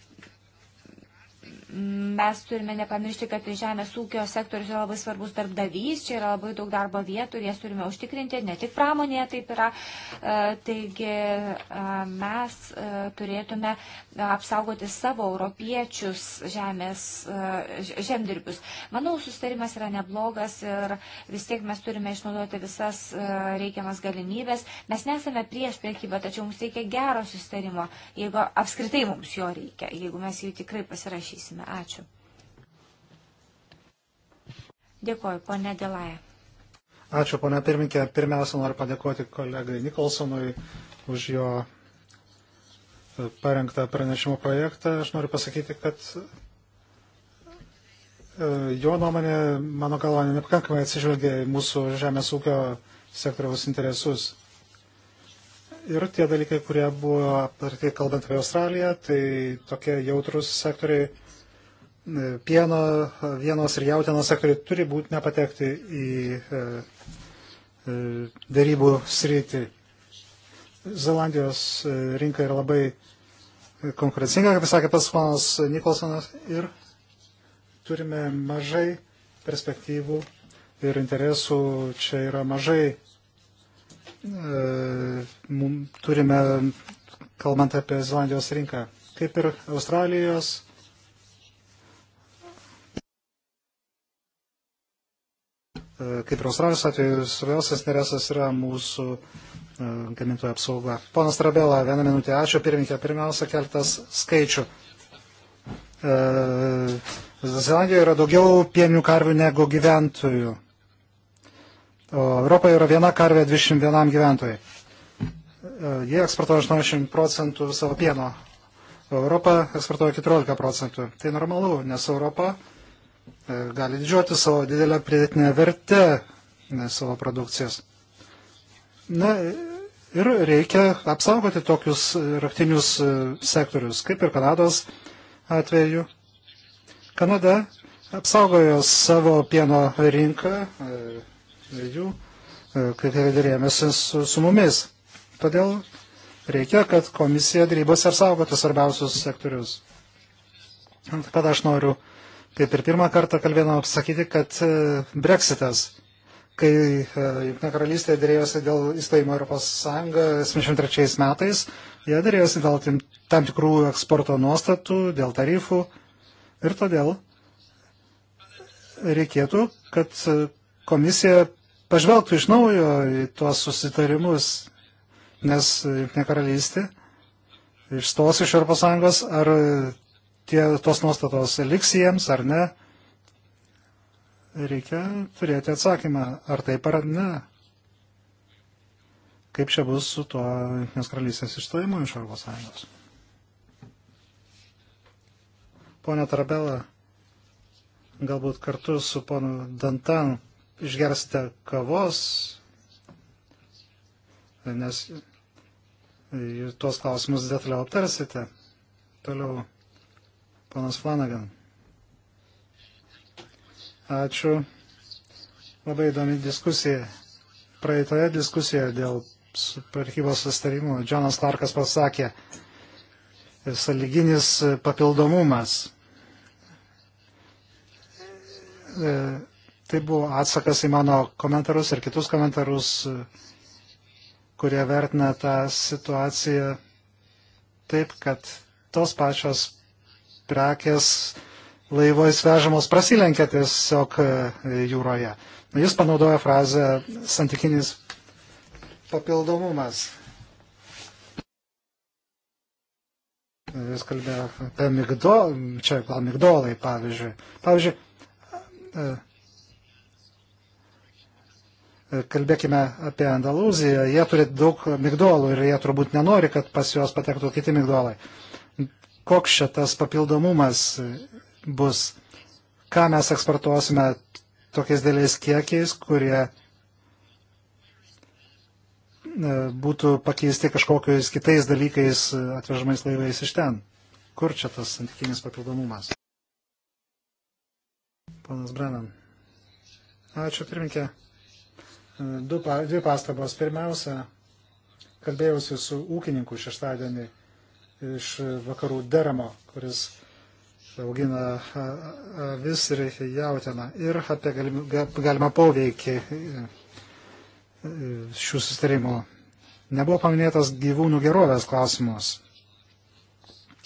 mes turime nepamiršti, kad žemės ūkio sektorius yra labai svarbus darbdavys, čia yra labai daug darbo vietų ir jas turime užtikrinti, ne tik pramonėje taip yra. E, taigi e, mes e, turėtume apsaugoti savo europiečius žemės, žemdirbius. Manau, sustarimas yra neblogas ir vis tiek mes turime išnaudoti visas reikiamas galimybės. Mes nesame prieš priekybą, tačiau mums reikia gero sustarimo, jeigu apskritai mums jo reikia, jeigu mes jį tikrai pasirašysime turime. Ačiū. Dėkuoju, ponė Dėlaja. Ačiū, ponė pirminkė. Pirmiausia, noriu padėkoti kolegai Nikolsonui už jo parengtą pranešimo projektą. Aš noriu pasakyti, kad e, jo nuomonė, mano galva, nepakankamai atsižvelgia į mūsų žemės ūkio sektoriaus interesus. Ir tie dalykai, kurie buvo aptarti kalbant apie Australiją, tai tokie jautrus sektoriai pieno, vienos ir jautienos sektoriai turi būti nepatekti į e, e, darybų sritį. Zelandijos e, rinka yra labai konkurencinga, kaip sakė pas ponas Nikolsonas, ir turime mažai perspektyvų ir interesų, čia yra mažai, e, turime, kalbant apie Zelandijos rinką, kaip ir Australijos E, kaip ir Australijos atveju, svarbiausias interesas yra mūsų e, gamintojų apsauga. Ponas Trabela, vieną minutę. Ačiū pirmininkė. Pirmiausia, keltas skaičių. E, Zelandijoje yra daugiau pienių karvių negu gyventojų. O Europoje yra viena karvė 21 gyventojai. Jie eksportuoja 80 procentų savo pieno. Europa eksportuoja 14 procentų. Tai normalu, nes Europa E, gali didžiuoti savo didelę pridėtinę vertę e, savo produkcijas. Na ir reikia apsaugoti tokius raktinius e, sektorius, kaip ir Kanados atveju. Kanada apsaugojo savo pieno rinką, jų, kaip ir dėrėmėsi su, su mumis. Todėl reikia, kad komisija darybose apsaugotų svarbiausius sektorius. Kad aš noriu kaip ir pirmą kartą kalbėjome sakyti, kad e, Brexitas, kai e, Junktinė karalystė dėrėjosi dėl įstojimo Europos Sąjungą 73 metais, jie dėrėjosi dėl tam tikrų eksporto nuostatų, dėl tarifų ir todėl reikėtų, kad e, komisija pažvelgtų iš naujo į tuos susitarimus, nes Junktinė karalystė išstos iš ES ar tie, tos nuostatos liks jiems ar ne, reikia turėti atsakymą, ar taip ar ne. Kaip čia bus su tuo Junktinės karalystės išstojimu iš Europos Sąjungos? Pone Tarabela, galbūt kartu su ponu Dantan išgersite kavos, nes tuos klausimus detaliau aptarsite. Toliau Panas Flanagan. Ačiū. Labai įdomi diskusija. Praeitoje diskusijoje dėl prekybos sustarimų Džonas Clarkas pasakė, saliginis papildomumas. E, tai buvo atsakas į mano komentarus ir kitus komentarus, kurie vertina tą situaciją taip, kad tos pačios prekės laivo įsvežamos prasilenkia tiesiog e, jūroje. Jis panaudoja frazę santykinis papildomumas. Jis kalbėjo apie migdo, čia gal migdolai, pavyzdžiui. Pavyzdžiui, e, e, kalbėkime apie Andalūziją, jie turi daug migdolų ir jie turbūt nenori, kad pas juos patektų kiti migdolai koks šitas papildomumas bus, ką mes eksportuosime tokiais dėliais kiekiais, kurie e, būtų pakeisti kažkokiais kitais dalykais e, atvežamais laivais iš ten. Kur čia tas santykinis papildomumas? Panas Brennan. Ačiū, pirminkė. E, du, dvi pastabos. Pirmiausia, kalbėjausi su ūkininku šeštadienį iš vakarų deramo, kuris augina vis ir jautiną ir apie galimą poveikį e, šių sustarimų. Nebuvo paminėtas gyvūnų gerovės klausimas.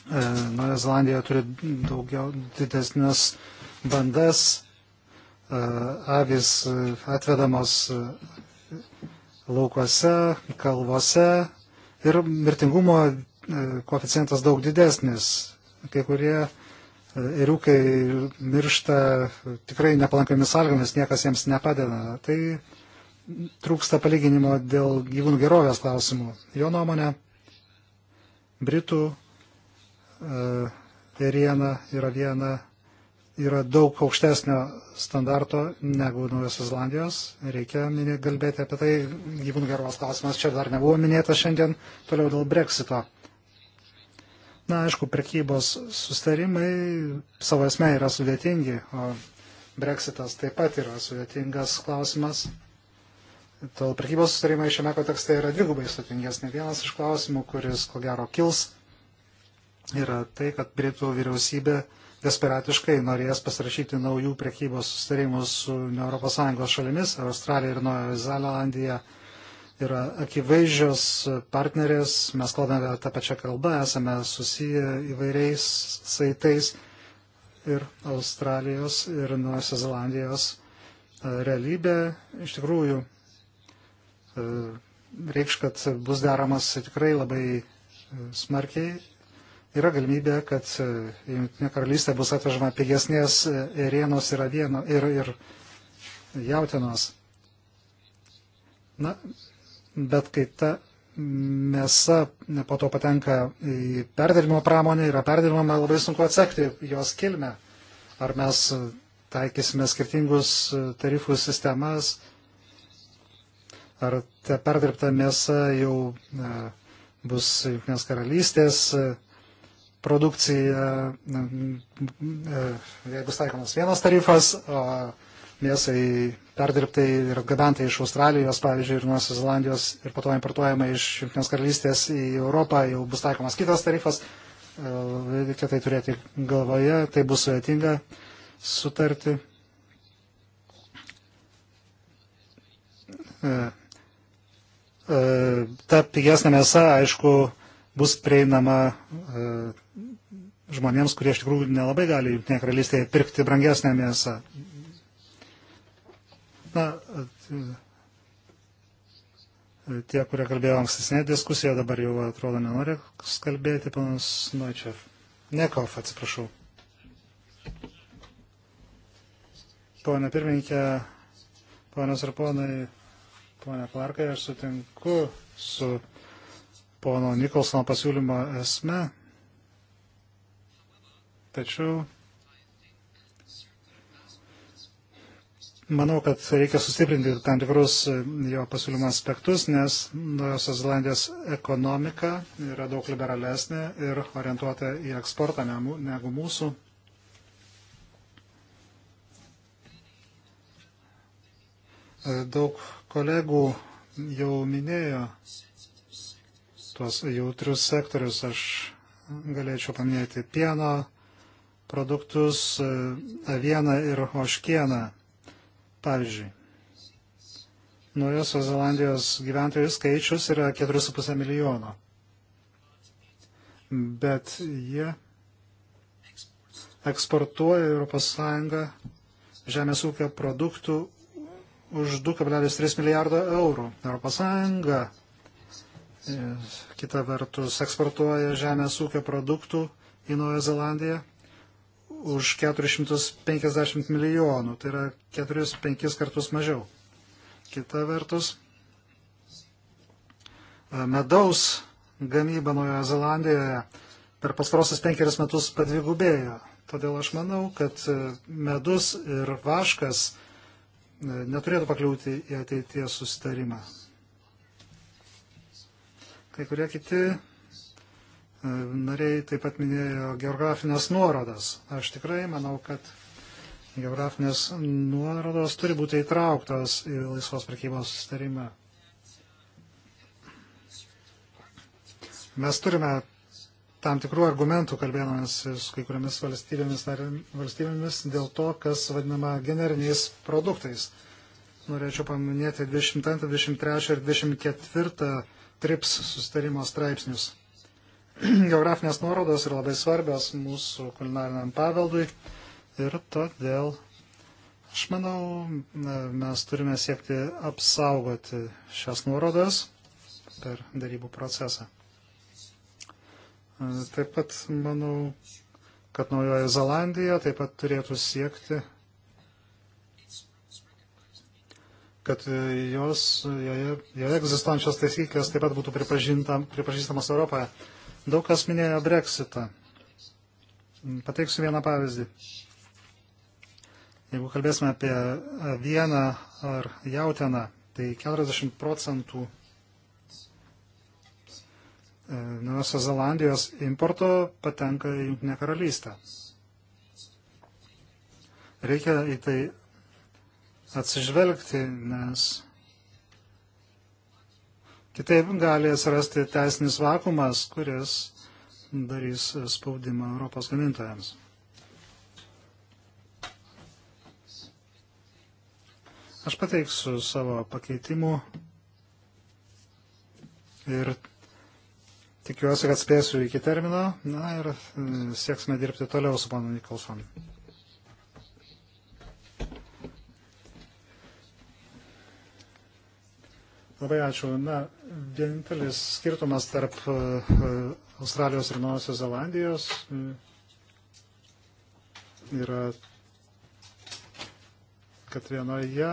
E, Nauja Zelandija turi daugiau didesnės bandas, e, avis atvedamos laukuose, kalvose ir mirtingumo koeficientas daug didesnis. Kai kurie e, iriukai miršta tikrai nepalankomis sąlygomis, niekas jiems nepadeda. Tai trūksta palyginimo dėl gyvūnų gerovės klausimų. Jo nuomonė, Britų iriena e, yra viena, yra daug aukštesnio standarto negu Naujosios Zelandijos. Reikia kalbėti apie tai, gyvūnų gerovės klausimas čia dar nebuvo minėtas šiandien, toliau dėl breksito. Na, aišku, prekybos sustarimai savo esme yra sudėtingi, o Brexitas taip pat yra sudėtingas klausimas. Tol prekybos sustarimai šiame kontekste yra dvigubai sudėtingesni. Vienas iš klausimų, kuris ko gero kils, yra tai, kad Britų vyriausybė desperatiškai norės pasirašyti naujų prekybos sustarimus su ES šalimis - Australija ir Naujoji Zelandija yra akivaizdžios partnerės, mes kalbame tą pačią kalbą, esame susiję įvairiais saitais ir Australijos ir Nuosios Zelandijos e, realybė iš tikrųjų e, reikš, kad bus daromas tikrai labai e, smarkiai. Yra galimybė, kad Junktinė karalystė bus atvežama pigesnės erienos ir, avieno, ir, ir jautienos. Na, bet kai ta mėsa po to patenka į perdirbimo pramonę, yra perdirbama, labai sunku atsekti jos kilmę. Ar mes taikysime skirtingus tarifų sistemas, ar ta perdirbta mėsa jau na, e, bus Junktinės karalystės e, produkcija, na, e, jei bus taikomas vienas tarifas, o mėsai perdirbtai ir atgabentai iš Australijos, pavyzdžiui, ir Nuosios Zelandijos ir po to importuojama iš Junktinės karalystės į Europą, jau bus taikomas kitas tarifas. E, reikia tai turėti galvoje, tai bus sudėtinga sutarti. E, e, ta pigesnė mėsa, aišku, bus prieinama žmonėms, kurie iš tikrųjų nelabai gali Junktinėje karalystėje pirkti brangesnę mėsą. Na, e, tie, kurie kalbėjo ankstesnė diskusija, dabar jau atrodo nenori kalbėti, panas Noičev. Nekov, atsiprašau. Pone pirmininkė, ponios ir ponai, pone Klarkai, aš sutinku su pono Nikolsono pasiūlymo esme. Tačiau Manau, kad reikia sustiprinti tam tikrus e, jo pasiūlymo aspektus, nes Naujosios Zelandijos ekonomika yra daug liberalesnė ir orientuota į eksportą negu mūsų. E, daug kolegų jau minėjo tuos jautrius sektorius. Aš galėčiau paminėti pieno produktus, e, avieną ir oškieną Pavyzdžiui, Naujosios Zelandijos gyventojų skaičius yra 4,5 milijono. Bet jie eksportuoja Europos Sąjungą žemės ūkio produktų už 2,3 milijardo eurų. Europos Sąjunga e, kita vertus eksportuoja žemės ūkio produktų į Naują Zelandiją už 450 milijonų, tai yra 4-5 kartus mažiau. Kita vertus, e, medaus gamyba Naujoje Zelandijoje per pastarosius penkerius metus padvigubėjo. Todėl aš manau, kad e, medus ir vaškas e, neturėtų pakliūti į ateities susitarimą. Kai kurie kiti E, nariai taip pat minėjo geografinės nuorodas. Aš tikrai manau, kad geografinės nuorodos turi būti įtrauktos į laisvos prekybos sustarimą. Mes turime tam tikrų argumentų, kalbėdamas su kai kuriamis valstybėmis, valstybėmis dėl to, kas vadinama generiniais produktais. Norėčiau paminėti 22, 23 ir 24 TRIPS sustarimo straipsnius. *clears throat* geografinės nuorodos yra labai svarbios mūsų kulinariniam paveldui ir todėl aš manau, mes turime siekti apsaugoti šias nuorodas per darybų procesą. Taip pat manau, kad Naujojo Zelandija taip pat turėtų siekti, kad jos, joje, joje egzistuojančios taisyklės taip pat būtų pripažįstamos Europoje. Daug kas minėjo Brexitą. Pateiksiu vieną pavyzdį. Jeigu kalbėsime apie vieną ar jautieną, tai 40 procentų e, Naujosios Zelandijos importo patenka į Junktinę karalystę. Reikia į tai atsižvelgti, nes Kitaip gali atsirasti teisinis vakumas, kuris darys spaudimą Europos gamintojams. Aš pateiksiu savo pakeitimų ir tikiuosi, kad spėsiu iki termino. Na ir e, sieksime dirbti toliau su panu Nikolsonu. Labai ačiū. Na, vienintelis skirtumas tarp e, e, Australijos ir Naujosios Zelandijos e, yra, kad vienoje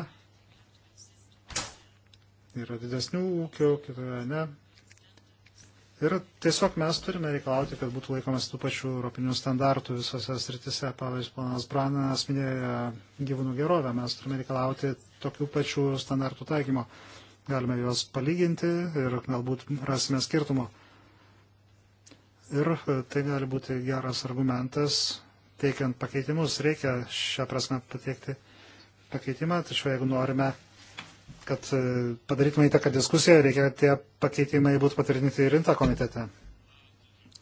yra didesnių ūkių, kitoje ne. Ir tiesiog mes turime reikalauti, kad būtų laikomas tų pačių europinių standartų visose sritise. Pavyzdžiui, ponas Branas minėjo gyvūnų gerovę, mes turime reikalauti tokių pačių standartų taikymo. Galime juos palyginti ir galbūt rasime skirtumų. Ir e, tai gali būti geras argumentas, teikiant pakeitimus. Reikia šią prasme pateikti pakeitimą, tačiau jeigu norime, kad e, padarytume įtaką diskusiją, reikia tie pakeitimai būtų patvirtinti ir rinta komitete.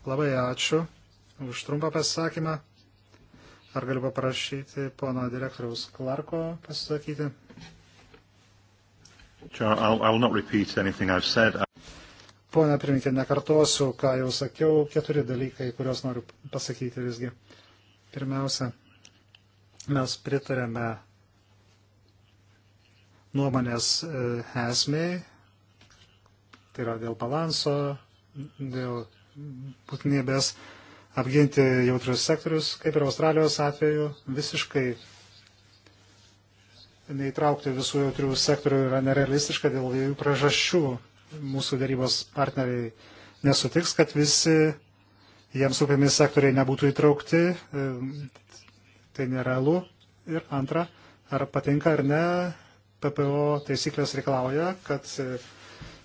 Labai ačiū už trumpą pasisakymą. Ar galiu paprašyti pono direktoriaus Klarko pasisakyti? Pone pirmininkė, nekartosiu, ką jau sakiau, keturi dalykai, kuriuos noriu pasakyti visgi. Pirmiausia, mes pritarėme nuomonės e, esmiai, tai yra dėl balanso, dėl būtinybės apginti jautrius sektorius, kaip ir Australijos atveju, visiškai neįtraukti visų jautrių sektorių yra nerealistiška dėl dviejų priežasčių. Mūsų darybos partneriai nesutiks, kad visi jiems rūpimi sektoriai nebūtų įtraukti. E, tai nerealu. Ir antra, ar patinka ar ne, PPO taisyklės reikalauja, kad e,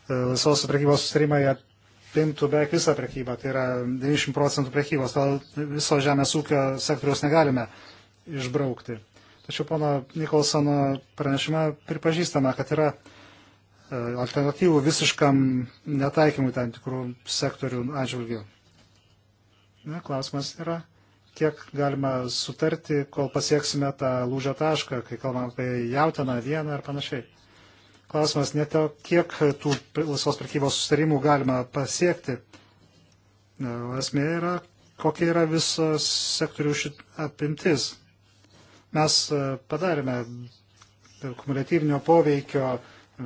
laisvos prekybos sustarimai apimtų beveik visą prekybą, tai yra 90 procentų prekybos, todėl viso žemės ūkio sektoriaus negalime išbraukti. Tačiau pono Nikolsono pranešime pripažįstama, kad yra e, alternatyvų visiškam netaikymui tam tikrų sektorių atžvilgių. Na, klausimas yra, kiek galima sutarti, kol pasieksime tą lūžio tašką, kai kalbam apie jautiną, vieną ar panašiai. Klausimas ne to, kiek tų laisvos prekybos sustarimų galima pasiekti. Esmė yra, kokia yra visos sektorių šit apimtis. Mes e, padarėme kumuliatyvinio poveikio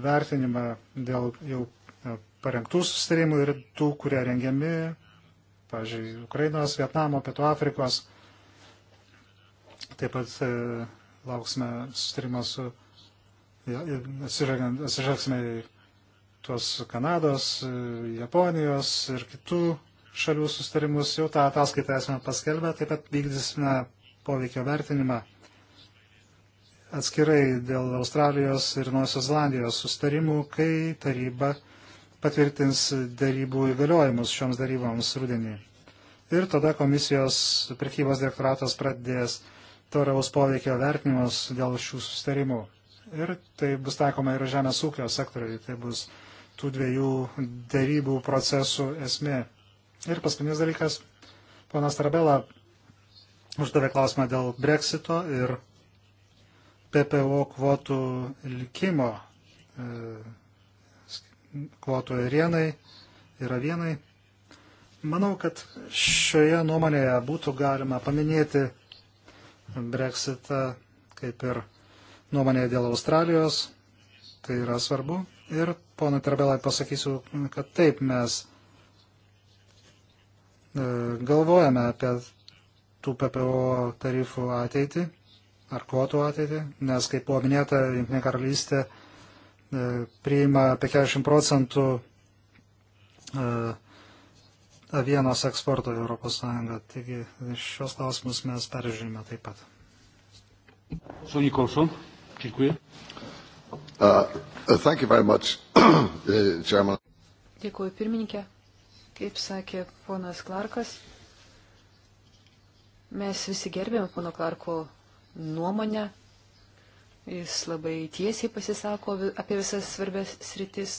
vertinimą dėl jau e, parengtų sustarimų ir tų, kurie rengiami, pažiūrėjau, Ukrainos, Vietnamo, Pietų Afrikos. Taip pat e, lauksime sustarimo su, ja, atsižvelgsime į tuos Kanados, e, Japonijos ir kitų šalių sustarimus. Jau tą ataskaitą esame paskelbę, taip pat vykdysime poveikio vertinimą atskirai dėl Australijos ir Nuosios Zelandijos sustarimų, kai taryba patvirtins darybų įgaliojimus šioms daryboms rudenį. Ir tada komisijos prekybos direktoratas pradės tvaraus poveikio vertinimus dėl šių sustarimų. Ir tai bus taikoma ir žemės ūkio sektoriai. Tai bus tų dviejų darybų procesų esmė. Ir paskutinis dalykas, ponas Tarabela uždavė klausimą dėl breksito ir PPO kvotų likimo e, kvotų irienai yra vienai. Manau, kad šioje nuomonėje būtų galima paminėti Brexitą kaip ir nuomonėje dėl Australijos. Tai yra svarbu. Ir ponui Trabelai pasakysiu, kad taip mes e, galvojame apie tų PPO tarifų ateitį ar kvotų ateitį, nes, kaip buvo minėta, Junktinė karalystė e, priima apie 40 procentų e, avienos eksporto į Europos Sąjungą. Taigi šios klausimus mes peržiūrime taip pat. Su Nikolson, dėkui. Uh, uh, *clears throat* uh, Dėkuoju pirmininkė. Kaip sakė ponas Klarkas, mes visi gerbėme pono Klarko nuomonę. Jis labai tiesiai pasisako apie visas svarbės sritis.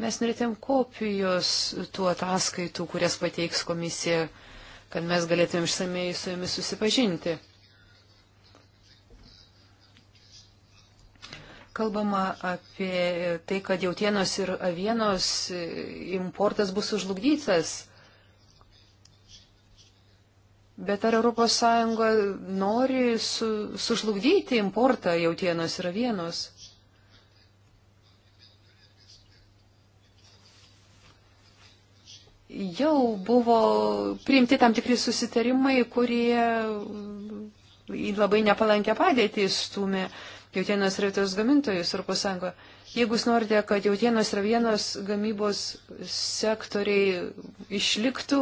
Mes norėtėm kopijos tų ataskaitų, kurias pateiks komisija, kad mes galėtumėm išsamei su jomis susipažinti. Kalbama apie tai, kad jautienos ir avienos importas bus užlugdytas Bet ar ES nori su, sužlugdyti importą jautienos ir avienos? Jau buvo priimti tam tikri susitarimai, kurie į labai nepalankę padėtį įstumė uh, jautienos ir vietos gamintojus Europos Sąjungoje. Jeigu jūs norite, kad jautienos ir vienos gamybos sektoriai išliktų,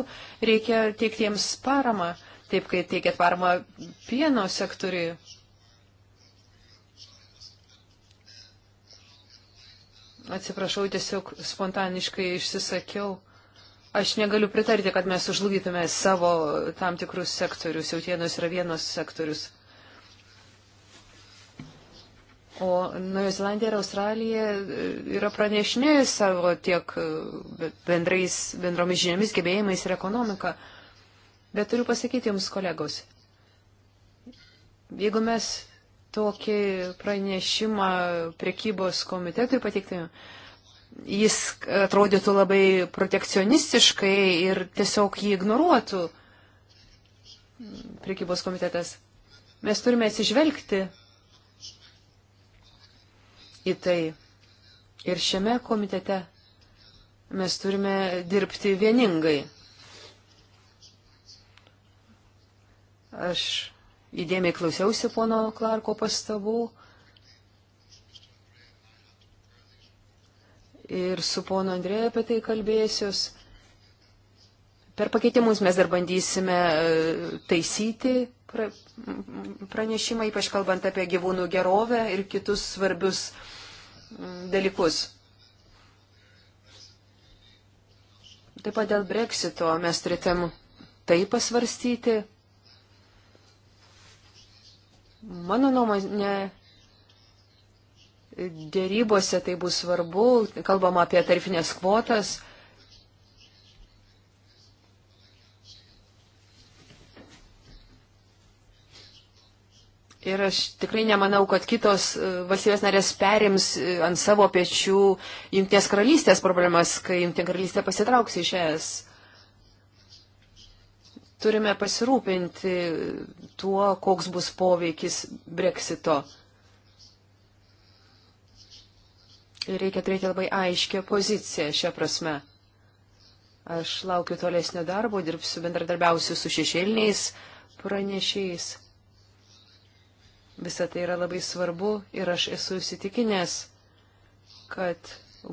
reikia teikti jiems paramą, taip kaip teikėt paramą pieno sektoriui. Atsiprašau, tiesiog spontaniškai išsisakiau. Aš negaliu pritarti, kad mes užlugytume savo tam tikrus sektorius, jautienos ir vienos sektorius. O Naujoji Zelandija ir Australija e, yra pranešni savo tiek e, bendrais, bendromis žiniomis, gebėjimais ir ekonomika. Bet turiu pasakyti jums, kolegos, jeigu mes tokį pranešimą prekybos komitetui pateiktume, jis atrodytų labai protekcionistiškai ir tiesiog jį ignoruotų prekybos komitetas. Mes turime atsižvelgti į tai. Ir šiame komitete mes turime dirbti vieningai. Aš įdėmiai klausiausi pono Klarko pastabų ir su pono Andrėju apie tai kalbėsiuos. Per pakeitimus mes dar bandysime e, taisyti pranešimą, ypač kalbant apie gyvūnų gerovę ir kitus svarbius dalykus. Taip pat dėl breksito mes turėtum tai pasvarstyti. Mano nuomonė, dėrybose tai bus svarbu, kalbama apie tarifinės kvotas, Ir aš tikrai nemanau, kad kitos e, valstybės narės perims e, ant savo pečių Junktinės karalystės problemas, kai Junktinė karalystė pasitrauks iš ES. Turime pasirūpinti e, tuo, koks bus poveikis breksito. Ir reikia turėti labai aiškę poziciją šią prasme. Aš laukiu tolesnio darbo, dirbsiu bendradarbiausiu su šešėliniais pranešėjais Visą tai yra labai svarbu ir aš esu įsitikinęs, kad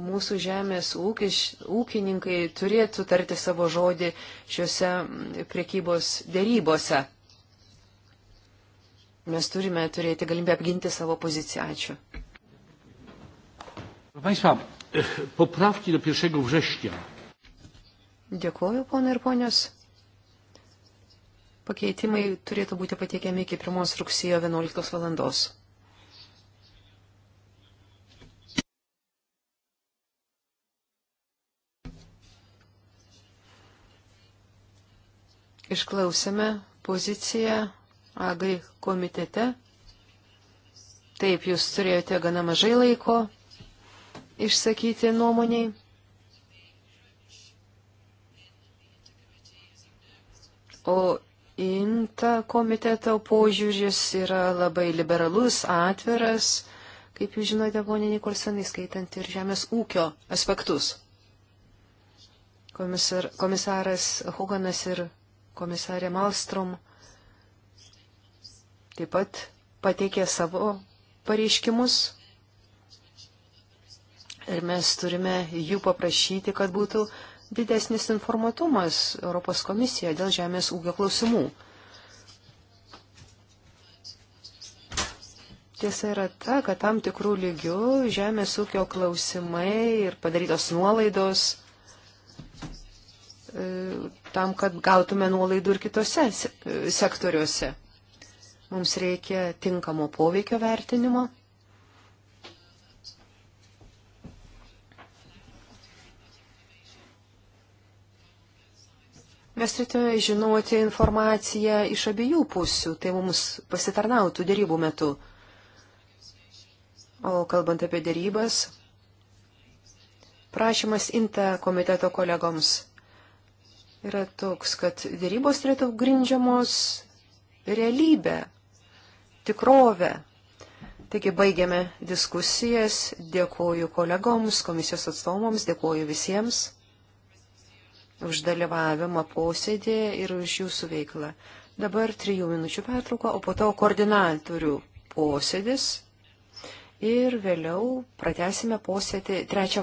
mūsų žemės ūkis, ūkininkai turėtų tarti savo žodį šiuose mm, priekybos dėrybose. Mes turime turėti galimybę apginti savo poziciją. Ačiū. Państwa, e, poprawki do 1 września. Dėkuoju, ponai ir ponios. Pakeitimai turėtų būti patiekiami iki 1 rugsėjo 11 valandos. Išklausėme poziciją AGRI komitete. Taip, jūs turėjote gana mažai laiko išsakyti nuomoniai. O Inta komiteto požiūris yra labai liberalus, atviras, kaip jūs žinote, ponė Nikolsonai, skaitant ir žemės ūkio aspektus. Komisar, komisaras Hoganas ir komisarė Malstrom taip pat pateikė savo pareiškimus ir mes turime jų paprašyti, kad būtų didesnis informatumas Europos komisijoje dėl žemės ūkio klausimų. Tiesa yra ta, kad tam tikrų lygių žemės ūkio klausimai ir padarytos nuolaidos e, tam, kad gautume nuolaidų ir kitose sektoriuose. Mums reikia tinkamo poveikio vertinimo Mes turėtume žinoti informaciją iš abiejų pusių, tai mums pasitarnautų dėrybų metu. O kalbant apie dėrybas, prašymas inta komiteto kolegoms yra toks, kad dėrybos turėtų grindžiamos realybę, tikrovę. Taigi baigiame diskusijas, dėkoju kolegoms, komisijos atstovams, dėkoju visiems už dalyvavimą posėdėje ir už jūsų veiklą. Dabar trijų minučių pertrauka, o po to koordinatorių posėdis ir vėliau pratesime posėdį trečią